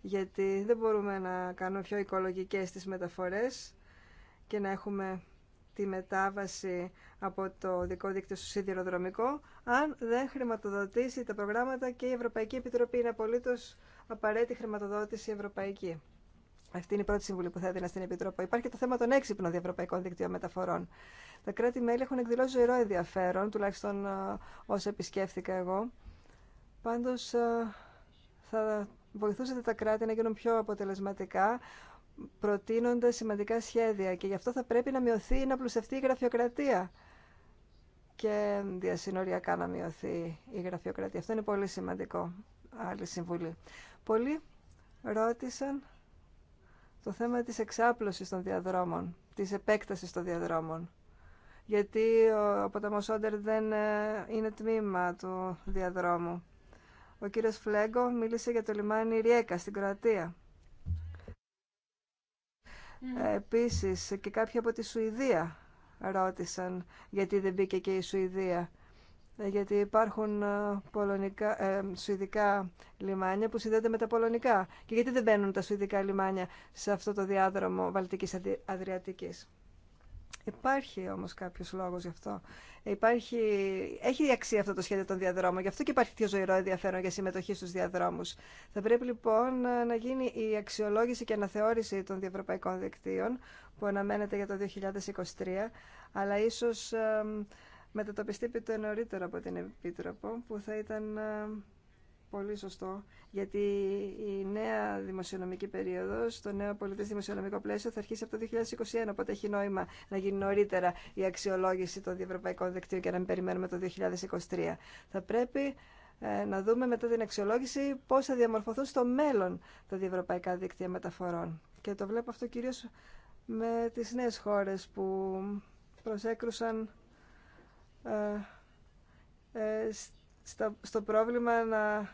γιατί δεν μπορούμε να κάνουμε πιο οικολογικές τις μεταφορές και να έχουμε τη μετάβαση από το δικό δίκτυο στο σιδηροδρομικό, αν δεν χρηματοδοτήσει τα προγράμματα και η Ευρωπαϊκή Επιτροπή είναι απολύτω απαραίτητη χρηματοδότηση ευρωπαϊκή. Αυτή είναι η πρώτη συμβουλή που θα έδινα στην Επιτροπή. Υπάρχει και το θέμα των έξυπνων διευρωπαϊκών δικτύων μεταφορών. Τα κράτη-μέλη έχουν εκδηλώσει ζωηρό ενδιαφέρον, τουλάχιστον ε, όσα επισκέφθηκα εγώ. Πάντως, ε, θα βοηθούσατε τα κράτη να γίνουν πιο αποτελεσματικά προτείνοντας σημαντικά σχέδια και γι' αυτό θα πρέπει να μειωθεί ή να πλουσευτεί η γραφειοκρατία και διασυνοριακά να μειωθεί η γραφειοκρατία. Αυτό είναι πολύ σημαντικό. Άλλη συμβουλή. Πολλοί ρώτησαν το θέμα της εξάπλωσης των διαδρόμων, της επέκτασης των διαδρόμων. Γιατί ο ποταμός Όντερ δεν ε, είναι τμήμα του διαδρόμου. Ο κύριος Φλέγκο μίλησε για το λιμάνι Ριέκα στην Κροατία. Ε, επίσης και κάποιοι από τη Σουηδία ρώτησαν γιατί δεν μπήκε και η Σουηδία. Ε, γιατί υπάρχουν ε, πολωνικά, σουηδικά λιμάνια που συνδέονται με τα πολωνικά. Και γιατί δεν μπαίνουν τα σουηδικά λιμάνια σε αυτό το διάδρομο Βαλτικής Αδριατικής. Υπάρχει όμω κάποιο λόγο γι' αυτό. Υπάρχει... Έχει αξία αυτό το σχέδιο των διαδρόμων. Γι' αυτό και υπάρχει πιο ζωηρό ενδιαφέρον για συμμετοχή στου διαδρόμου. Θα πρέπει λοιπόν ε, να γίνει η αξιολόγηση και αναθεώρηση των διευρωπαϊκών δικτύων που αναμένεται για το 2023, αλλά ίσω ε, μετατοπιστεί το νωρίτερο από την Επίτροπο, που θα ήταν ε, πολύ σωστό, γιατί η νέα δημοσιονομική περίοδος, το νέο πολιτή δημοσιονομικό πλαίσιο θα αρχίσει από το 2021, οπότε έχει νόημα να γίνει νωρίτερα η αξιολόγηση των διευρωπαϊκών δικτύων και να μην περιμένουμε το 2023. Θα πρέπει ε, να δούμε μετά την αξιολόγηση πώς θα διαμορφωθούν στο μέλλον τα διευρωπαϊκά δίκτυα μεταφορών. Και το βλέπω αυτό κυρίως με τις νέες χώρες που προσέκρουσαν ε, ε στο πρόβλημα να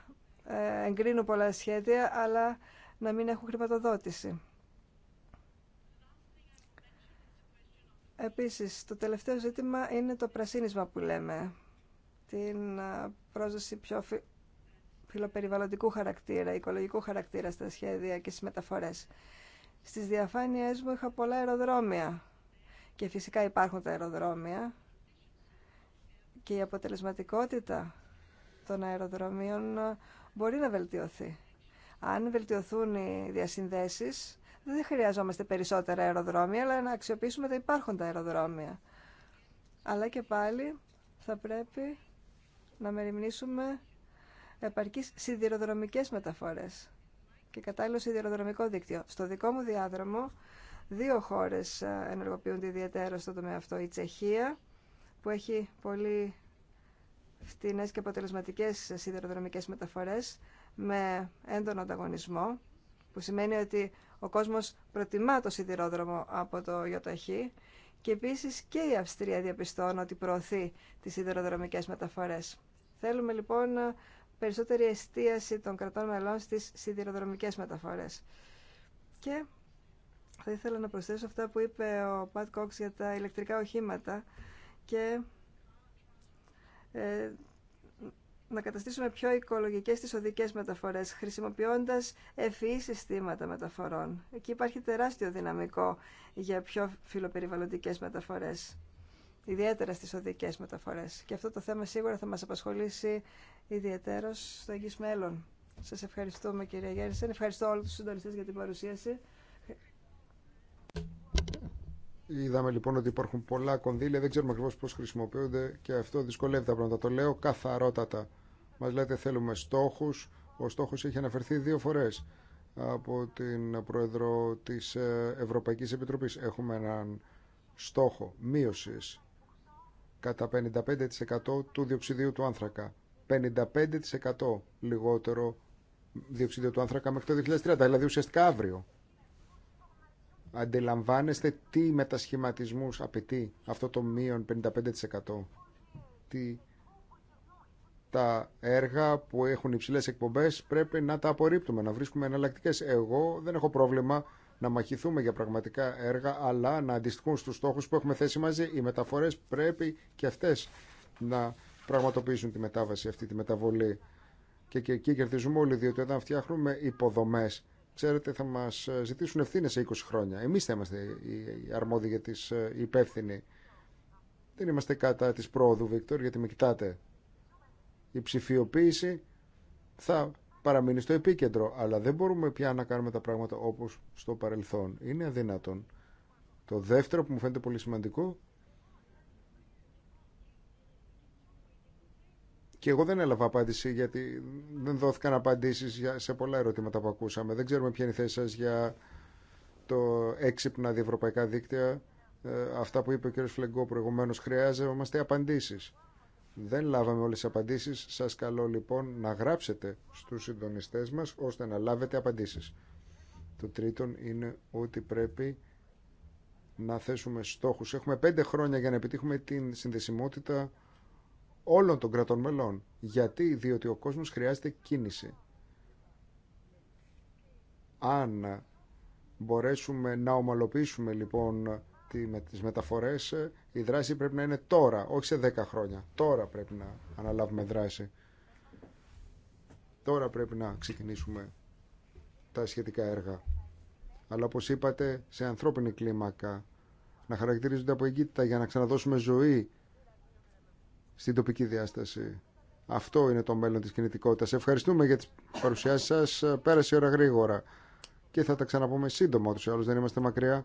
εγκρίνουν πολλά σχέδια, αλλά να μην έχουν χρηματοδότηση. Επίσης, το τελευταίο ζήτημα είναι το πρασίνισμα που λέμε. Την πρόσδεση πιο φιλοπεριβαλλοντικού χαρακτήρα, οικολογικού χαρακτήρα στα σχέδια και στις μεταφορές. Στις διαφάνειές μου είχα πολλά αεροδρόμια και φυσικά υπάρχουν τα αεροδρόμια και η αποτελεσματικότητα των αεροδρομίων μπορεί να βελτιωθεί. Αν βελτιωθούν οι διασυνδέσεις, δεν χρειαζόμαστε περισσότερα αεροδρόμια, αλλά να αξιοποιήσουμε τα υπάρχοντα αεροδρόμια. Αλλά και πάλι θα πρέπει να μεριμνήσουμε επαρκείς σιδηροδρομικές μεταφορές και κατάλληλο σιδηροδρομικό δίκτυο. Στο δικό μου διάδρομο, δύο χώρες ε, ενεργοποιούνται ιδιαίτερα στο τομέα αυτό. Η Τσεχία, που έχει πολύ φτηνέ και αποτελεσματικέ σιδηροδρομικές μεταφορές με έντονο ανταγωνισμό, που σημαίνει ότι ο κόσμος προτιμά το σιδηρόδρομο από το ιοταχή και επίσης και η Αυστρία διαπιστώνει ότι προωθεί τι σιδηροδρομικές μεταφορές. Θέλουμε λοιπόν περισσότερη εστίαση των κρατών μελών στις σιδηροδρομικές μεταφορές. Και θα ήθελα να προσθέσω αυτά που είπε ο Πατ Κόξ για τα ηλεκτρικά οχήματα και ε, να καταστήσουμε πιο οικολογικές τις οδικές μεταφορές, χρησιμοποιώντας ευφυείς e συστήματα μεταφορών. Εκεί υπάρχει τεράστιο δυναμικό για πιο φιλοπεριβαλλοντικές μεταφορές, ιδιαίτερα στις οδικές μεταφορές. Και αυτό το θέμα σίγουρα θα μας απασχολήσει ιδιαίτερος στο εγγύς μέλλον. Σας ευχαριστούμε κυρία Γέρνησεν, ευχαριστώ όλους τους συντονιστές για την παρουσίαση. Είδαμε λοιπόν ότι υπάρχουν πολλά κονδύλια, δεν ξέρουμε ακριβώ πώ χρησιμοποιούνται και αυτό δυσκολεύει τα πράγματα. Το λέω καθαρότατα. Μα λέτε θέλουμε στόχου. Ο στόχο έχει αναφερθεί δύο φορέ από την Πρόεδρο τη ε, Ευρωπαϊκή Επιτροπή. Έχουμε έναν στόχο μείωση κατά 55% του διοξιδίου του άνθρακα. 55% λιγότερο διοξιδίου του άνθρακα μέχρι το 2030, δηλαδή ουσιαστικά αύριο. Αντιλαμβάνεστε τι μετασχηματισμούς απαιτεί αυτό το μείον 55%. Τι τα έργα που έχουν υψηλές εκπομπές πρέπει να τα απορρίπτουμε, να βρίσκουμε εναλλακτικέ. Εγώ δεν έχω πρόβλημα να μαχηθούμε για πραγματικά έργα, αλλά να αντιστοιχούν στους στόχους που έχουμε θέσει μαζί. Οι μεταφορές πρέπει και αυτές να πραγματοποιήσουν τη μετάβαση αυτή, τη μεταβολή. Και, και εκεί κερδίζουμε όλοι, διότι όταν φτιάχνουμε υποδομές ξέρετε, θα μα ε, ζητήσουν ευθύνε σε 20 χρόνια. Εμεί θα είμαστε οι αρμόδιοι για τις ε, υπεύθυνοι. Δεν είμαστε κατά τη πρόοδου, Βίκτορ, γιατί με κοιτάτε. Η ψηφιοποίηση θα παραμείνει στο επίκεντρο, αλλά δεν μπορούμε πια να κάνουμε τα πράγματα όπως στο παρελθόν. Είναι αδύνατον. Το δεύτερο που μου φαίνεται πολύ σημαντικό Και εγώ δεν έλαβα απάντηση γιατί δεν δόθηκαν απαντήσεις σε πολλά ερωτήματα που ακούσαμε. Δεν ξέρουμε ποια είναι η θέση σας για το έξυπνα διευρωπαϊκά δίκτυα. Ε, αυτά που είπε ο κ. Φλεγκό προηγουμένω είμαστε απαντήσεις. Δεν λάβαμε όλες τις απαντήσεις. Σας καλώ λοιπόν να γράψετε στους συντονιστές μας ώστε να λάβετε απαντήσεις. Το τρίτο είναι ότι πρέπει να θέσουμε στόχους. Έχουμε πέντε χρόνια για να επιτύχουμε την συνδεσιμότητα όλων των κρατών μελών. Γιατί, διότι ο κόσμος χρειάζεται κίνηση. Αν μπορέσουμε να ομαλοποιήσουμε λοιπόν τις μεταφορές, η δράση πρέπει να είναι τώρα, όχι σε 10 χρόνια. Τώρα πρέπει να αναλάβουμε δράση. Τώρα πρέπει να ξεκινήσουμε τα σχετικά έργα. Αλλά όπως είπατε, σε ανθρώπινη κλίμακα, να χαρακτηρίζονται από εγκύτητα για να ξαναδώσουμε ζωή στην τοπική διάσταση. Αυτό είναι το μέλλον της κινητικότητας. Ευχαριστούμε για τις παρουσιάσεις σας. Πέρασε η ώρα γρήγορα και θα τα ξαναπούμε σύντομα. Τους άλλως δεν είμαστε μακριά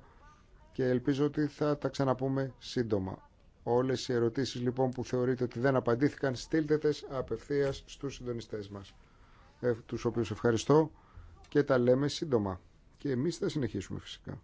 και ελπίζω ότι θα τα ξαναπούμε σύντομα. Όλες οι ερωτήσεις λοιπόν που θεωρείτε ότι δεν απαντήθηκαν στείλτε τες απευθείας στους συντονιστές μας ε, τους οποίους ευχαριστώ και τα λέμε σύντομα. Και εμείς θα συνεχίσουμε φυσικά.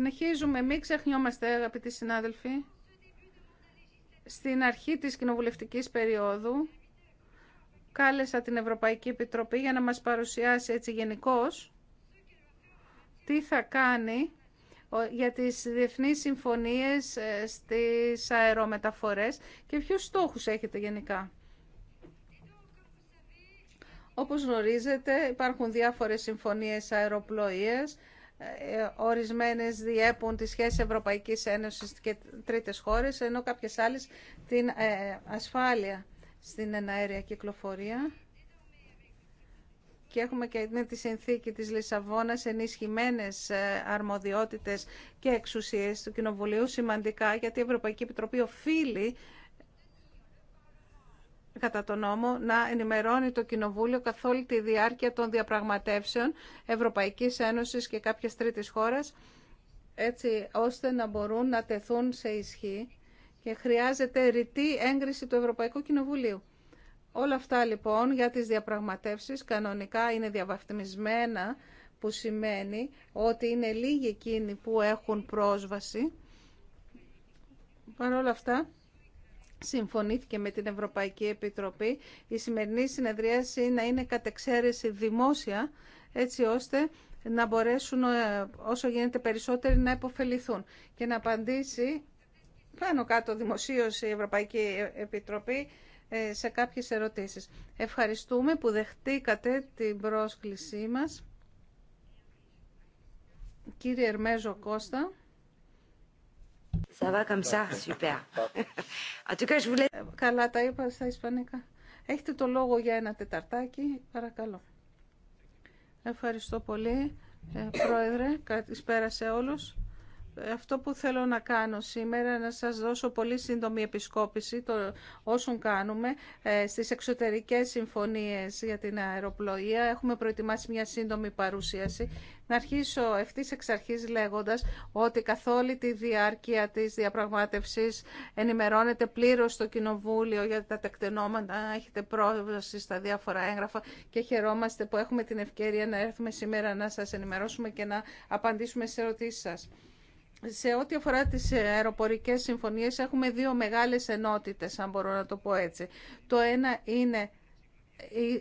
Συνεχίζουμε, μην ξεχνιόμαστε αγαπητοί συνάδελφοι. Στην αρχή της κοινοβουλευτικής περίοδου κάλεσα την Ευρωπαϊκή Επιτροπή για να μας παρουσιάσει έτσι γενικώ τι θα κάνει για τις διεθνείς συμφωνίες ε, στις αερομεταφορές και ποιους στόχους έχετε γενικά. Όπως γνωρίζετε υπάρχουν διάφορες συμφωνίες αεροπλοείας ε, ορισμένες διέπουν τη σχέση Ευρωπαϊκής Ένωσης και τρίτες χώρες, ενώ κάποιες άλλες την ε, ασφάλεια στην εναέρια κυκλοφορία. Και έχουμε και με τη συνθήκη της Λισαβόνας ενισχυμένες ε, αρμοδιότητες και εξουσίες του Κοινοβουλίου σημαντικά, γιατί η Ευρωπαϊκή Επιτροπή οφείλει κατά τον νόμο να ενημερώνει το Κοινοβούλιο καθ' όλη τη διάρκεια των διαπραγματεύσεων Ευρωπαϊκής Ένωσης και κάποιες τρίτης χώρας, έτσι ώστε να μπορούν να τεθούν σε ισχύ και χρειάζεται ρητή έγκριση του Ευρωπαϊκού Κοινοβουλίου. Όλα αυτά λοιπόν για τις διαπραγματεύσεις κανονικά είναι διαβαθμισμένα που σημαίνει ότι είναι λίγοι εκείνοι που έχουν πρόσβαση. Παρ' όλα αυτά, συμφωνήθηκε με την Ευρωπαϊκή Επιτροπή η σημερινή συνεδρίαση να είναι κατ' εξαίρεση δημόσια έτσι ώστε να μπορέσουν ε, όσο γίνεται περισσότεροι να υποφεληθούν και να απαντήσει πάνω κάτω δημοσίως η Ευρωπαϊκή Επιτροπή ε, σε κάποιες ερωτήσεις. Ευχαριστούμε που δεχτήκατε την πρόσκλησή μας. Κύριε Ερμέζο Κώστα. Ça va comme ça? Super. En ε, Καλά τα είπα στα Ισπανικά. Έχετε το λόγο για ένα τεταρτάκι, παρακαλώ. Ευχαριστώ πολύ, ε, Πρόεδρε. Καλησπέρα σε όλους αυτό που θέλω να κάνω σήμερα να σας δώσω πολύ σύντομη επισκόπηση το, όσων κάνουμε ε, στις εξωτερικές συμφωνίες για την αεροπλοεία. Έχουμε προετοιμάσει μια σύντομη παρουσίαση. Να αρχίσω ευθύ εξ αρχής λέγοντας ότι καθ' όλη τη διάρκεια της διαπραγμάτευσης ενημερώνεται πλήρως το Κοινοβούλιο για τα τεκτενόματα, έχετε πρόσβαση στα διάφορα έγγραφα και χαιρόμαστε που έχουμε την ευκαιρία να έρθουμε σήμερα να σας ενημερώσουμε και να απαντήσουμε σε ερωτήσεις σας σε ό,τι αφορά τις αεροπορικές συμφωνίες έχουμε δύο μεγάλες ενότητες, αν μπορώ να το πω έτσι. Το ένα είναι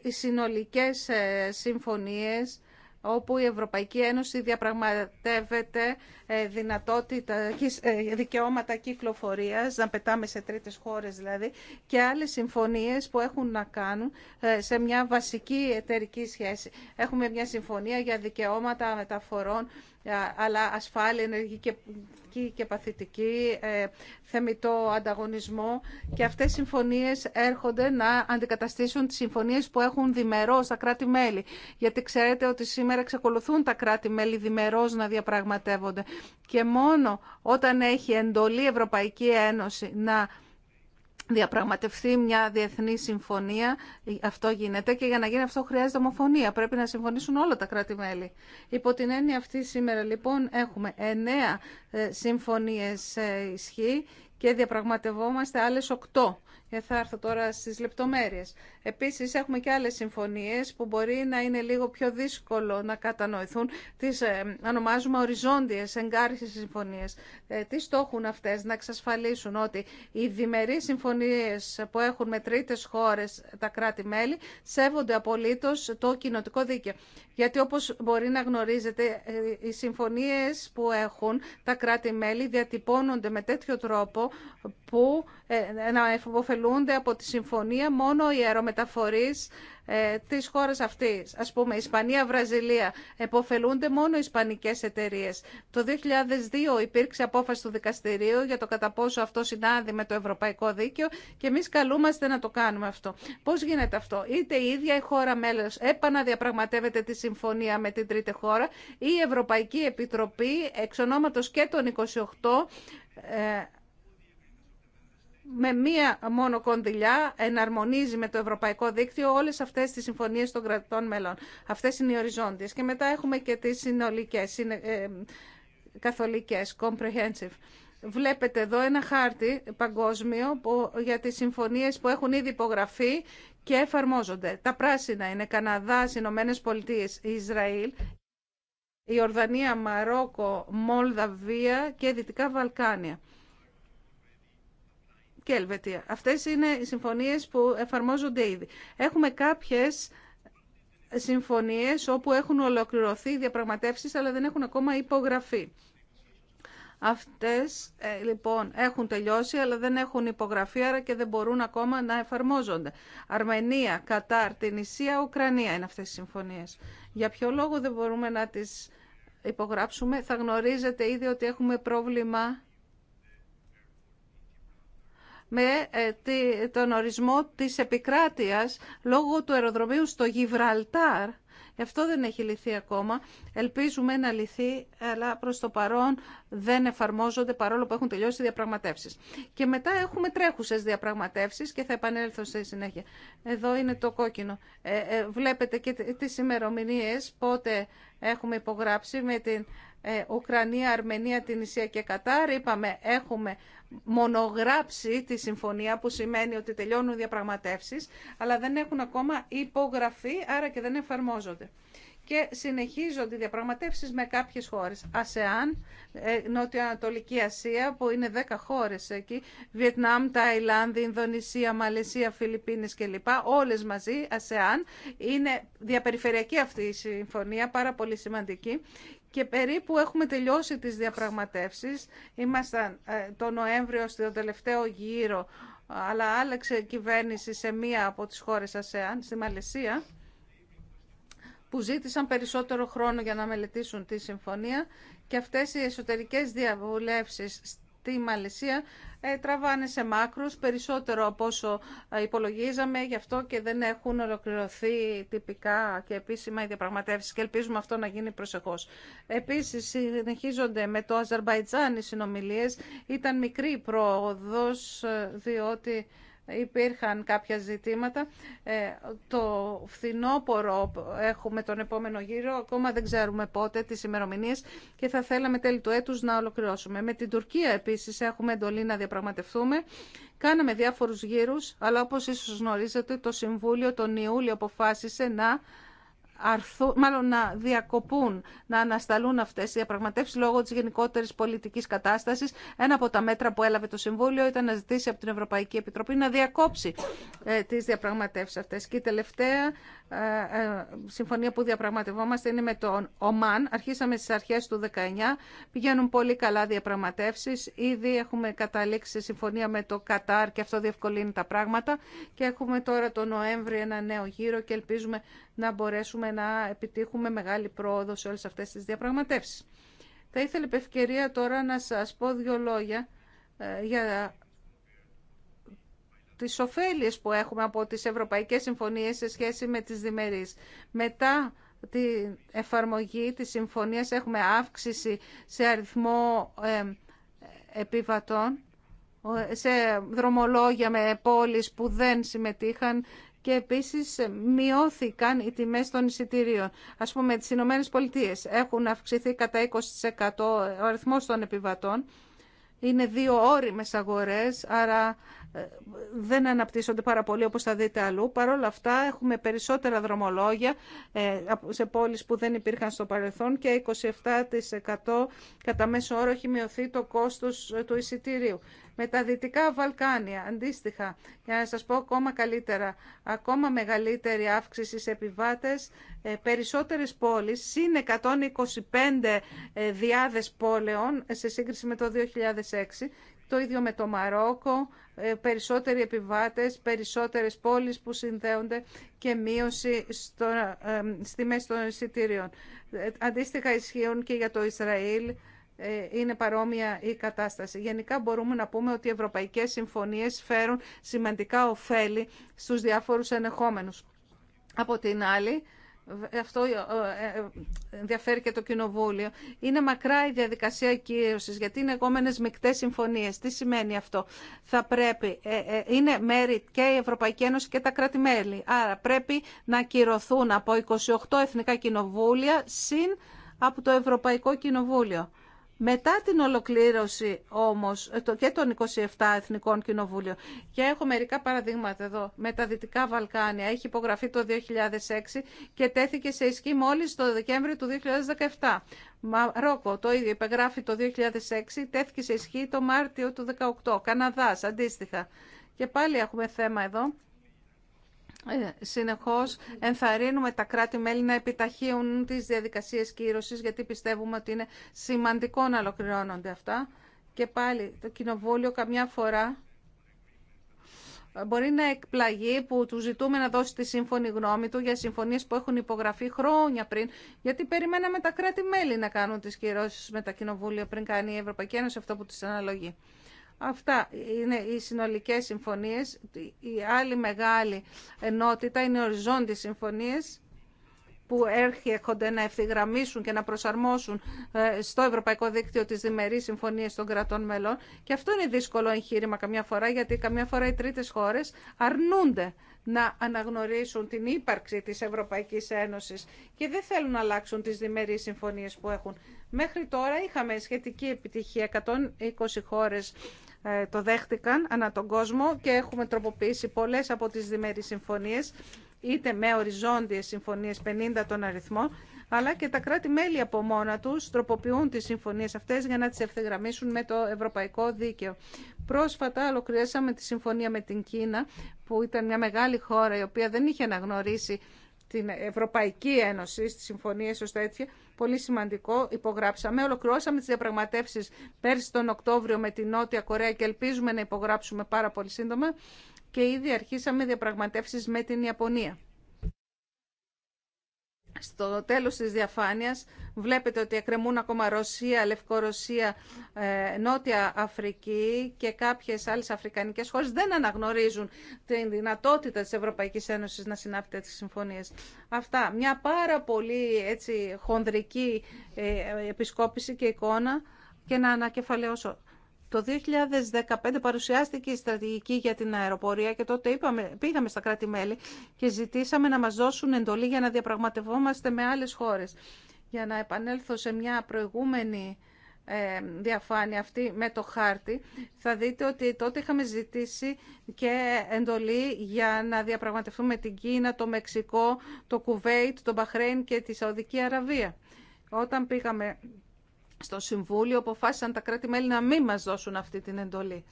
οι συνολικές ε, συμφωνίες όπου η Ευρωπαϊκή Ένωση διαπραγματεύεται ε, δυνατότητα, ε, δικαιώματα κυκλοφορίας, να πετάμε σε τρίτες χώρες δηλαδή, και άλλες συμφωνίες που έχουν να κάνουν σε μια βασική εταιρική σχέση. Έχουμε μια συμφωνία για δικαιώματα μεταφορών ε, αλλά ασφάλεια, ενεργική και παθητική, ε, θεμητό ανταγωνισμό και αυτές οι συμφωνίες έρχονται να αντικαταστήσουν τις συμφωνίες που έχουν διμερώς τα κράτη-μέλη. Γιατί ξέρετε ότι σήμερα εξακολουθούν τα κράτη-μέλη διμερώς να διαπραγματεύονται και μόνο όταν έχει εντολή Ευρωπαϊκή Ένωση να διαπραγματευτεί μια διεθνή συμφωνία. Αυτό γίνεται και για να γίνει αυτό χρειάζεται ομοφωνία. Πρέπει να συμφωνήσουν όλα τα κράτη-μέλη. Υπό την έννοια αυτή σήμερα λοιπόν έχουμε εννέα ε, συμφωνίες ε, ισχύ και διαπραγματευόμαστε άλλες οκτώ. Και θα έρθω τώρα στις λεπτομέρειες. Επίσης έχουμε και άλλες συμφωνίες που μπορεί να είναι λίγο πιο δύσκολο να κατανοηθούν. Τις ε, ονομάζουμε οριζόντιες εγκάρχες συμφωνίες. Ε, τι στόχουν αυτές να εξασφαλίσουν ότι οι διμερείς συμφωνίες που έχουν με τρίτες χώρες τα κράτη-μέλη σέβονται απολύτως το κοινοτικό δίκαιο. Γιατί όπως μπορεί να γνωρίζετε, ε, οι συμφωνίες που έχουν τα κράτη-μέλη διατυπώνονται με τέτοιο τρόπο που ε, να εποφελούνται από τη συμφωνία μόνο οι αερομεταφορείς ε, της χώρας αυτής. Ας πούμε, Ισπανία, Βραζιλία, εποφελούνται μόνο οι ισπανικές εταιρείες. Το 2002 υπήρξε απόφαση του δικαστηρίου για το κατά πόσο αυτό συνάδει με το ευρωπαϊκό δίκαιο και εμείς καλούμαστε να το κάνουμε αυτό. Πώς γίνεται αυτό. Είτε η ίδια η χώρα μέλος επαναδιαπραγματεύεται τη συμφωνία με την τρίτη χώρα ή η Ευρωπαϊκή Επιτροπή εξ ονόματος και των 28 με μία μόνο κονδυλιά εναρμονίζει με το Ευρωπαϊκό Δίκτυο όλες αυτές τις συμφωνίες των κρατών μελών. Αυτές είναι οι οριζόντιες. Και μετά έχουμε και τις συνολικές, είναι, ε, καθολικές, comprehensive. Βλέπετε εδώ ένα χάρτη παγκόσμιο που, για τις συμφωνίες που έχουν ήδη υπογραφεί και εφαρμόζονται. Τα πράσινα είναι Καναδά, Ηνωμένε Πολιτείε, Ισραήλ, η Ορδανία, Μαρόκο, Μολδαβία και Δυτικά Βαλκάνια και Αυτές είναι οι συμφωνίες που εφαρμόζονται ήδη. Έχουμε κάποιες συμφωνίες όπου έχουν ολοκληρωθεί οι διαπραγματεύσεις αλλά δεν έχουν ακόμα υπογραφεί. Αυτές ε, λοιπόν έχουν τελειώσει αλλά δεν έχουν υπογραφεί άρα και δεν μπορούν ακόμα να εφαρμόζονται. Αρμενία, Κατάρ, Ισία, Ουκρανία είναι αυτές οι συμφωνίες. Για ποιο λόγο δεν μπορούμε να τις υπογράψουμε. Θα γνωρίζετε ήδη ότι έχουμε πρόβλημα με ε, τον ορισμό της επικράτειας λόγω του αεροδρομίου στο Γιβραλτάρ. Αυτό δεν έχει λυθεί ακόμα. Ελπίζουμε να λυθεί, αλλά προς το παρόν δεν εφαρμόζονται παρόλο που έχουν τελειώσει οι διαπραγματεύσεις. Και μετά έχουμε τρέχουσες διαπραγματεύσεις και θα επανέλθω σε συνέχεια. Εδώ είναι το κόκκινο. Ε, ε, βλέπετε και τις ημερομηνίε πότε έχουμε υπογράψει με την ε, Ουκρανία, Αρμενία, την και Κατάρ. Είπαμε έχουμε μονογράψει τη συμφωνία που σημαίνει ότι τελειώνουν διαπραγματεύσεις αλλά δεν έχουν ακόμα υπογραφεί άρα και δεν εφαρμόζονται. Και συνεχίζονται οι διαπραγματεύσεις με κάποιες χώρες. ΑΣΕΑΝ, ε, Νότια Ανατολική Ασία που είναι 10 χώρες εκεί, Βιετνάμ, Ταϊλάνδη, Ινδονησία, Μαλαισία, Φιλιππίνες κλπ. Όλες μαζί, ΑΣΕΑΝ. Είναι διαπεριφερειακή αυτή η συμφωνία, πάρα πολύ σημαντική και περίπου έχουμε τελειώσει τις διαπραγματεύσεις. Ήμασταν ε, το Νοέμβριο στο τελευταίο γύρο, αλλά άλλαξε η κυβέρνηση σε μία από τις χώρες ΑΣΕΑΝ, στη Μαλαισία, που ζήτησαν περισσότερο χρόνο για να μελετήσουν τη συμφωνία και αυτές οι εσωτερικές διαβουλεύσεις η Μαλαισία ε, τραβάνε σε μάκρους περισσότερο από όσο ε, υπολογίζαμε, γι' αυτό και δεν έχουν ολοκληρωθεί τυπικά και επίσημα οι διαπραγματεύσεις και ελπίζουμε αυτό να γίνει προσεχώς. Επίσης συνεχίζονται με το Αζερβαϊτζάν οι συνομιλίες, ήταν μικρή πρόοδος ε, διότι υπήρχαν κάποια ζητήματα. Ε, το φθινόπωρο έχουμε τον επόμενο γύρο, ακόμα δεν ξέρουμε πότε τις ημερομηνίε και θα θέλαμε τέλη του έτους να ολοκληρώσουμε. Με την Τουρκία επίσης έχουμε εντολή να διαπραγματευτούμε. Κάναμε διάφορους γύρους, αλλά όπως ίσως γνωρίζετε το Συμβούλιο τον Ιούλιο αποφάσισε να μάλλον να διακοπούν, να ανασταλούν αυτέ οι διαπραγματεύσει λόγω τη γενικότερη πολιτική κατάσταση, Ένα από τα μέτρα που έλαβε το Συμβούλιο ήταν να ζητήσει από την Ευρωπαϊκή Επιτροπή να διακόψει ε, τις διαπραγματεύσεις Και η τελευταία ε, ε, συμφωνία που διαπραγματευόμαστε είναι με τον ΟΜΑΝ. Αρχίσαμε στι αρχέ του 19. Πηγαίνουν πολύ καλά διαπραγματεύσει. Ήδη έχουμε καταλήξει σε συμφωνία με το Κατάρ και αυτό διευκολύνει τα πράγματα. Και έχουμε τώρα το Νοέμβρη ένα νέο γύρο και ελπίζουμε να μπορέσουμε να επιτύχουμε μεγάλη πρόοδο σε όλες αυτές τις διαπραγματεύσεις. Θα ήθελα επ' ευκαιρία τώρα να σας πω δύο λόγια ε, για τις ωφέλειες που έχουμε από τις Ευρωπαϊκές Συμφωνίες σε σχέση με τις διμερείς. Μετά την εφαρμογή της συμφωνίας έχουμε αύξηση σε αριθμό ε, επιβατών, ε, σε δρομολόγια με πόλεις που δεν συμμετείχαν και επίσης μειώθηκαν οι τιμές των εισιτηρίων. Ας πούμε, τις Ηνωμένε Πολιτείε έχουν αυξηθεί κατά 20% ο αριθμός των επιβατών. Είναι δύο όριμες αγορές, άρα δεν αναπτύσσονται πάρα πολύ όπως θα δείτε αλλού. Παρ' όλα αυτά έχουμε περισσότερα δρομολόγια ε, σε πόλεις που δεν υπήρχαν στο παρελθόν και 27% κατά μέσο όρο έχει μειωθεί το κόστος ε, του εισιτηρίου. Με τα Δυτικά Βαλκάνια, αντίστοιχα, για να σας πω ακόμα καλύτερα, ακόμα μεγαλύτερη αύξηση σε επιβάτες, ε, περισσότερες πόλεις, συν 125 διάδες πόλεων σε σύγκριση με το 2006 το ίδιο με το Μαρόκο, ε, περισσότεροι επιβάτες, περισσότερες πόλεις που συνδέονται και μείωση στο, ε, στη μέση των εισιτήριων. Ε, αντίστοιχα ισχύουν και για το Ισραήλ, είναι παρόμοια η κατάσταση. Γενικά μπορούμε να πούμε ότι οι ευρωπαϊκές συμφωνίες φέρουν σημαντικά ωφέλη στους διάφορους ενεχόμενους. Από την άλλη, ε, αυτό ε, ε, ενδιαφέρει και το Κοινοβούλιο, είναι μακρά η διαδικασία κύρωσης, γιατί είναι εγώμενες μεικτές συμφωνίες. Τι σημαίνει αυτό. Θα πρέπει, είναι μέρη και η Ευρωπαϊκή Ένωση και τα κρατη Άρα πρέπει να κυρωθούν από 28 εθνικά κοινοβούλια συν από το Ευρωπαϊκό Κοινοβούλιο. Μετά την ολοκλήρωση όμως και των 27 Εθνικών Κοινοβούλιο και έχω μερικά παραδείγματα εδώ με τα Δυτικά Βαλκάνια έχει υπογραφεί το 2006 και τέθηκε σε ισχύ μόλις το Δεκέμβριο του 2017. Μαρόκο το ίδιο υπεγράφει το 2006 τέθηκε σε ισχύ το Μάρτιο του 2018. Καναδάς αντίστοιχα. Και πάλι έχουμε θέμα εδώ ε, συνεχώς ενθαρρύνουμε τα κράτη-μέλη να επιταχύουν τις διαδικασίες κύρωσης γιατί πιστεύουμε ότι είναι σημαντικό να ολοκληρώνονται αυτά. Και πάλι το Κοινοβούλιο καμιά φορά ε, μπορεί να εκπλαγεί που του ζητούμε να δώσει τη σύμφωνη γνώμη του για συμφωνίες που έχουν υπογραφεί χρόνια πριν, γιατί περιμέναμε τα κράτη-μέλη να κάνουν τις κυρώσεις με τα κοινοβούλια πριν κάνει η Ευρωπαϊκή Ένωση αυτό που της αναλογεί. Αυτά είναι οι συνολικές συμφωνίες. Η άλλη μεγάλη ενότητα είναι οι οριζόντιες συμφωνίες που έρχονται να ευθυγραμμίσουν και να προσαρμόσουν ε, στο Ευρωπαϊκό Δίκτυο τις διμερείς συμφωνίες των κρατών μελών. Και αυτό είναι δύσκολο εγχείρημα καμιά φορά, γιατί καμιά φορά οι τρίτες χώρες αρνούνται να αναγνωρίσουν την ύπαρξη της Ευρωπαϊκής Ένωσης και δεν θέλουν να αλλάξουν τις διμερείς συμφωνίες που έχουν. Μέχρι τώρα είχαμε σχετική επιτυχία. 120 χώρες ε, το δέχτηκαν ανά τον κόσμο και έχουμε τροποποιήσει πολλές από τις διμέρειες συμφωνίες είτε με οριζόντιες συμφωνίες 50 τον αριθμό, αλλά και τα κράτη-μέλη από μόνα τους τροποποιούν τις συμφωνίες αυτές για να τις ευθεγραμμίσουν με το ευρωπαϊκό δίκαιο. Πρόσφατα ολοκληρώσαμε τη συμφωνία με την Κίνα, που ήταν μια μεγάλη χώρα η οποία δεν είχε αναγνωρίσει την Ευρωπαϊκή Ένωση, στις συμφωνίες ως τέτοια, πολύ σημαντικό, υπογράψαμε. Ολοκληρώσαμε τις διαπραγματεύσεις πέρσι τον Οκτώβριο με την Νότια Κορέα και ελπίζουμε να υπογράψουμε πάρα πολύ σύντομα και ήδη αρχίσαμε διαπραγματεύσεις με την Ιαπωνία. Στο τέλος της διαφάνειας βλέπετε ότι εκκρεμούν ακόμα Ρωσία, Λευκορωσία, ε, Νότια Αφρική και κάποιες άλλες αφρικανικές χώρες δεν αναγνωρίζουν την δυνατότητα της Ευρωπαϊκής Ένωσης να συνάπτει τις συμφωνίες. Αυτά. Μια πάρα πολύ έτσι, χονδρική ε, ε, επισκόπηση και εικόνα και να ανακεφαλαιώσω. Το 2015 παρουσιάστηκε η στρατηγική για την αεροπορία και τότε είπαμε, πήγαμε στα κράτη-μέλη και ζητήσαμε να μας δώσουν εντολή για να διαπραγματευόμαστε με άλλες χώρες. Για να επανέλθω σε μια προηγούμενη ε, διαφάνεια αυτή με το χάρτη, θα δείτε ότι τότε είχαμε ζητήσει και εντολή για να διαπραγματευτούμε την Κίνα, το Μεξικό, το Κουβέιτ, το Μπαχρέιν και τη Σαουδική Αραβία. Όταν πήγαμε στο Συμβούλιο αποφάσισαν τα κράτη-μέλη να μην μας δώσουν αυτή την εντολή.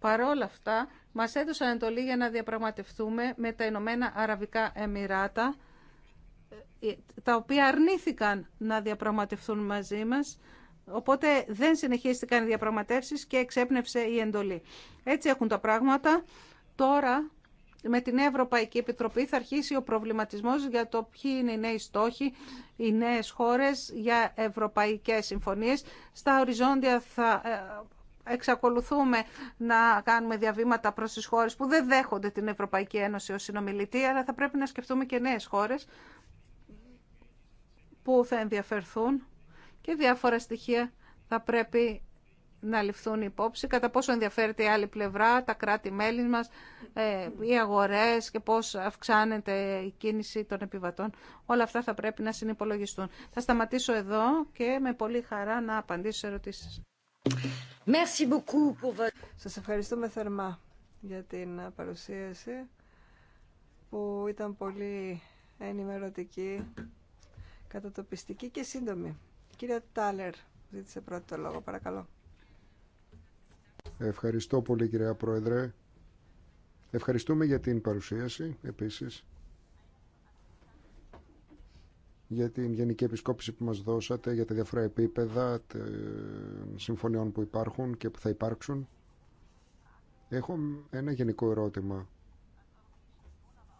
Παρόλα αυτά, μας έδωσαν εντολή για να διαπραγματευτούμε με τα Ηνωμένα Αραβικά Εμμυράτα, ε, τα οποία αρνήθηκαν να διαπραγματευτούν μαζί μας, οπότε δεν συνεχίστηκαν οι διαπραγματεύσεις και εξέπνευσε η εντολή. Έτσι έχουν τα πράγματα. Τώρα με την Ευρωπαϊκή Επιτροπή θα αρχίσει ο προβληματισμός για το ποιοι είναι οι νέοι στόχοι, οι νέες χώρες για ευρωπαϊκές συμφωνίες. Στα οριζόντια θα ε, εξακολουθούμε να κάνουμε διαβήματα προς τις χώρες που δεν δέχονται την Ευρωπαϊκή Ένωση ως συνομιλητή, αλλά θα πρέπει να σκεφτούμε και νέες χώρες που θα ενδιαφερθούν και διάφορα στοιχεία θα πρέπει να ληφθούν υπόψη, κατά πόσο ενδιαφέρεται η άλλη πλευρά, τα κράτη-μέλη μας, ε, οι αγορές και πώς αυξάνεται η κίνηση των επιβατών. Όλα αυτά θα πρέπει να συνυπολογιστούν. Θα σταματήσω εδώ και με πολύ χαρά να απαντήσω σε ερωτήσεις. Merci beaucoup pour... Σας ευχαριστούμε θερμά για την παρουσίαση που ήταν πολύ ενημερωτική, κατατοπιστική και σύντομη. Κυρία Τάλερ, ζήτησε πρώτο λόγο, παρακαλώ. Ευχαριστώ πολύ κυρία Πρόεδρε. Ευχαριστούμε για την παρουσίαση επίσης για την γενική επισκόπηση που μας δώσατε για τα διάφορα επίπεδα συμφωνιών που υπάρχουν και που θα υπάρξουν. Έχω ένα γενικό ερώτημα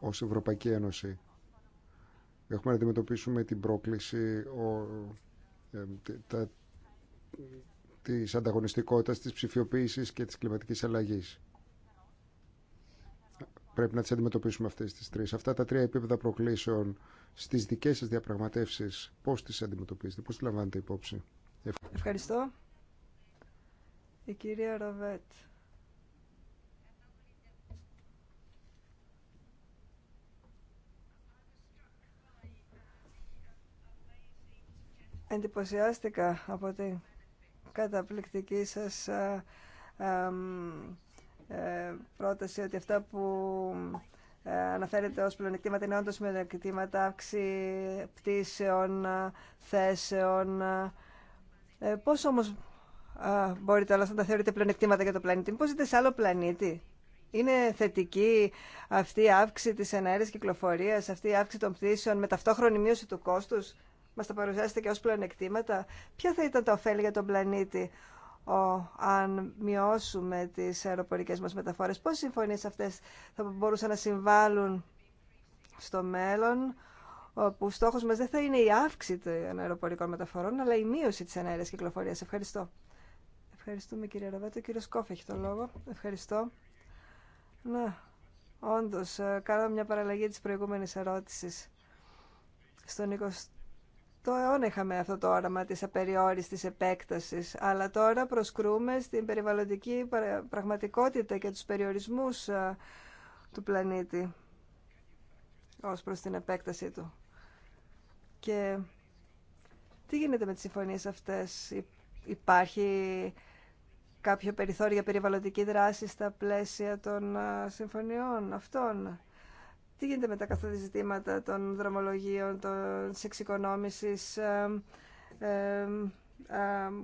ως Ευρωπαϊκή Ένωση. Έχουμε να αντιμετωπίσουμε την πρόκληση ο, ε, τη ανταγωνιστικότητα, της ψηφιοποίησης και της κλιματικής αλλαγής. Πρέπει να τις αντιμετωπίσουμε αυτές τις τρεις. Αυτά τα τρία επίπεδα προκλήσεων στις δικές σας διαπραγματεύσεις, πώς τις αντιμετωπίζετε, πώς τις λαμβάνετε υπόψη. Ευχαριστώ. Η κυρία Ροβέτ. Εντυπωσιάστηκα από την καταπληκτική σας ε, ε, πρόταση ότι αυτά που ε, αναφέρεται ως πλεονεκτήματα είναι όντως μειονεκτήματα αύξη πτήσεων, θέσεων. Ε, πώς όμως α, μπορείτε όλα αυτά να τα θεωρείτε πλεονεκτήματα για το πλανήτη. Πώς ζείτε σε άλλο πλανήτη. Είναι θετική αυτή η αύξηση της εναέρειας κυκλοφορίας, αυτή η αύξηση των πτήσεων με ταυτόχρονη μείωση του κόστους. Μα τα παρουσιάσετε και ως πλεονεκτήματα. Ποια θα ήταν τα ωφέλη για τον πλανήτη ο, αν μειώσουμε τις αεροπορικές μας μεταφορές. Πώς συμφωνίε αυτές θα μπορούσαν να συμβάλλουν στο μέλλον, όπου στόχος μας δεν θα είναι η αύξηση των αεροπορικών μεταφορών, αλλά η μείωση της ενέργεια κυκλοφορίας. Ευχαριστώ. Ευχαριστούμε κύριε Ροβέτο. Ο κύριο Κόφ έχει το λόγο. Ευχαριστώ. Να, όντως, ε, κάναμε μια παραλλαγή της προηγούμενη ερώτηση Στον αιώνα είχαμε αυτό το όραμα της απεριόριστης επέκτασης, αλλά τώρα προσκρούμε στην περιβαλλοντική πραγματικότητα και τους περιορισμούς ε, του πλανήτη ως προς την επέκτασή του. Και τι γίνεται με τις συμφωνίες αυτές. Υπάρχει κάποιο περιθώριο για περιβαλλοντική δράση στα πλαίσια των ε, συμφωνιών αυτών. Τι γίνεται με τα καθόλου ζητήματα των δρομολογίων, των εξοικονόμησης, ε,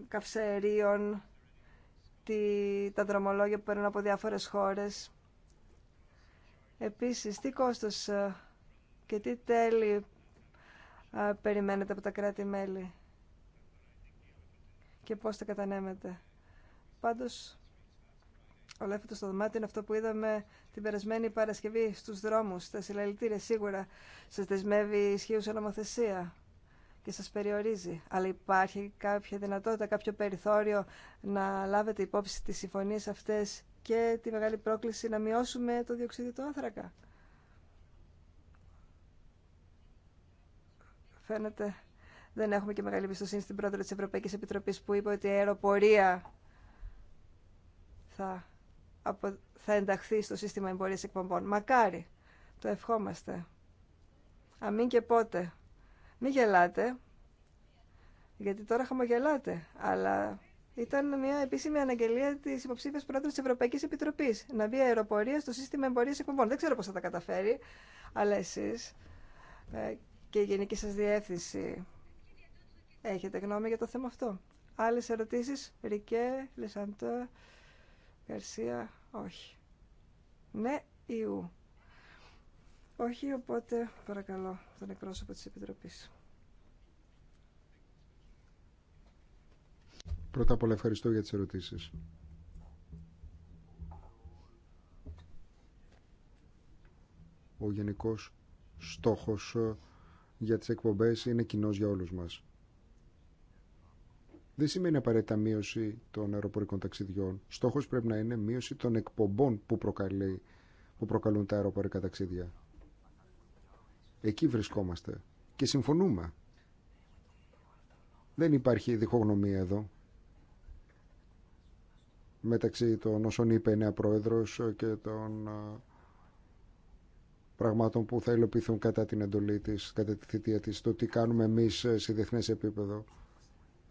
καυσαερίων, τη, τα δρομολόγια που παίρνουν από διάφορες χώρες. Επίσης, τι κόστος ε, και τι τέλη ε, περιμένετε από τα κράτη-μέλη και πώς τα κατανέμετε. Πάντως, ο λέφτος στο δωμάτιο είναι αυτό που είδαμε την περασμένη Παρασκευή στους δρόμους, στα συλλαλητήρια. Σίγουρα σας δεσμεύει η ισχύουσα νομοθεσία και σας περιορίζει. Αλλά υπάρχει κάποια δυνατότητα, κάποιο περιθώριο να λάβετε υπόψη τις συμφωνίες αυτές και τη μεγάλη πρόκληση να μειώσουμε το διοξείδιο του άνθρακα. Φαίνεται δεν έχουμε και μεγάλη πιστοσύνη στην πρόεδρο της Ευρωπαϊκής Επιτροπής που είπε ότι η αεροπορία θα θα ενταχθεί στο σύστημα εμπορίας εκπομπών. Μακάρι, το ευχόμαστε. Αμήν και πότε. Μην γελάτε, γιατί τώρα χαμογελάτε, αλλά ήταν μια επίσημη αναγγελία τη υποψήφια πρόεδρο τη Ευρωπαϊκή Επιτροπή να μπει αεροπορία στο σύστημα εμπορία εκπομπών. Δεν ξέρω πώ θα τα καταφέρει, αλλά εσεί ε, και η γενική σα διεύθυνση έχετε γνώμη για το θέμα αυτό. Άλλε ερωτήσει, Ρικέ, Λεσαντό, Γκαρσία, όχι. Ναι ή Όχι, οπότε παρακαλώ τον εκπρόσωπο της Επιτροπής. Πρώτα απ' όλα ευχαριστώ για τις ερωτήσεις. Ο γενικός στόχος ε, για τις εκπομπές είναι κοινός για όλους μας δεν σημαίνει απαραίτητα μείωση των αεροπορικών ταξιδιών. Στόχος πρέπει να είναι μείωση των εκπομπών που, προκαλεί, που προκαλούν τα αεροπορικά ταξίδια. Εκεί βρισκόμαστε και συμφωνούμε. Δεν υπάρχει διχογνωμία εδώ μεταξύ των όσων είπε νέα πρόεδρος και των ε, πραγμάτων που θα υλοποιηθούν κατά την εντολή της, κατά τη θητεία της, το τι κάνουμε εμείς ε, σε διεθνές επίπεδο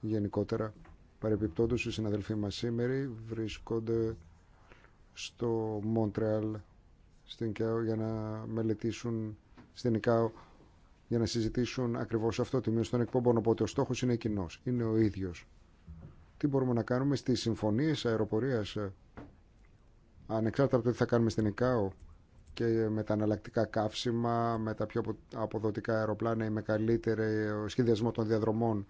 γενικότερα. Παρεπιπτόντως, οι συναδελφοί μας σήμερα βρίσκονται στο Μόντρεαλ, στην ΚΑΟ, για να μελετήσουν στην ΚΑΟ, για να συζητήσουν ακριβώς αυτό το μείωση των εκπομπών. Οπότε ο στόχος είναι κοινό, είναι ο ίδιος. Τι μπορούμε να κάνουμε στις συμφωνίες αεροπορίας, ανεξάρτητα από το τι θα κάνουμε στην ΚΑΟ, και με τα αναλλακτικά καύσιμα, με τα πιο αποδοτικά αεροπλάνα ή με καλύτερο σχεδιασμό των διαδρομών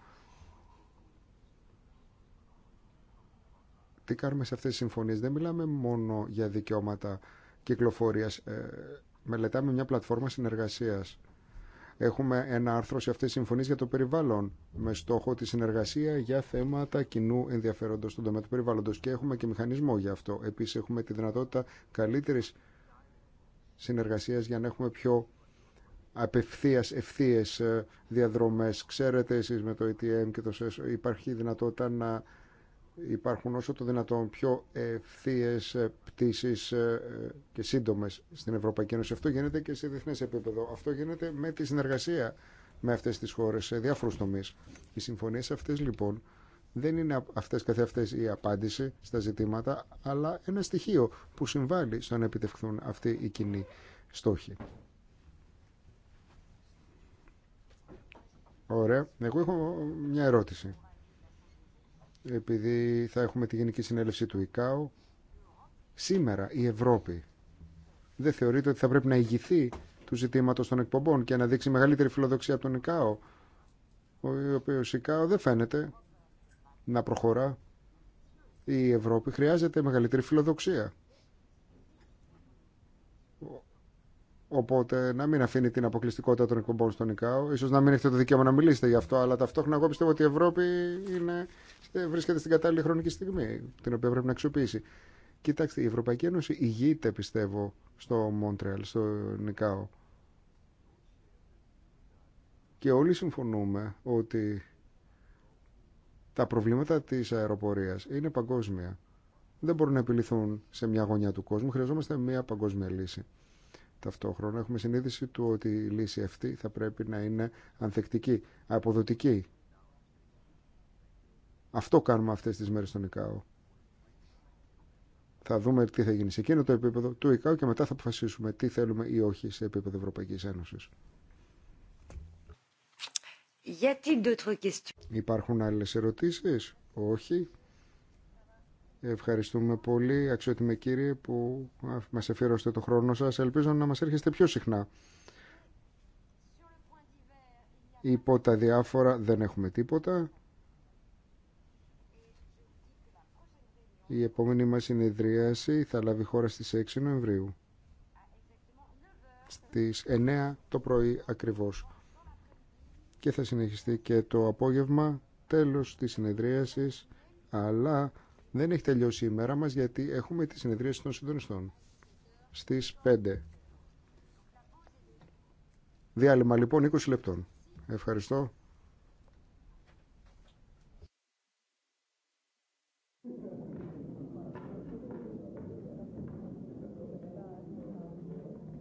τι κάνουμε σε αυτές τις συμφωνίες. Δεν μιλάμε μόνο για δικαιώματα κυκλοφορίας. Ε, μελετάμε μια πλατφόρμα συνεργασίας. Έχουμε ένα άρθρο σε αυτές τις συμφωνίες για το περιβάλλον με στόχο τη συνεργασία για θέματα κοινού ενδιαφέροντος στον τομέα του περιβάλλοντος και έχουμε και μηχανισμό για αυτό. Επίσης έχουμε τη δυνατότητα καλύτερης συνεργασίας για να έχουμε πιο απευθείας ευθείες ε, διαδρομές. Ξέρετε εσείς με το ETM ε και το SESO υπάρχει δυνατότητα να υπάρχουν όσο το δυνατόν πιο ευθείε πτήσει ε, και σύντομε στην Ευρωπαϊκή Ένωση. Αυτό γίνεται και σε διεθνέ επίπεδο. Αυτό γίνεται με τη συνεργασία με αυτέ τι χώρε σε διάφορου τομεί. Οι συμφωνίε αυτέ λοιπόν δεν είναι αυτέ καθεαυτέ η απάντηση στα ζητήματα, αλλά ένα στοιχείο που συμβάλλει στο να επιτευχθούν αυτοί οι κοινοί στόχοι. Ωραία. Εγώ έχω μια ερώτηση επειδή θα έχουμε τη Γενική Συνέλευση του ΙΚΑΟ. Σήμερα η Ευρώπη δεν θεωρείται ότι θα πρέπει να ηγηθεί του ζητήματος των εκπομπών και να δείξει μεγαλύτερη φιλοδοξία από τον ΙΚΑΟ, ο οποίος ΙΚΑΟ δεν φαίνεται να προχωρά. Η Ευρώπη χρειάζεται μεγαλύτερη φιλοδοξία. Οπότε να μην αφήνει την αποκλειστικότητα των εκπομπών στον ΙΚΑΟ. Ίσως να μην έχετε το δικαίωμα να μιλήσετε γι' αυτό, αλλά ταυτόχρονα εγώ πιστεύω ότι η Ευρώπη είναι βρίσκεται στην κατάλληλη χρονική στιγμή, την οποία πρέπει να αξιοποιήσει. Κοιτάξτε, η Ευρωπαϊκή Ένωση ηγείται, πιστεύω, στο Μόντρεαλ, στο Νικάο. Και όλοι συμφωνούμε ότι τα προβλήματα της αεροπορίας είναι παγκόσμια. Δεν μπορούν να επιληθούν σε μια γωνιά του κόσμου. Χρειαζόμαστε μια παγκόσμια λύση. Ταυτόχρονα έχουμε συνείδηση του ότι η λύση αυτή θα πρέπει να είναι ανθεκτική, αποδοτική αυτό κάνουμε αυτέ τι μέρε στον ΙΚΑΟ. Θα δούμε τι θα γίνει σε εκείνο το επίπεδο του ΙΚΑΟ και μετά θα αποφασίσουμε τι θέλουμε ή όχι σε επίπεδο Ευρωπαϊκή Ένωση. Υπάρχουν άλλε ερωτήσει. Όχι. Ευχαριστούμε πολύ, αξιότιμε κύριε, που μας εφήρωσε το χρόνο σας. Ελπίζω να μας έρχεστε πιο συχνά. Υπό τα διάφορα δεν έχουμε τίποτα. Η επόμενη μας συνεδρίαση θα λάβει χώρα στις 6 Νοεμβρίου. Στις 9 το πρωί ακριβώς. Και θα συνεχιστεί και το απόγευμα τέλος της συνεδρίασης, αλλά δεν έχει τελειώσει η μέρα μας γιατί έχουμε τη συνεδρίαση των συντονιστών στις 5. Διάλειμμα λοιπόν 20 λεπτών. Ευχαριστώ.